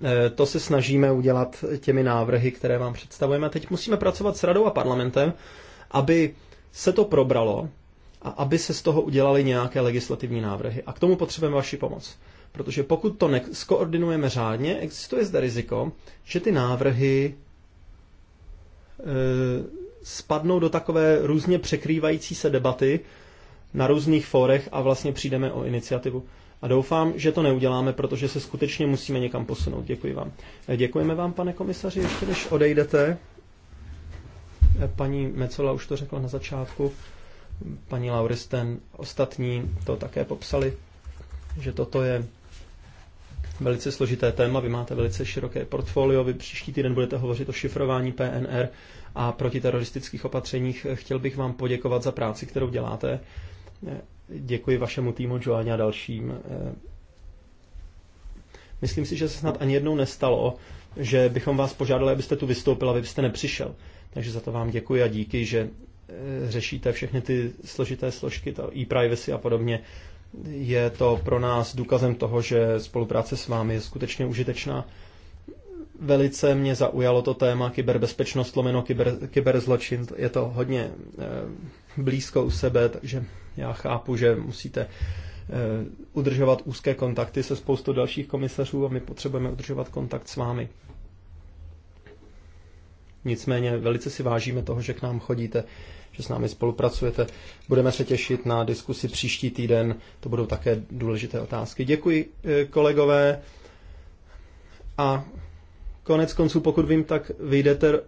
E, to se snažíme udělat těmi návrhy, které vám představujeme. teď musíme pracovat s radou a parlamentem, aby se to probralo a aby se z toho udělaly nějaké legislativní návrhy. A k tomu potřebujeme vaši pomoc. Protože pokud to skoordinujeme řádně, existuje zde riziko, že ty návrhy e, spadnou do takové různě překrývající se debaty na různých fórech a vlastně přijdeme o iniciativu. A doufám, že to neuděláme, protože se skutečně musíme někam posunout. Děkuji vám. E, děkujeme vám, pane komisaři, ještě než odejdete. E, paní Mecola už to řekla na začátku, paní Lauristen, ostatní to také popsali, že toto je velice složité téma, vy máte velice široké portfolio, vy příští týden budete hovořit o šifrování PNR a protiteroristických opatřeních. Eh, chtěl bych vám poděkovat za práci, kterou děláte. Eh, děkuji vašemu týmu Joáně a dalším. Eh. Myslím si, že se snad ani jednou nestalo, že bychom vás požádali, abyste tu vystoupil a vy byste nepřišel. Takže za to vám děkuji a díky, že řešíte všechny ty složité složky, to e-privacy a podobně. Je to pro nás důkazem toho, že spolupráce s vámi je skutečně užitečná Velice mě zaujalo to téma kyberbezpečnost lomeno kyber, kyberzločin. Je to hodně eh, blízko u sebe, takže já chápu, že musíte eh, udržovat úzké kontakty se spoustou dalších komisařů a my potřebujeme udržovat kontakt s vámi. Nicméně velice si vážíme toho, že k nám chodíte, že s námi spolupracujete. Budeme se těšit na diskusi příští týden. To budou také důležité otázky. Děkuji eh, kolegové a Konec konců, pokud vím, tak vyjdete,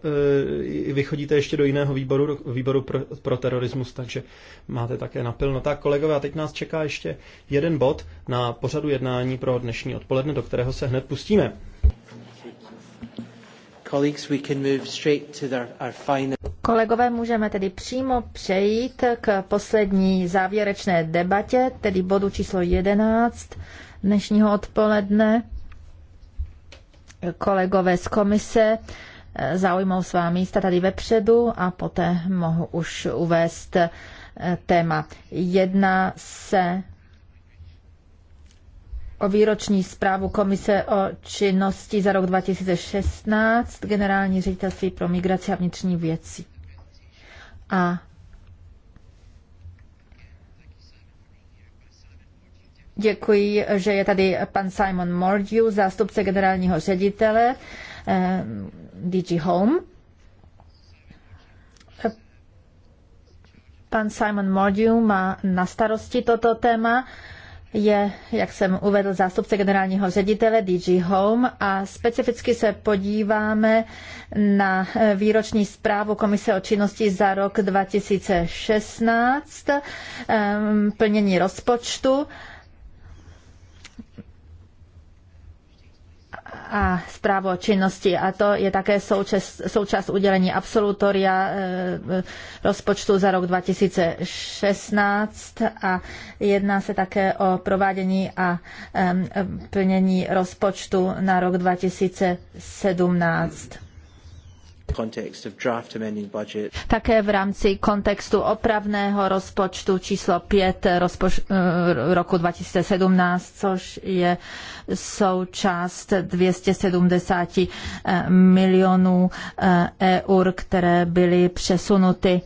eh, vychodíte ještě do jiného výboru, výboru pro, pro terorismus, takže máte také napilno. Tak, kolegové, a teď nás čeká ještě jeden bod na pořadu jednání pro dnešní odpoledne, do kterého se hned pustíme. Kolegové, můžeme tedy přímo přejít k poslední závěrečné debatě, tedy bodu číslo 11 dnešního odpoledne kolegové z komise eh, zaujmou svá místa tady vepředu a poté mohu už uvést eh, téma. Jedná se o výroční zprávu Komise o činnosti za rok 2016, Generální ředitelství pro migraci a vnitřní věci. A Děkuji, že je tady pan Simon Mordew, zástupce generálního ředitele eh, DG Home. Pan Simon Mordew má na starosti toto téma je, jak jsem uvedl, zástupce generálního ředitele DG Home a specificky se podíváme na eh, výroční zprávu Komise o činnosti za rok 2016, eh, plnění rozpočtu a zprávu o činnosti a to je také součas, součást udělení absolutoria eh, rozpočtu za rok 2016 a jedná se také o provádění a plnění rozpočtu na rok 2017. Také v rámci kontextu opravného rozpočtu číslo 5 eh, rozpoč- eh, roku 2017, což je součást 270 eh, milionů eur, které byly přesunuty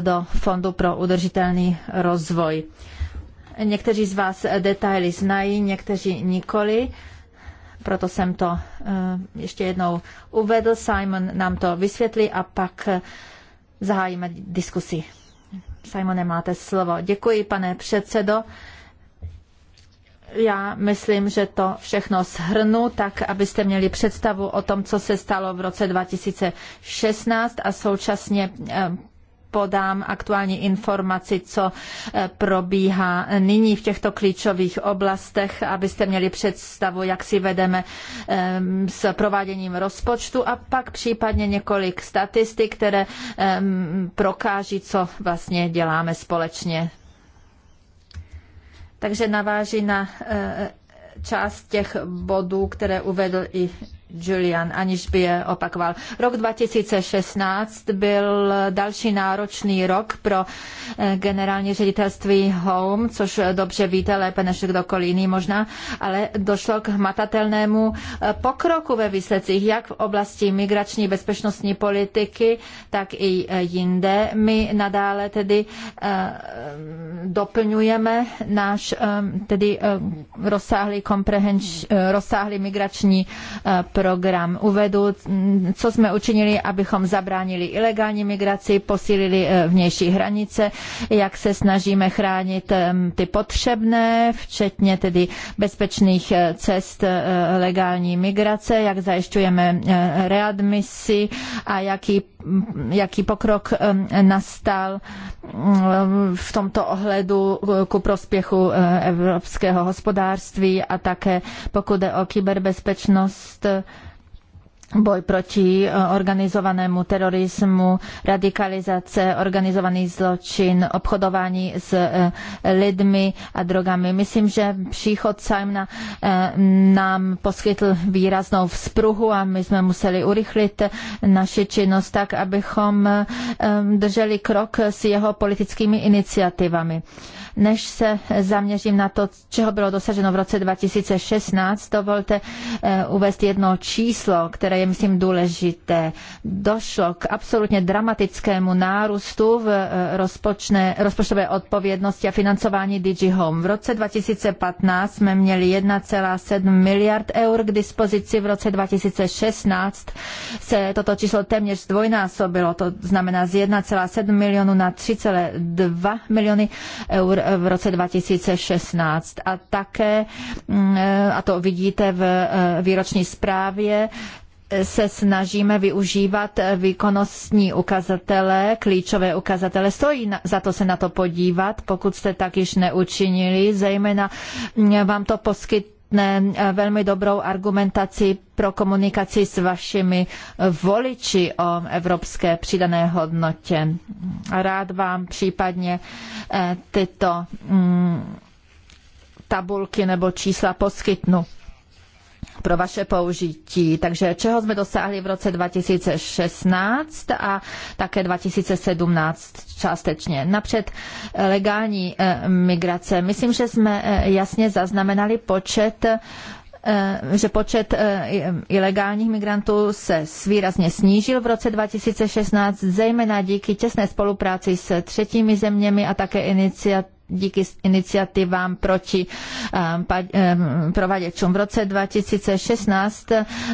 do Fondu pro udržitelný rozvoj. Někteří z vás detaily znají, někteří nikoli proto jsem to eh, ještě jednou uvedl. Simon nám to vysvětlí a pak eh, zahájíme diskusi. Simone, máte slovo. Děkuji, pane předsedo. Já myslím, že to všechno shrnu, tak abyste měli představu o tom, co se stalo v roce 2016 a současně eh, podám aktuální informaci, co eh, probíhá nyní v těchto klíčových oblastech, abyste měli představu, jak si vedeme eh, s prováděním rozpočtu a pak případně několik statistik, které eh, prokáží, co vlastně děláme společně. Takže naváží na část těch bodů, které uvedl i Julian, aniž by je opakoval. Rok 2016 byl další náročný rok pro eh, generální ředitelství Home, což dobře víte lépe než kdokoliv jiný možná, ale došlo k hmatatelnému eh, pokroku ve výsledcích, jak v oblasti migrační bezpečnostní politiky, tak i eh, jinde. My nadále tedy doplňujeme náš tedy rozsáhlý, rozsáhlý migrační program. Uvedu, co jsme učinili, abychom zabránili ilegální migraci, posílili eh, vnější hranice, jak se snažíme chránit ty potřebné, včetně tedy bezpečných eh, cest eh, legální migrace, jak zajišťujeme readmisi a jaký jaký pokrok nastal v tomto ohledu ku prospěchu eh, evropského hospodářství a také pokud jde o kyberbezpečnost, boj proti eh, organizovanému terorismu, radikalizace, organizovaný zločin, obchodování s eh, lidmi a drogami. Myslím, že příchod Simona eh, nám poskytl výraznou vzpruhu a my jsme museli urychlit naši činnost tak, abychom drželi krok s jeho politickými iniciativami. Než se zaměřím na to, čeho bylo dosaženo v roce 2016, dovolte uvést jedno číslo, které je, myslím, důležité. Došlo k absolutně dramatickému nárůstu v eh, rozpočné, rozpočtové odpovědnosti a financování DigiHome. V roce 2015 jsme měli 1,7 miliard eur k dispozici, v roce 2016 se toto číslo téměř zdvojnásobilo, to znamená z 1,7 milionu na 3,2 miliony eur v roce 2016. A také, mm, eh, a to vidíte v eh, výroční zprávě, se snažíme využívat výkonnostní ukazatele, klíčové ukazatele. Stojí za to se na to podívat, pokud jste tak již neučinili, zejména mm, vám to poskytne eh, velmi dobrou argumentaci pro komunikaci s vašimi voliči o evropské přidané hodnotě. Rád vám případně eh, tyto mm, tabulky nebo čísla poskytnu pro vaše použití. Takže čeho jsme dosáhli v roce 2016 a také 2017 částečně. Napřed eh, legální eh, migrace. Myslím, že jsme eh, jasně zaznamenali počet že počet ilegálních migrantů se výrazně snížil v roce 2016, zejména díky těsné spolupráci s třetími zeměmi a také iniciativou díky iniciativám proti eh, eh, provaděčům. V roce 2016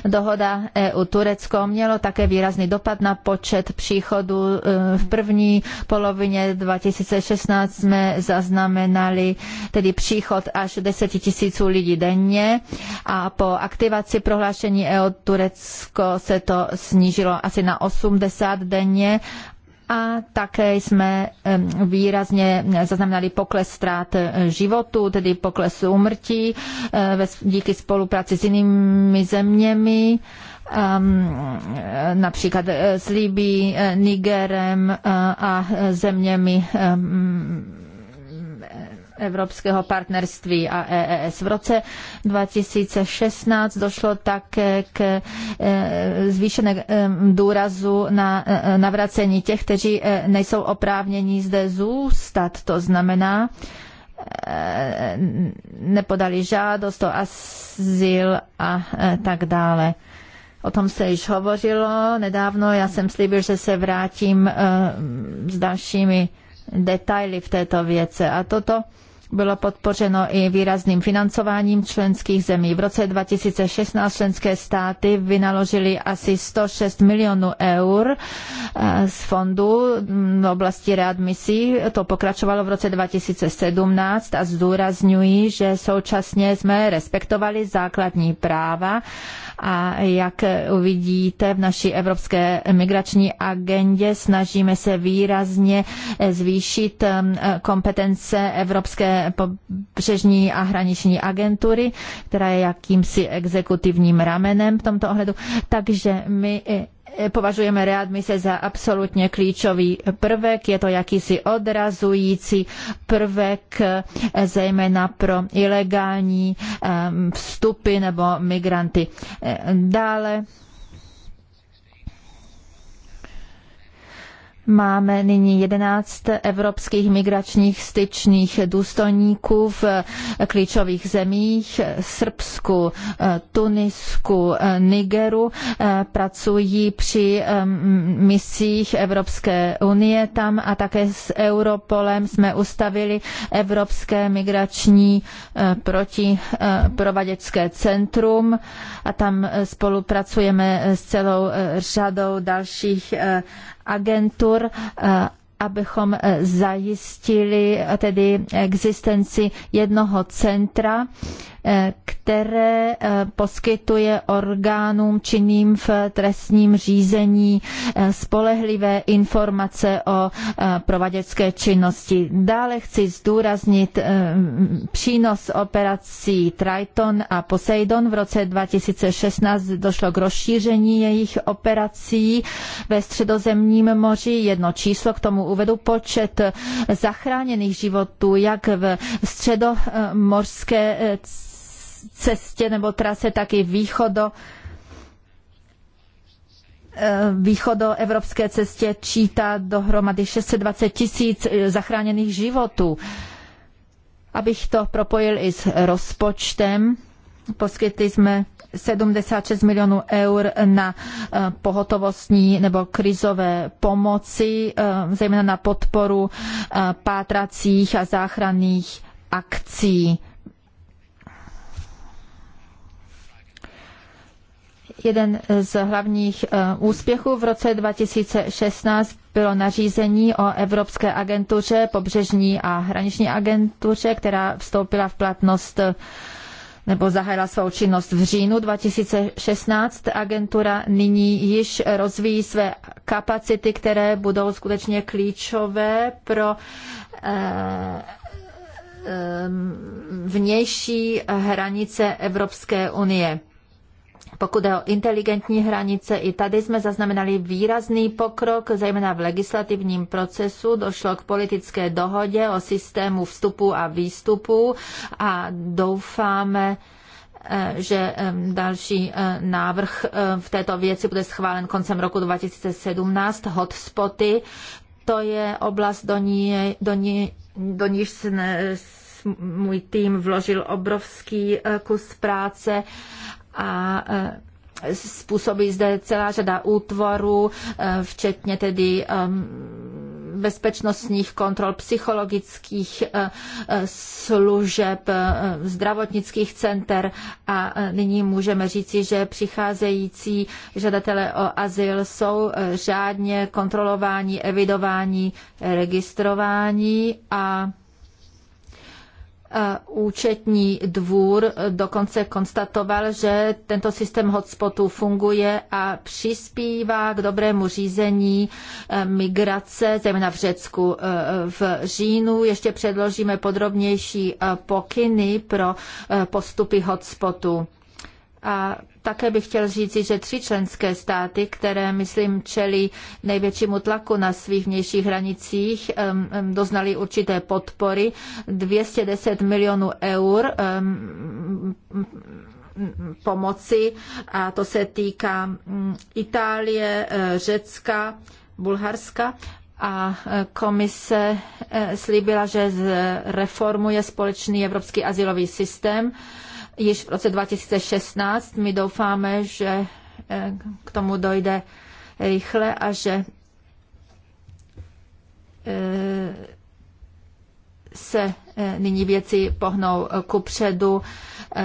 dohoda EU-Turecko mělo také výrazný dopad na počet příchodů. Eh, v první polovině 2016 jsme zaznamenali tedy příchod až 10 tisíců lidí denně a po aktivaci prohlášení EU-Turecko se to snížilo asi na 80 denně a také jsme výrazně zaznamenali pokles ztrát eh, životu, tedy pokles úmrtí eh, díky spolupráci s jinými zeměmi eh, například s Libí, Nigerem a zeměmi Evropského partnerství a EES. V roce 2016 došlo také k e, zvýšené e, důrazu na e, navracení těch, kteří nejsou oprávněni zde zůstat. To znamená, nepodali žádost o azyl a tak dále. O tom se již hovořilo nedávno. Já jsem slíbil, že se vrátím s dalšími detaily v této věce. A toto bylo podpořeno i výrazným financováním členských zemí. V roce 2016 členské státy vynaložily asi 106 milionů eur eh, z fondu mm, v oblasti readmisí. To pokračovalo v roce 2017 a zdůrazňuji, že současně jsme respektovali základní práva a jak uvidíte v naší evropské migrační agendě, snažíme se výrazně zvýšit um, kompetence Evropské pobřežní a hraniční agentury, která je jakýmsi exekutivním ramenem v tomto ohledu. Takže my eh, považujeme readmise za absolutně klíčový prvek, je to jakýsi odrazující prvek, eh, zejména pro ilegální eh, vstupy nebo migranty. Eh, dále Máme nyní 11 evropských migračních styčných důstojníků v klíčových zemích Srbsku, Tunisku, Nigeru. Pracují při misích Evropské unie tam a také s Europolem jsme ustavili Evropské migrační eh, protiprovaděcké eh, centrum a tam eh, spolupracujeme s celou řadou dalších agentur, eh, abychom eh, zajistili tedy existenci jednoho centra, které eh, poskytuje orgánům činným v trestním řízení eh, spolehlivé informace o eh, prováděcí činnosti. Dále chci zdůraznit přínos operací Triton a Poseidon. V roce 2016 došlo k rozšíření jejich operací ve středozemním moři. Jedno číslo k tomu uvedu počet zachráněných životů, jak v středomorské cestě nebo trase, taky východo eh, východo Evropské cestě čítá dohromady 620 tisíc eh, zachráněných životů. Abych to propojil i s rozpočtem, poskytli jsme 76 milionů eur na eh, pohotovostní nebo krizové pomoci, zejména na podporu pátracích a záchranných akcí Jeden z hlavních eh, úspěchů v roce 2016 bylo nařízení o Evropské agentuře, pobřežní a hraniční agentuře, která vstoupila v platnost eh, nebo zahájila svou činnost v říjnu 2016. Agentura nyní již rozvíjí své kapacity, které budou skutečně klíčové pro eh, eh vnější hranice Evropské unie. Pokud je o inteligentní hranice, i tady jsme zaznamenali výrazný pokrok, zejména v legislativním procesu. Došlo k politické dohodě o systému vstupu a výstupu a doufáme, eh, že další eh, návrh eh, v této věci bude schválen koncem roku 2017. Hotspoty, to je oblast, do, ní, do, ní, do níž jsme můj tým vložil obrovský kus práce a e, způsobí zde celá řada útvorů, e, včetně tedy bezpečnostních kontrol, psychologických e, služeb, zdravotnických center a nyní můžeme říci, že přicházející žadatelé o azyl jsou řádně kontrolováni, evidováni, registrováni a Eh, účetní dvůr dokonce konstatoval, že tento systém hotspotů funguje a přispívá k dobrému řízení eh, migrace, zejména v Řecku. Eh, v říjnu ještě předložíme podrobnější pokyny pro postupy hotspotů. A také bych chtěl říci, že tři členské státy, které, myslím, čelí největšímu tlaku na svých vnějších hranicích, doznali určité podpory. 210 milionů eur pomoci a to se týká mm, Itálie, eh, Řecka, Bulharska a eh, komise eh, slíbila, že reformuje společný evropský asilový systém již v roce 2016. My doufáme, že eh, k tomu dojde rychle a že eh, se eh, nyní věci pohnou ku předu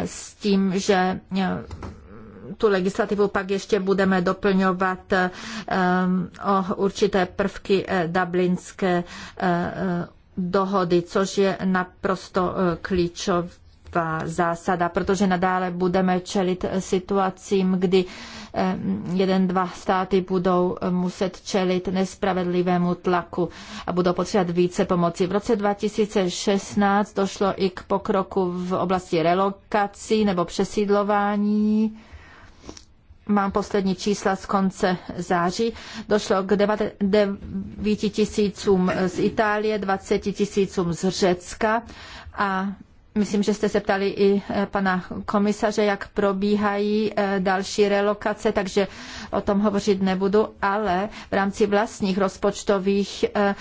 s tím, že tu legislativu pak ještě budeme doplňovat o určité prvky dublinské dohody, což je naprosto klíčové ta zásada, protože nadále budeme čelit situacím, kdy eh, jeden, dva státy budou eh, muset čelit nespravedlivému tlaku a budou potřebovat více pomoci. V roce 2016 došlo i k pokroku v oblasti relokací nebo přesídlování. Mám poslední čísla z konce září. Došlo k 9 tisícům z Itálie, 20 tisícům z Řecka a Myslím, že jste se ptali i eh, pana komisaře, jak probíhají eh, další relokace, takže o tom hovořit nebudu, ale v rámci vlastních rozpočtových eh,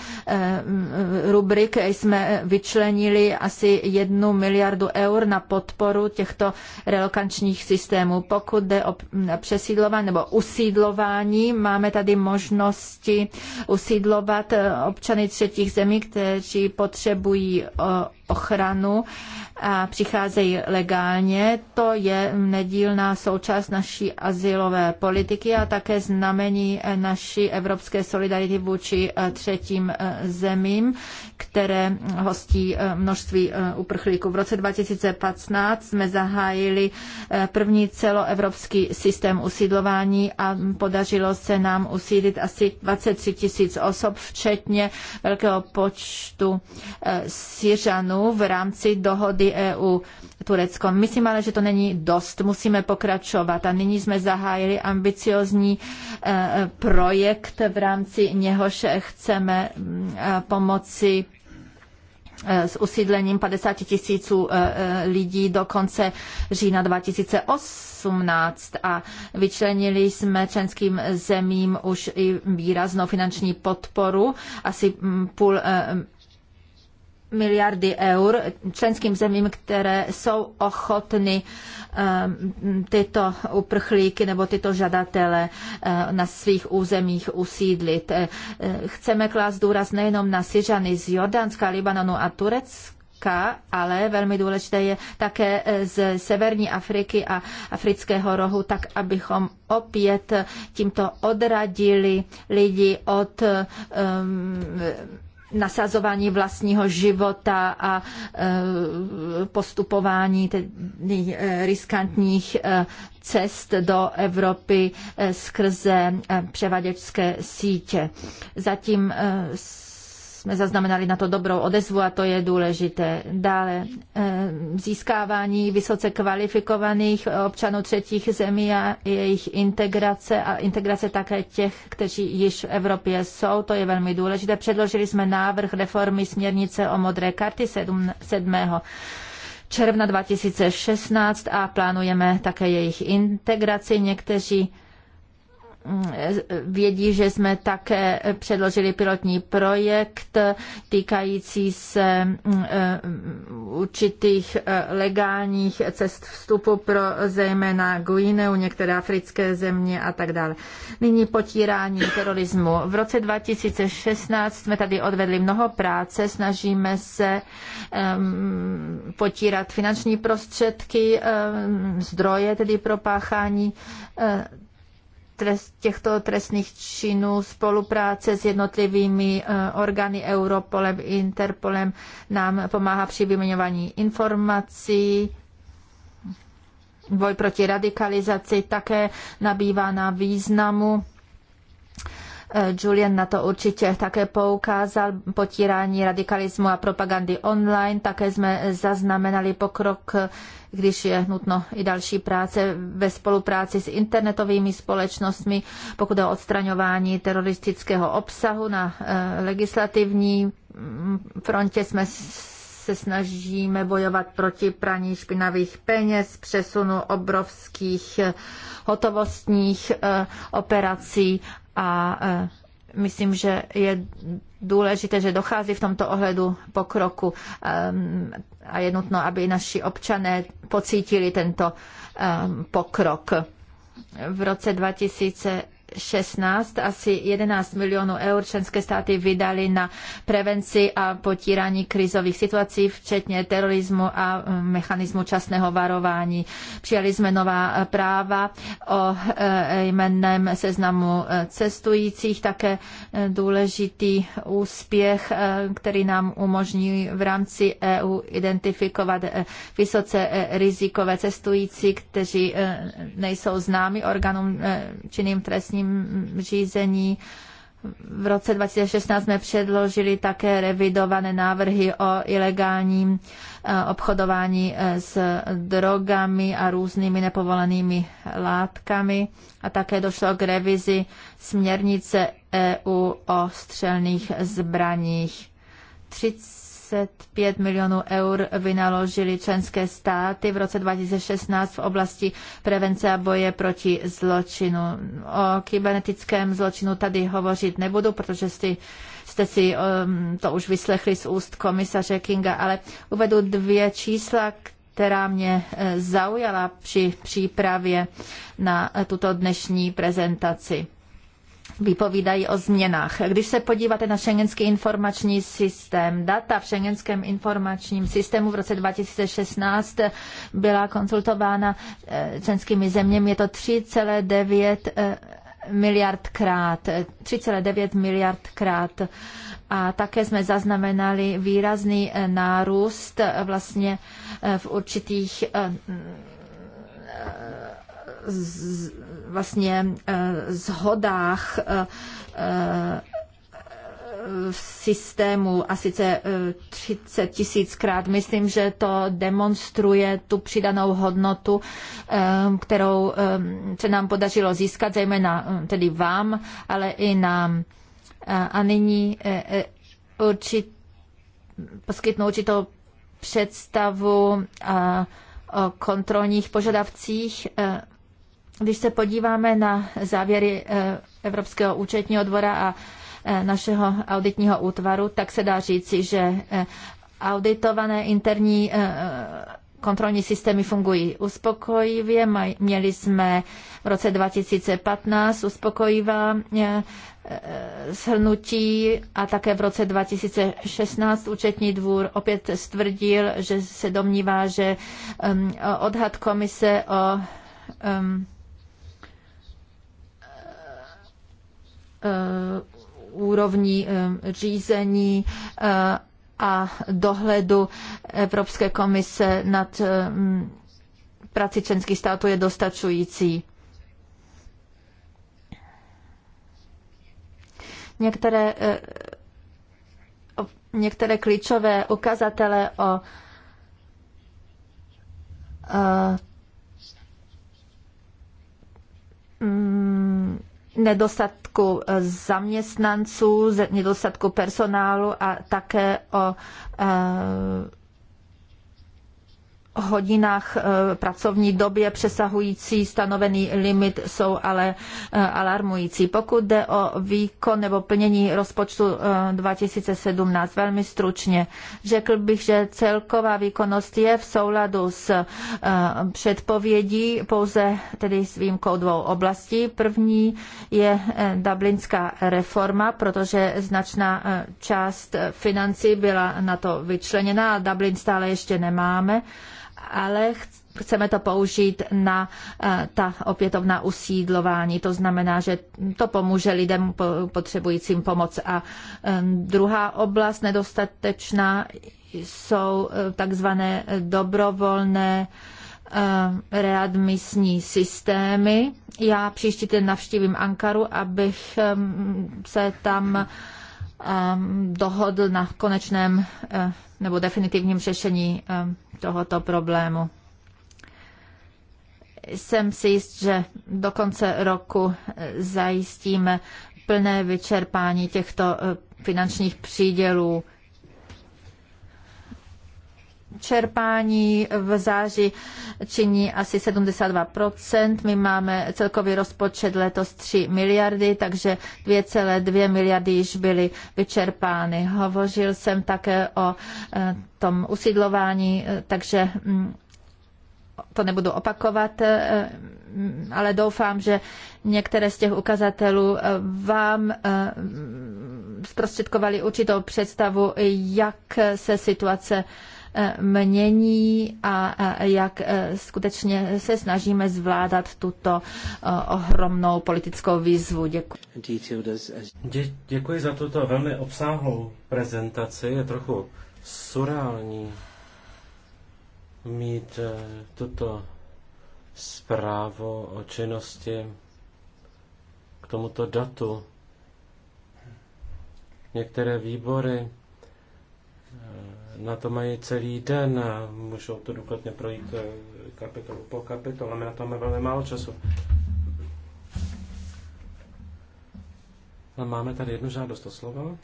rubrik jsme vyčlenili asi jednu miliardu eur na podporu těchto relokačních systémů. Pokud jde o přesídlování nebo usídlování, máme tady možnosti usídlovat občany třetích zemí, kteří potřebují ochranu a přicházejí legálně. To je nedílná součást naší asilové politiky a také znamení eh, naší evropské solidarity vůči eh, třetím eh, zemím, které hostí množství uprchlíků. V roce 2015 jsme zahájili první celoevropský systém usídlování a podařilo se nám usídlit asi 23 tisíc osob, včetně velkého počtu Syřanů v rámci dohody EU Turecko. Myslím ale, že to není dost, musíme pokračovat a nyní jsme zahájili ambiciozní e, projekt, v rámci něhož chceme mm, e, pomoci e, s usídlením 50 tisíců lidí do konce října 2018 a vyčlenili jsme členským zemím už i výraznou finanční podporu, asi mm, půl miliardy eur členským zemím, které jsou ochotny ehm, tyto uprchlíky nebo tyto žadatele eh, na svých územích usídlit. Eh, chceme klást důraz nejenom na Syřany z Jordánska, Libanonu a Turecka, ale velmi důležité je také eh, z severní Afriky a afrického rohu, tak abychom opět tímto odradili lidi od um, nasazování vlastního života a e, postupování e, riskantních e, cest do Evropy skrze převaděčské sítě. Zatím jsme zaznamenali na to dobrou odezvu a to je důležité. Dále eh, získávání vysoce kvalifikovaných občanů třetích zemí a jejich integrace a integrace také těch, kteří již v Evropě jsou, to je velmi důležité. Předložili jsme návrh reformy směrnice o modré karty 7. 7 června 2016 a plánujeme také jejich integraci. Někteří vědí, že jsme také předložili pilotní projekt týkající se mm, e, určitých e, legálních cest vstupu pro zejména Guineu, některé africké země a tak dále. Nyní potírání terorismu. V roce 2016 jsme tady odvedli mnoho práce, snažíme se potírat finanční prostředky, zdroje tedy pro páchání e, trest, těchto trestných činů, spolupráce s jednotlivými eh, orgány Europolem, Interpolem nám pomáhá při vyměňování informací, boj proti radikalizaci také nabývá na významu. Eh, Julian na to určitě také poukázal, potírání radikalismu a propagandy online. Také jsme zaznamenali pokrok eh, když je nutno i další práce ve spolupráci s internetovými společnostmi, pokud je o odstraňování teroristického obsahu na eh, legislativní mm, frontě jsme se snažíme bojovat proti praní špinavých peněz, přesunu obrovských eh, hotovostních eh, operací a myslím, že je důležité, že dochází v tomto ohledu pokroku um, a je nutno, aby naši občané pocítili tento um, pokrok. V roce 2000 16 asi 11 milionů eur členské státy vydali na prevenci a potírání krizových situací, včetně terorismu a mm, mechanismu časného varování. Přijali jsme nová práva o eh, jménem seznamu eh, cestujících, také eh, důležitý úspěch, který nám umožní v rámci EU identifikovat vysoce rizikové cestující, kteří nejsou známi orgánům činným trestním finančním řízení. V roce 2016 jsme předložili také revidované návrhy o ilegálním eh, obchodování eh, s drogami a různými nepovolenými látkami a také došlo k revizi směrnice EU o střelných zbraních. 30 25 milionů eur vynaložili členské státy v roce 2016 v oblasti prevence a boje proti zločinu. O kybernetickém zločinu tady hovořit nebudu, protože si jste si um, to už vyslechli z úst komisaře Kinga, ale uvedu dvě čísla, která mě eh, zaujala při přípravě na eh, tuto dnešní prezentaci vypovídají o změnách. Když se podíváte na šengenský informační systém, data v šengenském informačním systému v roce 2016 byla konzultována eh, členskými zeměmi, je to 3,9 eh, miliardkrát, 3,9 eh, miliardkrát. A také jsme zaznamenali výrazný nárůst vlastně v určitých z, vlastně zhodách eh, eh, eh, v systému a sice 30 tisíckrát. Myslím, že to demonstruje tu přidanou hodnotu, kterou se nám podařilo získat, zejména tedy vám, ale i nám. A nyní určit, poskytnu určitou představu o kontrolních požadavcích když se podíváme na závěry eh, Evropského účetního dvora a eh, našeho auditního útvaru, tak se dá říci, že eh, auditované interní kontrolní systémy fungují uspokojivě. Měli jsme v roce 2015 uspokojivá shrnutí a také v roce 2016 účetní dvůr opět stvrdil, že se domnívá, že odhad komise o Eh, úrovní eh, řízení eh, a dohledu Evropské komise nad prací členských států je dostačující. Některé, některé klíčové ukazatele o nedostatku eh, zaměstnanců, nedostatku personálu a také o eh, hodinách eh, pracovní době přesahující stanovený limit jsou ale eh, alarmující. Pokud jde o výkon nebo plnění rozpočtu 2017, eh, velmi stručně, řekl bych, že celková výkonnost je v souladu s předpovědí pouze tedy s výjimkou dvou oblastí. První je dublinská reforma, protože značná část financí byla na to vyčleněna a Dublin stále ještě nemáme ale chceme to použít na eh, ta opětovná usídlování. To znamená, že to pomůže lidem potřebujícím pomoc. A druhá oblast nedostatečná jsou eh, takzvané dobrovolné eh, readmisní systémy. Já příští týden navštívím Ankaru, abych se tam Um, dohodl na konečném eh, nebo definitivním řešení eh, tohoto problému. Jsem si jist, že do konce roku eh, zajistíme plné vyčerpání těchto finančních přídělů čerpání v září činí asi 72%. My máme celkový rozpočet letos 3 miliardy, takže 2,2 miliardy již byly vyčerpány. Hovořil jsem také o eh, tom usidlování, eh, takže mm, to nebudu opakovat, eh, mm, ale doufám, že některé z těch ukazatelů vám mm, zprostředkovali určitou představu, jak se situace Eh, mění a jak eh, skutečně se snažíme zvládat tuto eh, ohromnou politickou výzvu. Děkuji. Dě, děkuji za tuto velmi obsáhlou prezentaci. Je trochu surální mít tuto zprávu o činnosti k tomuto datu. Některé výbory na to mají celý den a můžou to důkladně projít eh, kapitolu po kapitolu. My na to máme velmi málo času. A máme tady jednu žádost o slovo.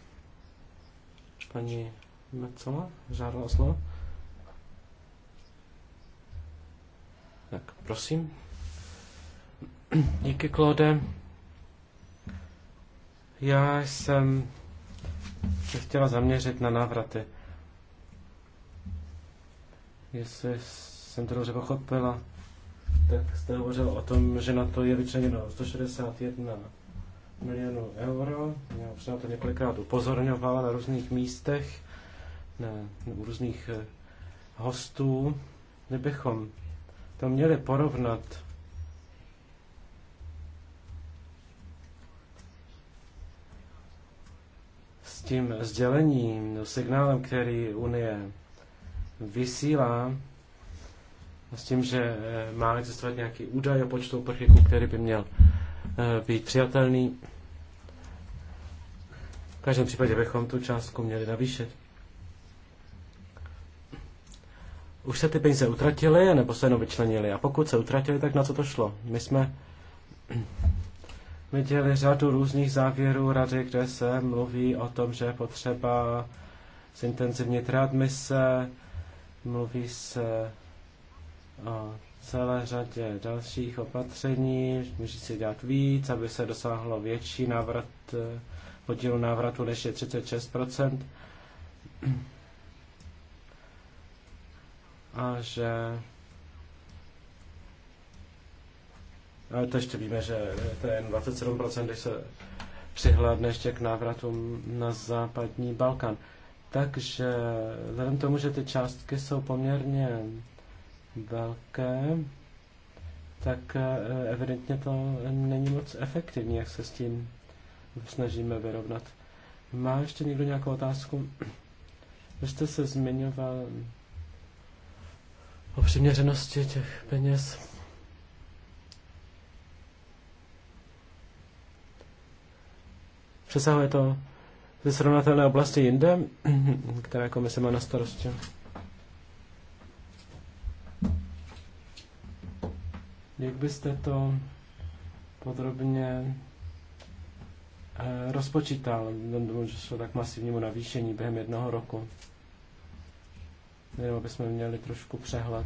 Paní Mecola žádala o slovo. Tak, prosím. Díky, Klode. Já jsem se chtěla zaměřit na návraty jestli jsem to dobře pochopila, tak jste hovořil o tom, že na to je vyčleněno 161 milionů euro. Já už na to několikrát upozorňovala na různých místech, na, u různých eh, hostů. Kdybychom to měli porovnat s tím sdělením, signálem, který Unie vysílá s tím, že eh, má existovat nějaký údaj o počtu uprchlíků, který by měl eh, být přijatelný. V každém případě bychom tu částku měli navýšit. Už se ty peníze utratily, nebo se jenom vyčlenily? A pokud se utratily, tak na co to šlo? My jsme viděli řadu různých závěrů rady, kde se mluví o tom, že je potřeba zintenzivnit mise mluví se o celé řadě dalších opatření, může si dělat víc, aby se dosáhlo větší návrat, podílu návratu než je 36%. A že ale to ještě víme, že to je jen 27%, když se přihlédne ještě k návratům na západní Balkán. Takže vzhledem tomu, že ty částky jsou poměrně velké, tak eh, evidentně to není moc efektivní, jak se s tím snažíme vyrovnat. Má ještě někdo nějakou otázku? Vy jste se zmiňoval o přiměřenosti těch peněz. Přesahuje to ze srovnatelné oblasti jinde, které komise má na starosti? Jak byste to podrobně eh, rozpočítal, že šlo tak masivnímu navýšení během jednoho roku? Jenom bychom měli trošku přehled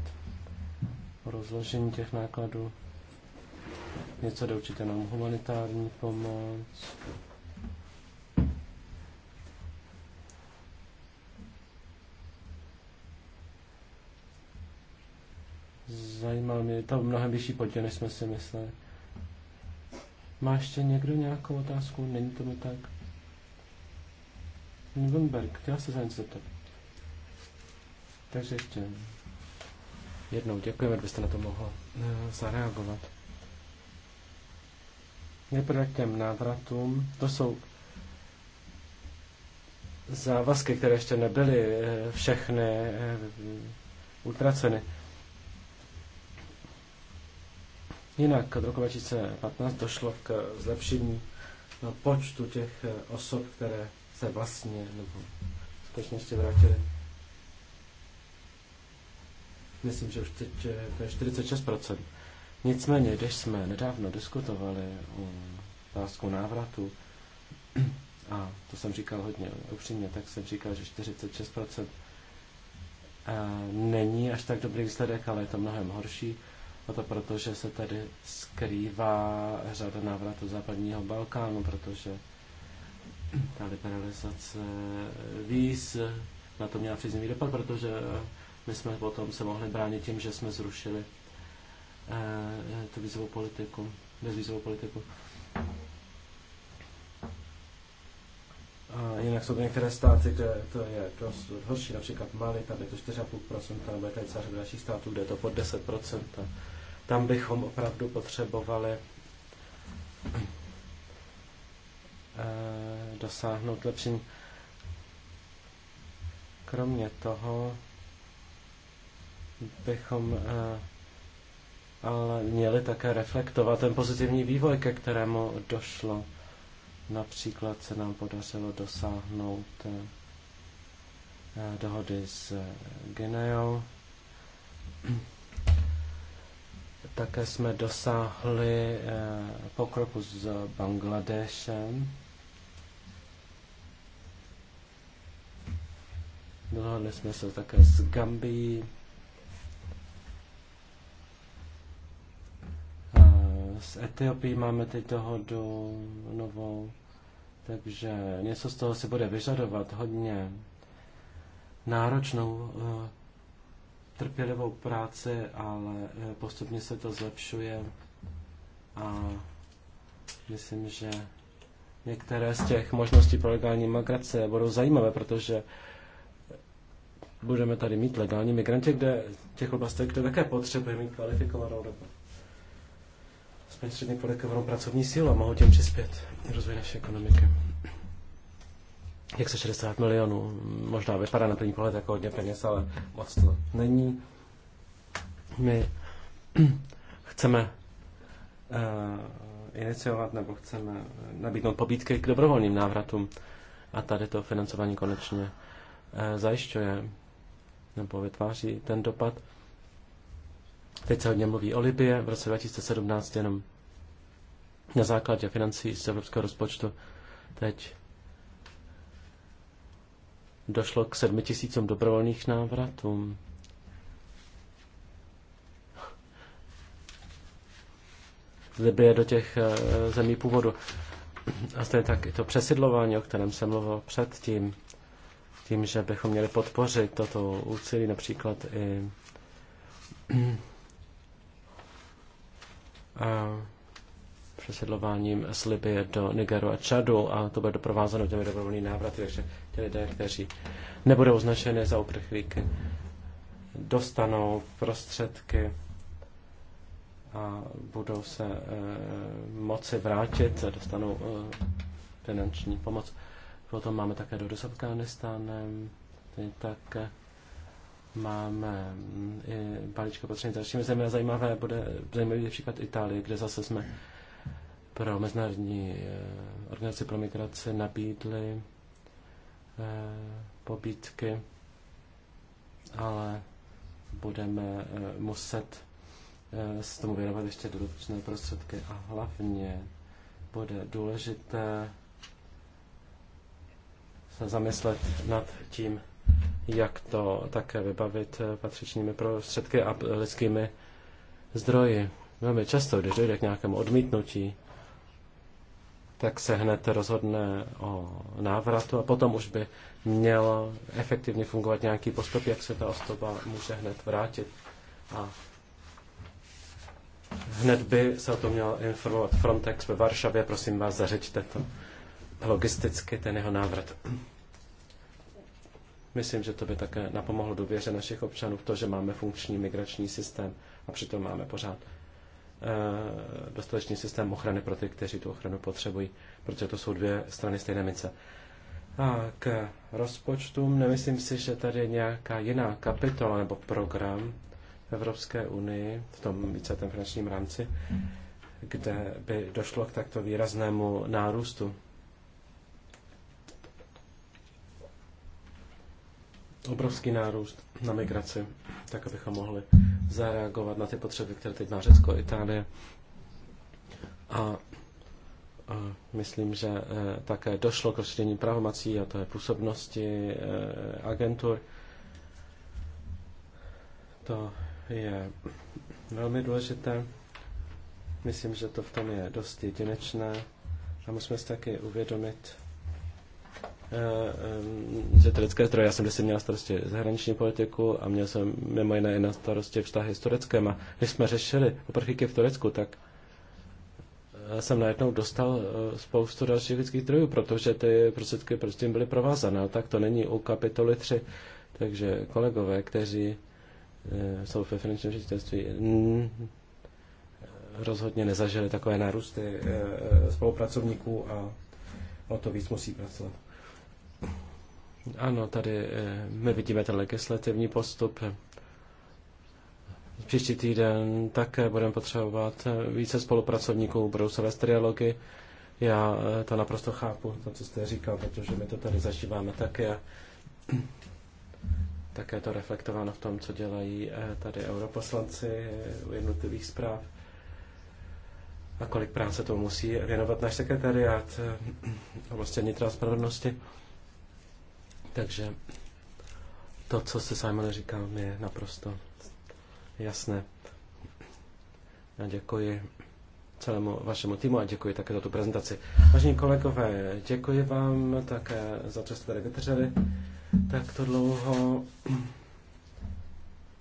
o rozložení těch nákladů. Něco jde určitě nám humanitární pomoc, Zajímá mě to mnohem vyšší podíl, než jsme si mysleli. Má ještě někdo nějakou otázku? Není tomu tak? Nürnberg, chtěl se za něco zeptat. Takže ještě jednou děkujeme, kdybyste na to mohla eh, zareagovat. Nejprve k těm návratům. To jsou závazky, které ještě nebyly eh, všechny eh, utraceny. Jinak od roku 2015 došlo k zlepšení no, počtu těch eh, osob, které se vlastně nebo ještě vrátily. Myslím, že už teď eh, to je 46%. Nicméně, když jsme nedávno diskutovali o otázku návratu, a to jsem říkal hodně upřímně, tak jsem říkal, že 46% eh, není až tak dobrý výsledek, ale je to mnohem horší. A to proto, že se tady skrývá řada návratu západního Balkánu, protože ta liberalizace víz na to měla příznivý dopad, protože my jsme potom se mohli bránit tím, že jsme zrušili eh, tu vízovou politiku, bezvízovou politiku. A jinak jsou to některé státy, kde to je dost horší, například Mali, tam je to 4,5%, nebo je tady celá dalších států, kde je to pod 10%. Tam bychom opravdu potřebovali eh, dosáhnout lepší. Kromě toho bychom eh, ale měli také reflektovat ten pozitivní vývoj, ke kterému došlo. Například se nám podařilo dosáhnout eh, dohody s Gineou také jsme dosáhli eh, pokroku s Bangladešem. Dohodli jsme se také s Gambií. S Etiopií máme teď dohodu novou, takže něco z toho si bude vyžadovat hodně náročnou eh, trpělivou práci, ale eh, postupně se to zlepšuje a myslím, že některé z těch možností pro legální migrace budou zajímavé, protože budeme tady mít legální migranty, kde těch oblastech, kde také potřebuje mít kvalifikovanou dobu. Jsme středně kvalifikovanou pracovní sílu a mohou tím přispět rozvoj naší ekonomiky. Jak se 60 milionů možná vypadá na první pohled jako hodně peněz, ale moc to není. My chceme eh, iniciovat nebo chceme nabídnout pobídky k dobrovolným návratům. A tady to financování konečně eh, zajišťuje nebo vytváří ten dopad. Teď se hodně mluví o Libie. V roce 2017 jenom na základě financí z evropského rozpočtu teď došlo k sedmi tisícům dobrovolných návratům. Z Libie do těch eh, zemí původu. A stejně tak i to přesidlování, o kterém jsem mluvil předtím, tím, že bychom měli podpořit toto úsilí, například i a eh, přesedlováním z Libie do Nigeru a Čadu a to bude doprovázeno těmi dobrovolnými návraty, takže lidé, kteří nebudou označeny za uprchlíky, dostanou prostředky a budou se e, moci vrátit a dostanou e, finanční pomoc. Potom máme také do s Afganistánem, tak máme mm, i balíčko potřebných dalšími země. Zajímavé bude, zajímavý příklad Itálie, kde zase jsme pro Mezinárodní eh, organizaci pro migraci nabídli pobítky, ale budeme eh, muset eh, se tomu věnovat ještě dodatečné prostředky a hlavně bude důležité se zamyslet nad tím, jak to také vybavit eh, patřičnými prostředky a lidskými zdroji. Velmi často, když dojde k nějakému odmítnutí tak se hned rozhodne o návratu a potom už by měl efektivně fungovat nějaký postup, jak se ta osoba může hned vrátit. A hned by se o to měl informovat Frontex ve Varšavě, prosím vás, zařeďte to logisticky, ten jeho návrat. Myslím, že to by také napomohlo důvěře našich občanů v to, že máme funkční migrační systém a přitom máme pořád Eh, dostatečný systém ochrany pro ty, kteří tu ochranu potřebují, protože to jsou dvě strany stejné mince. A k rozpočtům nemyslím si, že tady je nějaká jiná kapitola nebo program v Evropské unii, v tom víceletém finančním rámci, kde by došlo k takto výraznému nárůstu. Obrovský nárůst na migraci, tak abychom mohli zareagovat na ty potřeby, které teď má Řecko Itálie. A, a myslím, že e, také došlo k rozšíření pravomací a to je působnosti e, agentur. To je velmi důležité. Myslím, že to v tom je dost jedinečné a musíme si taky uvědomit, že eh, turecké, lidské zdroje, já jsem kdysi měl starosti zahraniční politiku a měl jsem mimo jiné i na starosti vztahy s Tureckem a když jsme řešili uprchlíky v Turecku, tak eh, jsem najednou dostal eh, spoustu dalších lidských zdrojů, protože ty prostředky prostě byly provázané, tak to není u kapitoly 3. Takže kolegové, kteří jsou ve finančním ředitelství, rozhodně nezažili takové nárůsty spolupracovníků a o to víc musí pracovat. Ano, tady eh, my vidíme ten legislativní postup. Příští týden také budeme potřebovat eh, více spolupracovníků, budou se vést dialogy. Já eh, to naprosto chápu, to, co jste říkal, protože my to tady zažíváme také. Také to reflektováno v tom, co dělají tady europoslanci u jednotlivých zpráv a kolik práce to musí věnovat náš sekretariát vlastně oblasti spravedlnosti. Takže to, co se Simon říkal, mi je naprosto jasné. Já děkuji celému vašemu týmu a děkuji také za tu prezentaci. Vážení kolegové, děkuji vám také za to, že jste tady vydrželi takto dlouho.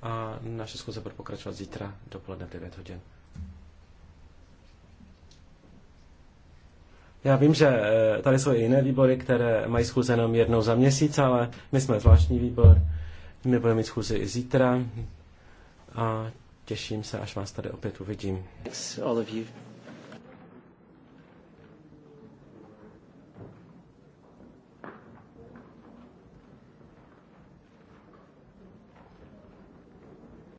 A naše schůze bude pokračovat zítra dopoledne v 9 hodin. Já vím, že eh, tady jsou i jiné výbory, které mají schůze jenom jednou za měsíc, ale my jsme zvláštní výbor. My budeme mít schůzi i zítra a těším se, až vás tady opět uvidím. Thanks, all of you.